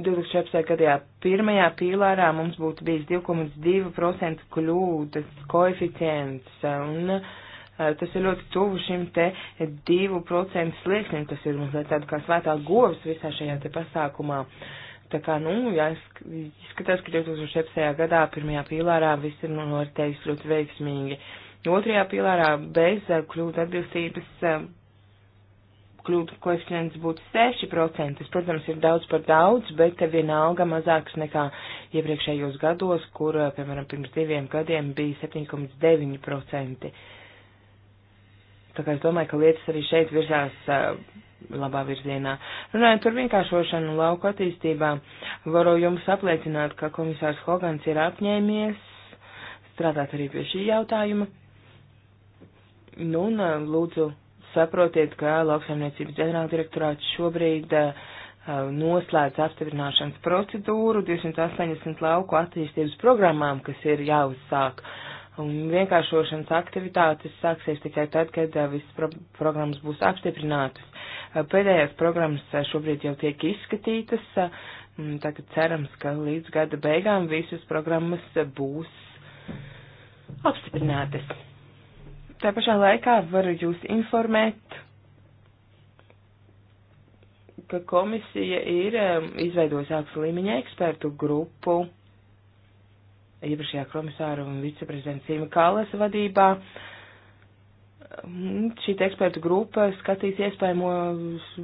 2014. gadā pirmajā pīlārā mums būtu bijis 2,2% kļūdas koeficients. Un, uh, Eh, tas ir ļoti tuvu šim te 2% sliekšņam, kas ir mazliet tāda kā svētā govs visā šajā te pasākumā. Tā kā, nu, jāskatās, ka 2017. gadā pirmajā pīlārā viss ir noritējis ļoti veiksmīgi. Otrajā pīlārā bez eh, kļūdu atbilstības eh, kļūdu koeficients būtu 6%. Tas, protams, ir daudz par daudz, bet vienalga mazāks nekā iepriekšējos gados, kur, piemēram, pirms diviem gadiem bija 7,9%. Tā kā es domāju, ka lietas arī šeit virzās uh, labā virzienā. Runājot par vienkāršošanu lauku attīstībā, varu jums apliecināt, ka komisārs Hogans ir apņēmies strādāt arī pie šī jautājuma. Nu, un uh, lūdzu saprotiet, ka lauksaimniecības ģenerāldirektorāts šobrīd uh, noslēdz apstiprināšanas procedūru 280 lauku attīstības programmām, kas ir jāuzsāk. Uh, Un vienkāršošanas aktivitātes sāksies tikai tad, kad visas pro programmas būs apstiprinātas. Pēdējās programmas šobrīd jau tiek izskatītas, tagad cerams, ka līdz gada beigām visas programmas būs apstiprinātas. Tā pašā laikā varu jūs informēt, ka komisija ir izveidojusi augstu līmeņa ekspertu grupu īpašajā komisāra un viceprezidenta Sīma Kālas vadībā. Šī ekspertu grupa skatīs iespējamo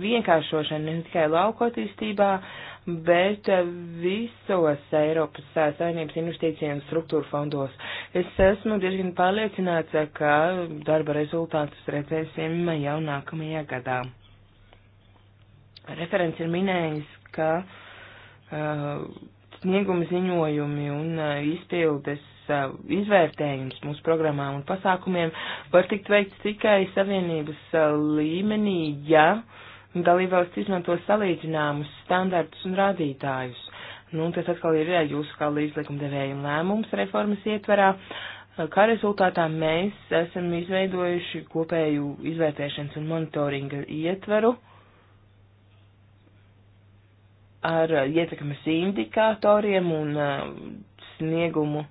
vienkāršošanu ne tikai lauku attīstībā, bet visos Eiropas Savienības investīcijiem struktūra fondos. Es esmu diezgan pārliecināts, ka darba rezultātus redzēsim jau nākamajā gadā. Referents ir minējis, ka uh, snieguma ziņojumi un izpildes izvērtējums mūsu programmām un pasākumiem var tikt veikts tikai savienības līmenī, ja dalībvalsts izmanto salīdzināmus standartus un rādītājus. Nu, tas atkal ir jūsu kā līdzlikumdevējiem lēmums reformas ietverā. Kā rezultātā mēs esam izveidojuši kopēju izvērtēšanas un monitoringa ietveru, uh, ar uh, ietekmes indikatoriem un uh, sniegumu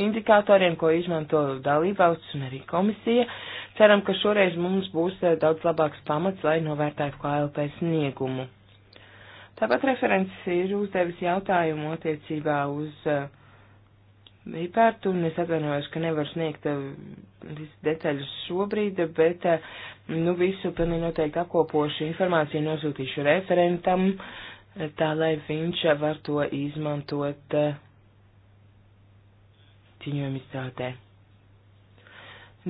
indikatoriem, ko izmanto dalībvalsts un arī komisija. Ceram, ka šoreiz mums būs uh, daudz labāks pamats, lai novērtētu KLP sniegumu. Tāpat referents ir uzdevis jautājumu attiecībā uz Vipērtu, un es atvainojos, ka nevaru sniegt detaļas šobrīd, bet, nu, visu pilnīgi noteikti apkopošu informāciju nosūtīšu referentam. Uh, tā lai viņš var to izmantot ziņojuma eh, izstrādē.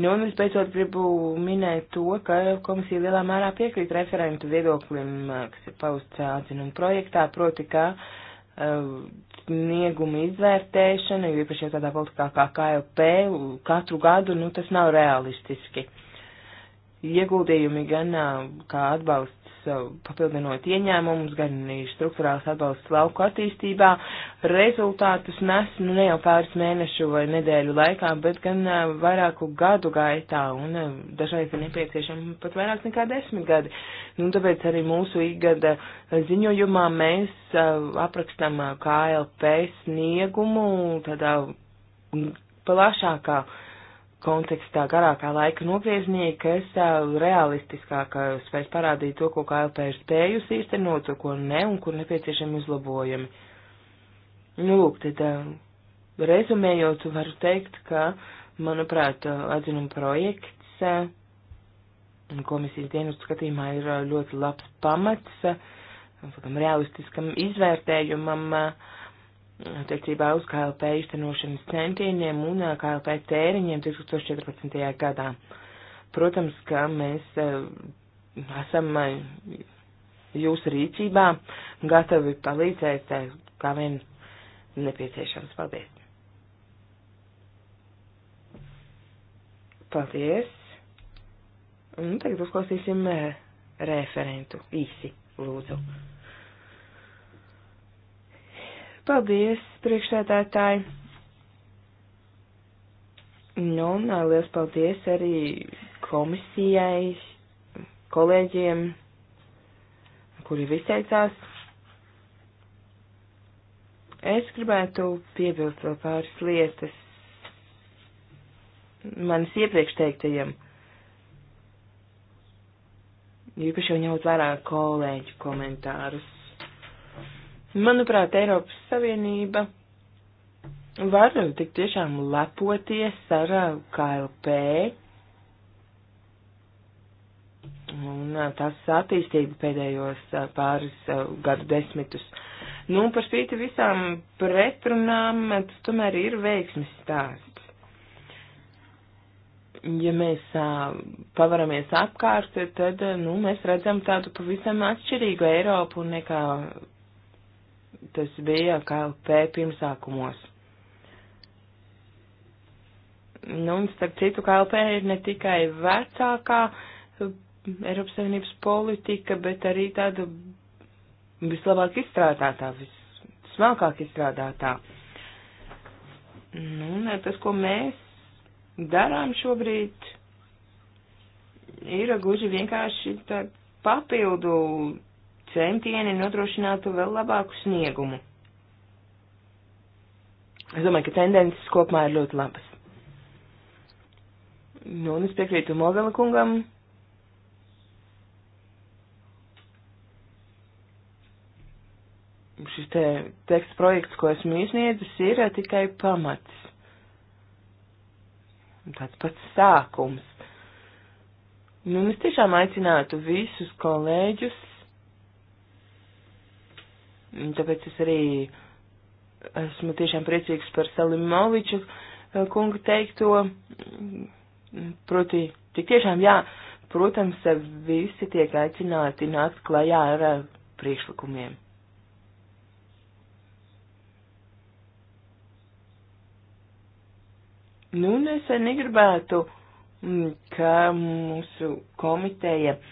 Nu, un visbeidzot gribu minēt to, ka komisija lielā mērā piekrīt referentu viedoklim, eh, kas ir pausts atzinuma projektā, proti, ka eh, snieguma uh, izvērtēšana, jo īpaši jau tādā politikā kā KLP, katru gadu, nu, tas nav realistiski. Ieguldījumi gan uh, kā atbalsts Eh, papildinot ieņēmumus, gan struktūrāls atbalsts lauku attīstībā, rezultātus nes nu, ne jau pāris mēnešu vai nedēļu laikā, bet gan eh, vairāku gadu gaitā, un eh, dažreiz ir nepieciešama pat vairāk nekā desmit gadi. Nu, tāpēc arī mūsu ikgada ziņojumā mēs aprakstam KLP sniegumu tādā plašākā kontekstā garākā laika nogriezienī, kas realistiskāk spēs parādīt to, ko KLP ir spējusi īstenot, to, ko ne, un kur nepieciešami uzlabojumi. Nu, lūk, tad rezumējot, varu teikt, ka, manuprāt, atzinuma projekts komisijas dienas skatījumā ir ļoti labs pamats, protams, realistiskam izvērtējumam. Uh, attiecībā uz KLP īstenošanas centieniem un KLP tēriņiem 2014. gadā. Protams, ka mēs esam jūsu rīcībā gatavi palīdzēt, kā vien nepieciešams. Paldies! Paldies! Un tagad uzklausīsim referentu īsi, lūdzu. Mm -hmm. Paldies, priekšsēdētāji! Nu, liels paldies arī komisijai, kolēģiem, kuri izteicās. Es gribētu piebilst vēl pāris lietas manis iepriekš teiktajiem. Īpaši jau ņemot vērā kolēģu komentārus. Manuprāt, Eiropas Savienība var tik tiešām lepoties ar uh, KLP un uh, tās attīstību pēdējos uh, pāris gadu desmitus. Nu, par spīti visām pretrunām, tas tomēr ir veiksmes stāsts. Ja mēs pavaramies apkārt, tad, nu, mēs redzam tādu pavisam atšķirīgu Eiropu nekā tas bija KLP pirmsākumos. Nu, un starp citu, KLP ir ne tikai vecākā uh, Eiropas Savienības politika, bet arī tāda vislabāk izstrādātā, vismalkāk izstrādātā. Nu, uh, tas, ko mēs darām šobrīd, ir gluži vienkārši papildu centieni nodrošinātu vēl labāku sniegumu. Es domāju, ka tendences kopumā ir ļoti labas. Nu, un es piekrītu Mogala kungam. Šis te teksts projekts, ko esmu izniedzis, ir tikai pamats. Tāds pats sākums. Nu, un es tiešām aicinātu visus kolēģus Un tāpēc es arī esmu tiešām priecīgs par Salimoviču eh, kungu teikto. Proti, tik tiešām, jā, protams, visi tiek aicināti nākt klajā ar eh, priekšlikumiem. Nu, nesen gribētu, mm, ka mūsu komiteja uh,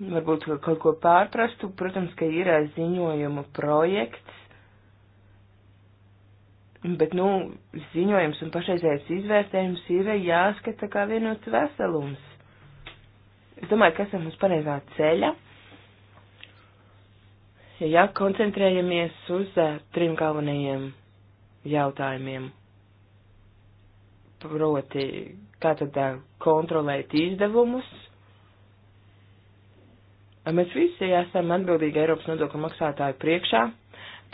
varbūt kaut ko pārprastu. Protams, ka ir eh, ziņojuma projekts, bet, nu, ziņojums un pašreizējais izvērtējums ir jāskata kā vienots veselums. Es domāju, ka esam uz pareizā ceļa. Ja koncentrējamies uz eh, trim galvenajiem jautājumiem, proti, kā tad eh, kontrolēt izdevumus, Mēs visi esam atbildīgi Eiropas nodokļu maksātāju priekšā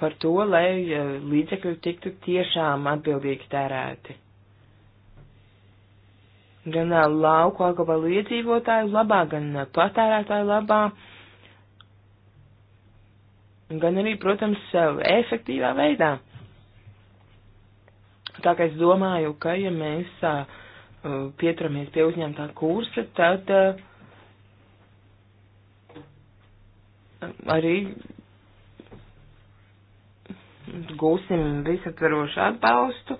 par to, lai e, līdzekļi tiktu tiešām atbildīgi tērēti. Gan e, lauku alkoholu iedzīvotāju labā, gan e, patērētāju labā, gan arī, protams, efektīvā veidā. Tā kā es domāju, ka ja mēs pieturamies pie uzņemtā kursa, tad uh, arī gūsim visatverošu atbalstu.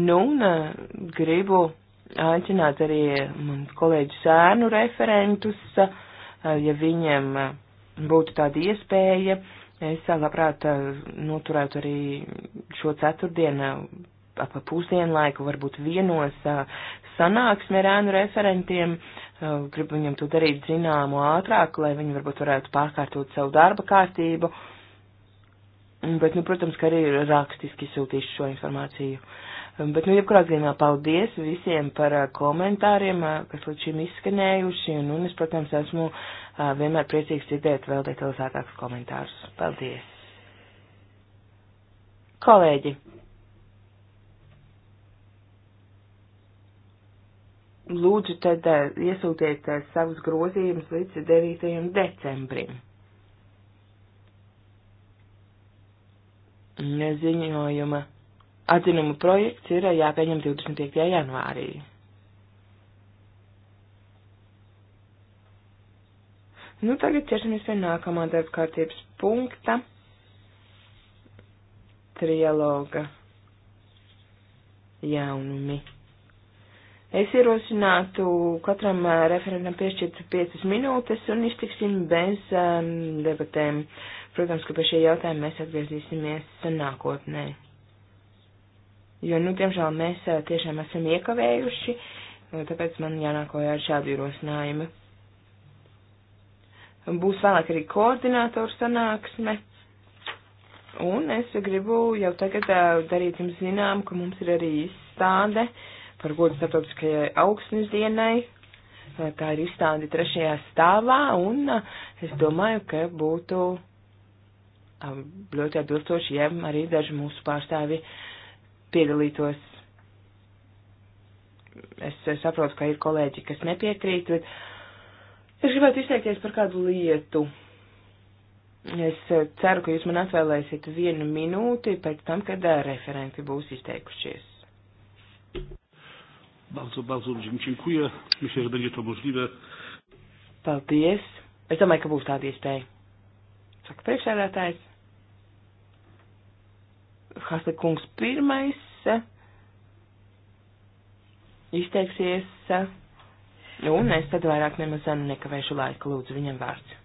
Nu, un eh, gribu aicināt arī manus kolēģus sēnu referentus, eh, ja viņiem eh, būtu tāda iespēja. Es labprāt noturētu arī šo ceturtdienu ap pusdienlaiku, varbūt vienos sanāksmi ar ēnu referentiem, uh, gribu viņam to darīt zināmu ātrāk, lai viņi varbūt varētu pārkārtot savu darba kārtību. Bet, nu, protams, ka arī rakstiski sūtīšu šo informāciju. Bet, nu, jebkurā gadījumā paldies visiem par komentāriem, kas līdz šim izskanējuši, un, un es, protams, esmu vienmēr priecīgs dzirdēt vēl detalizētākus komentārus. Paldies! Kolēģi! lūdzu tad eh, iesūtiet eh, savus grozījumus līdz 9. decembrim. Ziņojuma atzinuma projekts ir eh, jāpieņem 25. janvārī. Nu, tagad ķersimies pie nākamā darba kārtības punkta - trialoga jaunumi. Es ierosinātu katram referentam piešķirt 5 minūtes un iztiksim bez um, debatēm. Protams, ka pie šie jautājumi mēs atgriezīsimies nākotnē. Jo, nu, diemžēl mēs tiešām esam iekavējuši, tāpēc man jānākoja ar šādu ierosinājumu. Būs vēlāk arī koordinātoru sanāksme. Un es gribu jau tagad darīt jums zinām, ka mums ir arī izstāde. Uh, par godu starptautiskajai augsnes dienai. Tā ir izstādi trešajā stāvā, un es domāju, ka būtu ļoti atbilstoši, ja arī daži mūsu pārstāvi piedalītos. Es, es saprotu, ka ir kolēģi, kas nepiekrīt, bet es gribētu izteikties par kādu lietu. Es ceru, ka jūs man atvēlēsiet vienu minūti pēc tam, kad referenti būs izteikušies. Bardzo, bardzo ludziom dziękuję. Myślę, że będzie to możliwe. Paldies. Es domāju, ka būs tāda iespēja. Saka priekšsēdētājs. Hasle kungs pirmais eh, izteiksies, eh, un es tad vairāk nemaz eh, nekavēšu laiku, lūdzu, viņam vārds.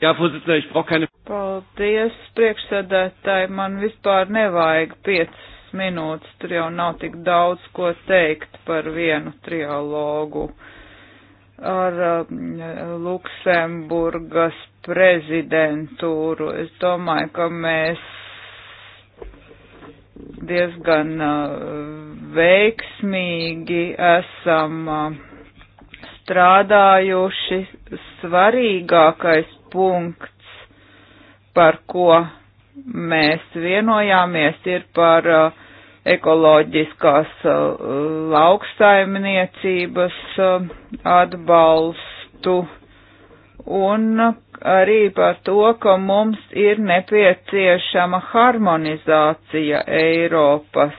Jā, Fuzicē, es braucu. Paldies, priekšsēdētāji, man vispār nevajag piecas minūtes, tur jau nav tik daudz ko teikt par vienu trialogu ar um, Luksemburgas prezidentūru. Es domāju, ka mēs diezgan uh, veiksmīgi esam uh, strādājuši. Svarīgākais punkts, par ko mēs vienojāmies ir par uh, ekoloģiskās uh, lauksaimniecības uh, atbalstu un arī par to, ka mums ir nepieciešama harmonizācija Eiropas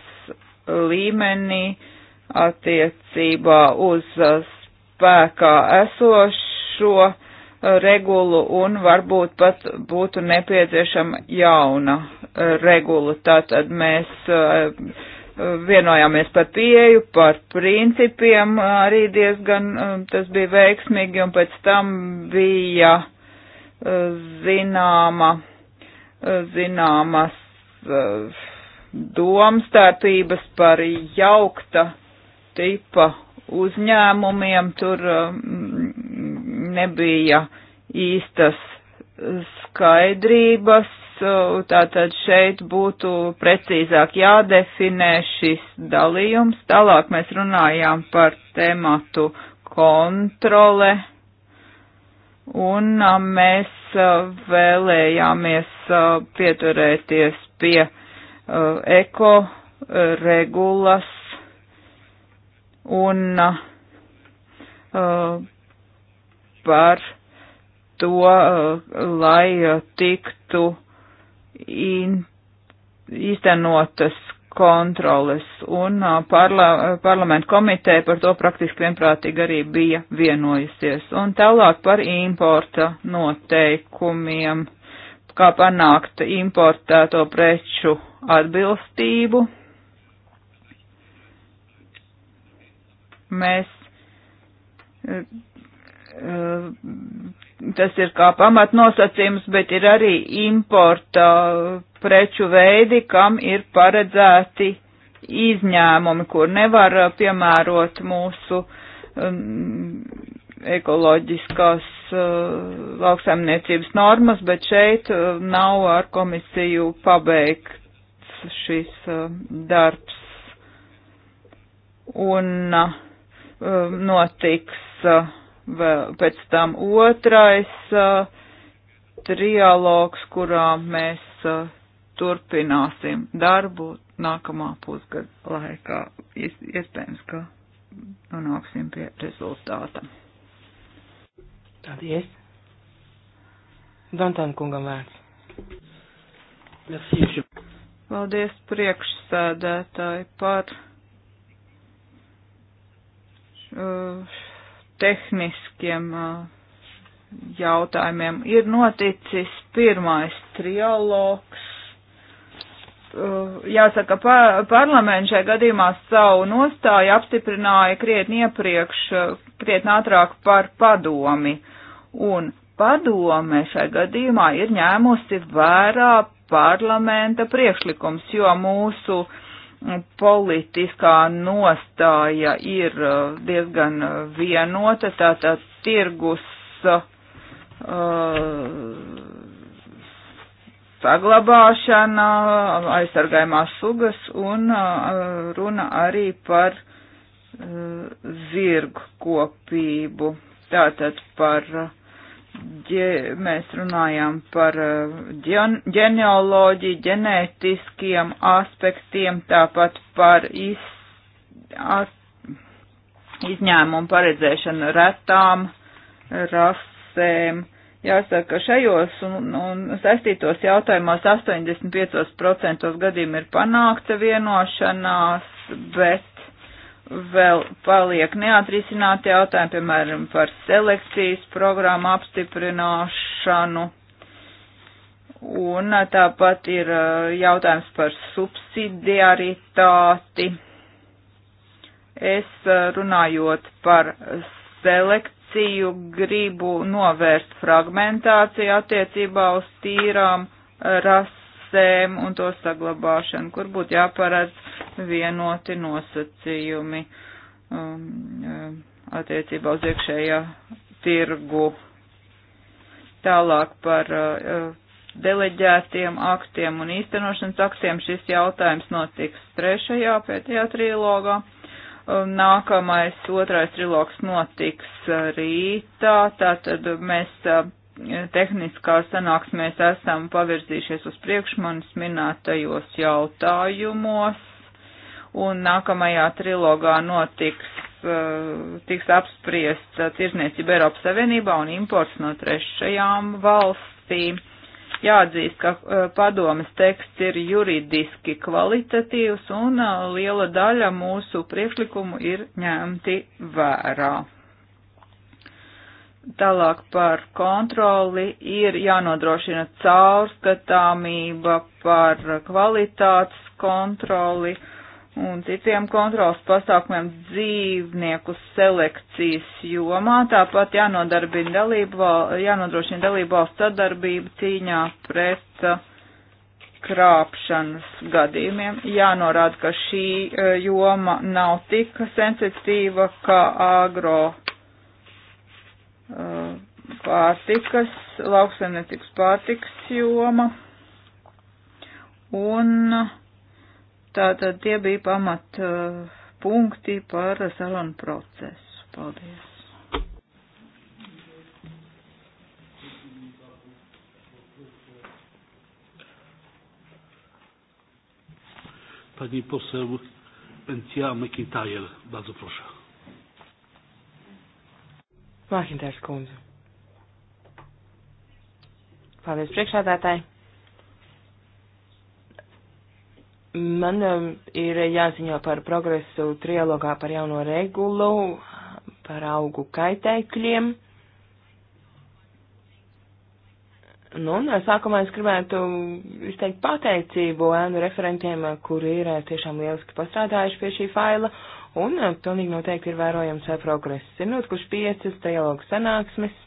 līmenī attiecībā uz spēkā esošo regulu un varbūt pat būtu nepieciešama jauna e, regula. Tātad mēs e, e, vienojāmies par pieeju, par principiem arī diezgan tas bija veiksmīgi un pēc tam bija zināma, zināmas domstarpības par jaukta tipa uzņēmumiem. Tur nebija īstas skaidrības, tātad šeit būtu precīzāk jādefinē šis dalījums. Tālāk mēs runājām par tematu kontrole, un mēs vēlējāmies pieturēties pie eko regulas un uh, par to, eh, lai eh, tiktu īstenotas kontroles, un eh, parla, parlamenta komiteja par to praktiski vienprātīgi arī bija vienojusies. Un tālāk par importa noteikumiem, kā panākt importēto preču atbilstību. Mēs Eh, tas ir kā pamatnosacījums, bet ir arī importa preču veidi, kam ir paredzēti izņēmumi, kur nevar eh, piemērot mūsu um, ekoloģiskās uh, lauksaimniecības normas, bet šeit uh, nav ar komisiju pabeigts šis uh, darbs. Un notiks vēl pēc tam otrais uh, trialogs, kurā mēs uh, turpināsim darbu nākamā pusgada laikā. Iespējams, ka nonāksim pie rezultāta. Paldies. Dantāna kungam vērts. Paldies priekšsēdētāji par. Uh, tehniskiem jautājumiem. Ir noticis pirmais trialogs. Jāsaka, par, parlaments šajā gadījumā savu nostāju apstiprināja krietni iepriekš, krietni ātrāk par padomi. Un padome šajā gadījumā ir ņēmusi vērā parlamenta priekšlikums, jo mūsu uh, politiskā nostāja ir uh, diezgan uh, vienota, tātad tirgus uh, saglabāšana, aizsargājumās sugas un uh, runa arī par uh, zirgu kopību, tātad par uh, ģe, mēs runājam par uh, ģen, ģeneoloģiju, ģenētiskiem aspektiem, tāpat par iz, as, izņēmumu paredzēšanu retām rasēm. Jāsaka, šajos un, un saistītos jautājumos 85% gadījumu ir panākta vienošanās, bet vēl paliek neatrisināti jautājumi, piemēram, par selekcijas programmu apstiprināšanu. Un eh, tāpat ir eh, jautājums par subsidiaritāti. Es eh, runājot par selekciju, gribu novērst fragmentāciju attiecībā uz tīrām rasēm un to saglabāšanu, kur būtu jāparedz vienoti nosacījumi um, um, attiecībā uz iekšējā tirgu. Tālāk par uh, deleģētiem aktiem un īstenošanas aktiem šis jautājums notiks trešajā pēdējā trilogā. Um, nākamais otrais trilogs notiks rītā, tātad mēs uh, tehniskā sanāksmēs esam pavirzījušies uz priekšu manis minētajos jautājumos un nākamajā trilogā notiks, eh, tiks apspriest tirzniecība Eiropas Savienībā un imports no trešajām valstīm. Jāatzīst, ka eh, padomas teksts ir juridiski kvalitatīvs un eh, liela daļa mūsu priekšlikumu ir ņemti vērā. Tālāk par kontroli ir jānodrošina caurskatāmība par kvalitātes kontroli. Uh, un citiem kontrols pasākumiem dzīvnieku selekcijas jomā. Tāpat jānodarbina dalību, jānodrošina dalību valsts sadarbība cīņā pret uh, krāpšanas gadījumiem. Jānorāda, ka šī uh, joma nav tik sensitīva kā agro uh, pārtikas, lauksaimniecības pārtikas joma. Un uh, Tātad tie bija pamat uh, punkti par sarunu procesu. Paldies! Pani poseł Pentia McIntyre, bardzo proszę. McIntyre skundze. Paldies priekšādātāji. Man um, ir jāziņo par progresu trialogā par jauno regulu, par augu kaitēkļiem. Nu, un uh, sākumā es gribētu izteikt pateicību ēnu referentiem, uh, kuri ir uh, tiešām lieliski pastrādājuši pie šī faila, un pilnīgi noteikti ir vērojams progress. Ir notikuši piecas trialogu sanāksmes,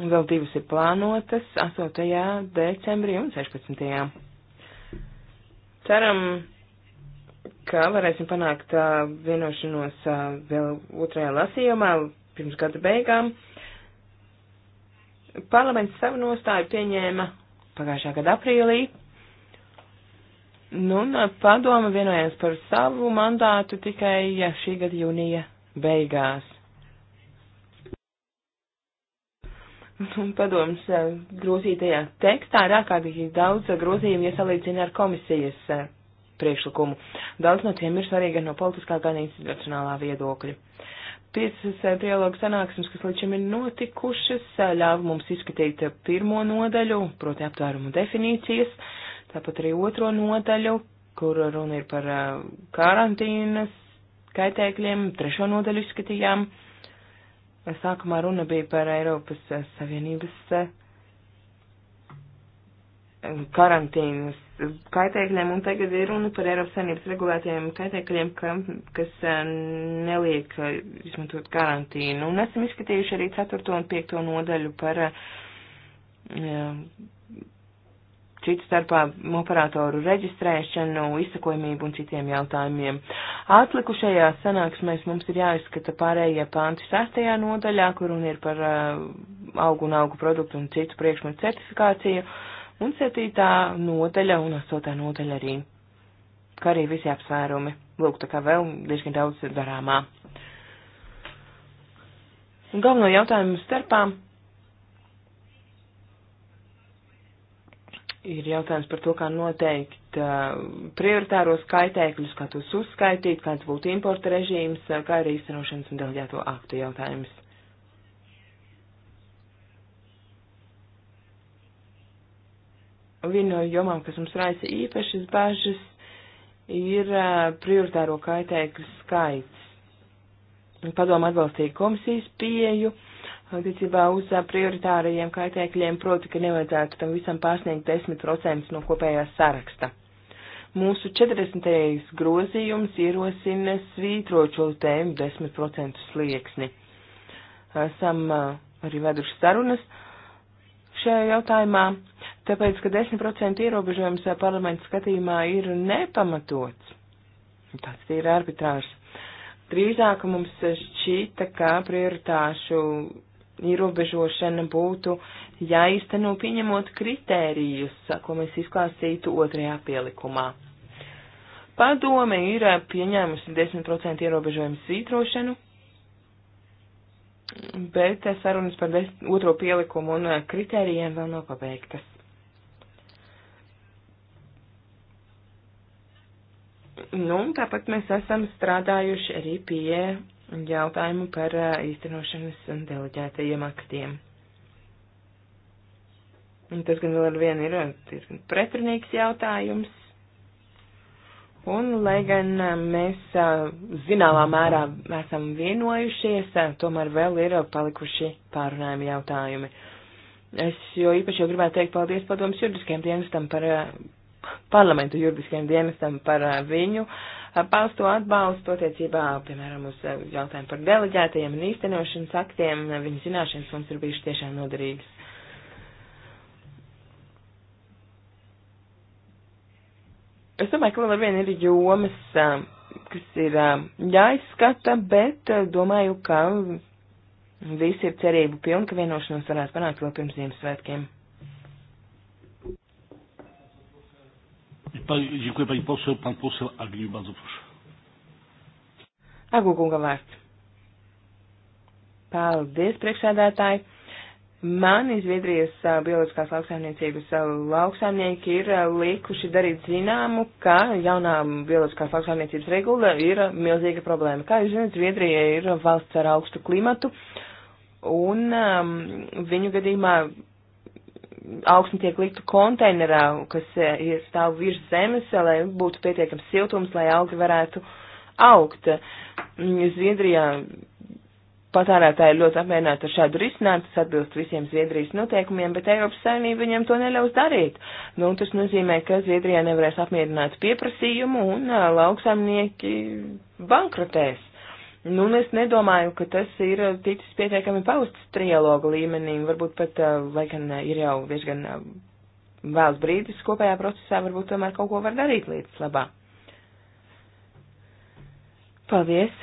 vēl divas ir plānotas 8. decembrī un 16. Ceram, ka varēsim panākt uh, vienošanos uh, vēl otrajā lasījumā, pirms gada beigām. Parlaments savu nostāju pieņēma pagājušā gada aprīlī. Nu, un padoma vienojās par savu mandātu tikai šī gada jūnija beigās. un padomas eh, grozītajā tekstā ir ārkārtīgi daudz eh, grozījumu, ja salīdzina ar komisijas eh, priekšlikumu. Daudz no tiem ir svarīgi gan no politiskā, gan institucionālā viedokļa. Piecas trialogu sanāksmes, kas līdz šim ir notikušas, ļāva mums izskatīt pirmo nodaļu, proti aptvērumu definīcijas, tāpat arī otro nodaļu, kur runa ir par karantīnas kaitēkļiem, trešo nodaļu izskatījām. Uh, Sākumā runa bija par Eiropas eh, Savienības eh, karantīnas kaitēkļiem, un tagad ir runa par Eiropas Savienības regulētajiem kaitēkļiem, kas eh, neliek izmantot karantīnu. Un esam izskatījuši arī 4. un 5. nodaļu par citu starpā operatoru reģistrēšanu, izsakojamību un citiem jautājumiem. Atlikušajās sanāksmēs mums ir jāizskata pārējie panti sastajā nodaļā, kur un ir par uh, augu un augu produktu un citu priekšmetu certifikāciju, un septītā nodaļa un astotā nodaļa arī, kā arī visi apsvērumi. Lūk, tā kā vēl diezgan daudz ir darāmā. Galveno jautājumu starpām ir jautājums par to, kā noteikt prioritāros kaitēkļus, kā tos uzskaitīt, kāds būtu importa režīms, kā arī īstenošanas un deleģēto aktu jautājums. Viena no jomām, kas mums raisa īpašas bažas, ir prioritāro kaitēkļu skaits. Padoma atbalstīja komisijas pieju attiecībā uz prioritārajiem kaitēkļiem, proti, ka nevajadzētu tam visam pārsniegt 10% no kopējās saraksta. Mūsu 40. grozījums ierosina svītrot šo tēmu 10% slieksni. Esam arī veduši sarunas šajā jautājumā, tāpēc, ka 10% ierobežojums parlamentu skatījumā ir nepamatots. Tāds ir arbitrārs. Drīzāk mums šķīta, ka prioritāšu ierobežošana būtu jāīsteno pieņemot kritērijus, ko mēs izklāstītu otrajā pielikumā. Padome ir pieņēmusi 10% ierobežojumu svītrošanu, bet sarunas par otro pielikumu un kritērijiem vēl nav pabeigtas. Nu, tāpat mēs esam strādājuši arī pie jautājumu par īstenošanas un deleģētajiem aktiem. Un tas gan vēl ar vienu ir diezgan pretrunīgs jautājums. Un, lai gan mēs zināmā mērā esam vienojušies, tomēr vēl ir palikuši pārunājumi jautājumi. Es jo īpaši jau gribētu teikt paldies padomus juridiskajam dienestam par parlamentu juridiskajam dienestam par viņu uh, pausto atbalstu attiecībā, piemēram, uz eh, jautājumu par deleģētajiem un īstenošanas aktiem. Viņa zināšanas mums ir bijušas tiešām noderīgas. Es domāju, ka vēl ar vienu ir jomas, eh, kas ir eh, jāizskata, bet domāju, ka visi ir cerību pilni, ka vienošanos varētu panākt vēl pirms Ziemassvētkiem. Pani, dziękuję pani poseł. Pan poseł Agniu, bardzo proszę. Agu kungam vārds. Paldies, priekšsēdētāji. Mani Zviedrijas bioloģiskās lauksaimniecības lauksaimnieki ir likuši darīt zināmu, ka jaunā bioloģiskās lauksaimniecības regula ir milzīga problēma. Kā jūs zināt, Zviedrija ir valsts ar augstu klimatu, un um, viņu gadījumā augsne tiek likta konteinerā, kas e, ir stāv virs zemes, lai būtu pietiekams siltums, lai augi varētu augt. Mm, Zviedrijā patērētāji ļoti apmierināti ar šādu risinājumu, tas atbilst visiem Zviedrijas noteikumiem, bet Eiropas Savienība viņiem to neļaus darīt. Nu, tas nozīmē, ka Zviedrijā nevarēs apmierināt pieprasījumu un e, lauksaimnieki bankrotēs. Nu, es nedomāju, ka tas ir uh, ticis pietiekami pausts trialogu līmenī, varbūt pat, uh, lai gan uh, ir jau diezgan vēls brīdis kopējā procesā, varbūt tomēr kaut ko var darīt līdz labā. Paldies!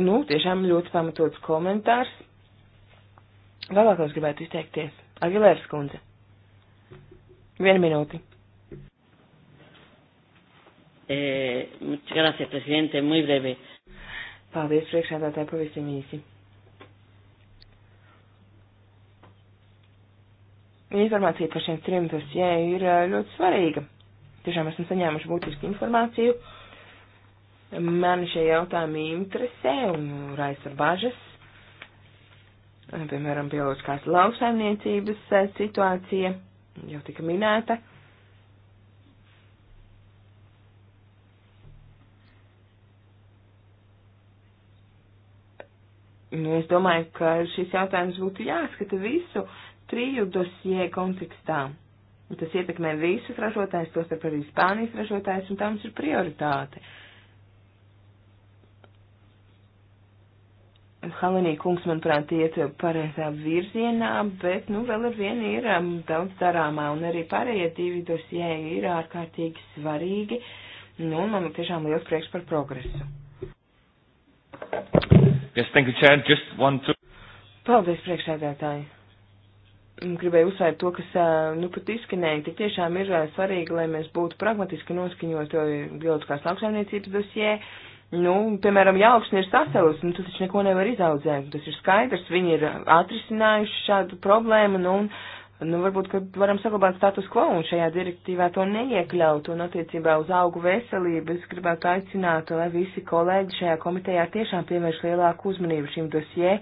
Nu, tiešām ļoti pamatots komentārs. Vēlākos gribētu izteikties. Agilērs kundze. Vienu minūti. Eh, muchas gracias, presidente. Muy breve. Paldies, priekšādātāji, pavisam īsi. Informācija par šiem trim dosjē ir eh, ļoti svarīga. Tiešām esmu saņēmuši būtisku informāciju. Mani šie jautājumi interesē un raisa bažas. Piemēram, bioloģiskās lauksaimniecības eh, situācija jau tika minēta. Nu, es domāju, ka šis jautājums būtu jāskata visu triju dosie kontekstā. Tas ietekmē visus ražotājus, tostarp arī Spānijas ražotājus, un tā mums ir prioritāte. Halenī kungs, manuprāt, iet pareizā virzienā, bet, nu, vēl ar vienu ir um, daudz darāmā, un arī pārējie divi dosieji ir ārkārtīgi svarīgi, nu, man tiešām liels prieks par progresu. Yes, thank you, Chair. Just one, two. Paldies, priekšsēdētāji. Mm, gribēju uzsvērt to, kas nu pat izskanēja, tik tiešām ir svarīgi, lai mēs būtu pragmatiski noskaņot bioloģiskās lauksaimniecības dosjē. Nu, piemēram, jauksni ir sasaus, nu, tu taču neko nevar izaudzēt, tas ir skaidrs, viņi ir atrisinājuši šādu problēmu, nu, un nu, varbūt, ka varam saglabāt status quo un šajā direktīvā to neiekļaut un attiecībā uz augu veselību es gribētu aicināt, lai visi kolēģi šajā komitejā tiešām pievērš lielāku uzmanību šim dosie,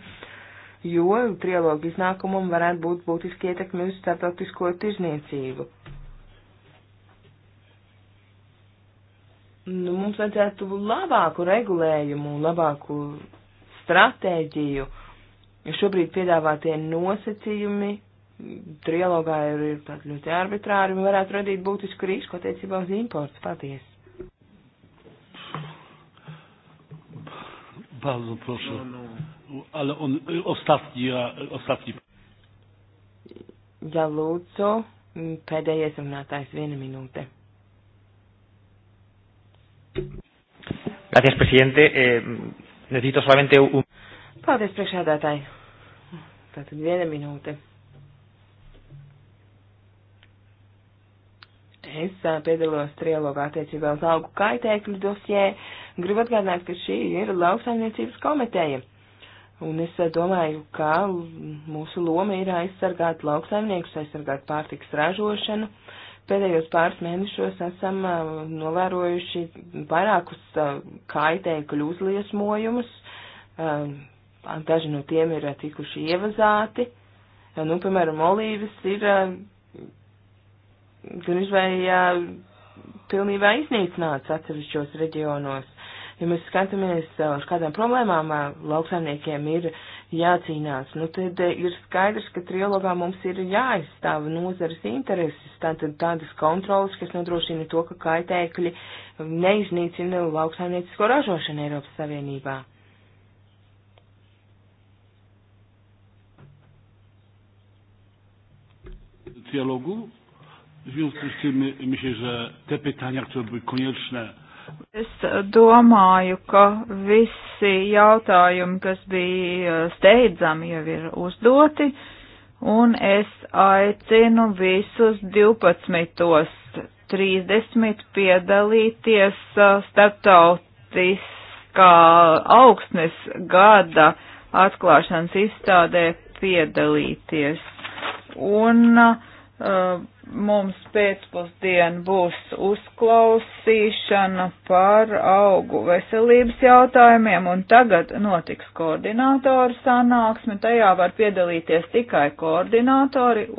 jo trilogu iznākumam varētu būt būtiski ietekmi uz starptautisko tirzniecību. Nu, mums vajadzētu labāku regulējumu, labāku stratēģiju. Šobrīd piedāvātie nosacījumi trilogā ir, ir tādi ļoti arbitrāri un varētu radīt būtisku risku attiecībā uz importu. Paldies! Bardzo proszę, ale on ostatni, ostatni. Ja lūdzu, pēdējais runātājs viena minūte. Gracias, presidente. Eh, necesito solamente un. Paldies, priekšādātāji. Tātad viena minūte. Es piedalos trialogā attiecībā uz augu kaitēkļu dosjē. Gribu atgādināt, ka šī ir lauksaimniecības komiteja. Un es domāju, ka mūsu loma ir aizsargāt lauksaimniekus, aizsargāt pārtiks ražošanu. Pēdējos pāris mēnešos esam novērojuši vairākus kaitēkļu uzliesmojumus. Daži no tiem ir tikuši ievazāti. Nu, piemēram, olīvas ir gan izvēja pilnībā iznīcināts atsevišķos reģionos. Ja mēs skatāmies, ar kādām problēmām lauksaimniekiem ir jācīnās, nu tad ir skaidrs, ka trilogā mums ir jāizstāv nozares intereses, tātad tādas kontrolas, kas nodrošina to, ka kaitēkļi neiznīcina lauksaimniecisko ražošanu Eiropas Savienībā. Dialogu W związku z tym myślę, że te pytania, które były konieczne. Es domāju, ka visi jautājumi, kas bija steidzami, jau ir uzdoti, un es aicinu visus 12.30 piedalīties starptautiskā augsnes gada atklāšanas izstādē piedalīties. Un uh, Uh, mums pēcpusdien būs uzklausīšana par augu veselības jautājumiem, un tagad notiks koordinātoru sanāksme. Tajā var piedalīties tikai koordinātori.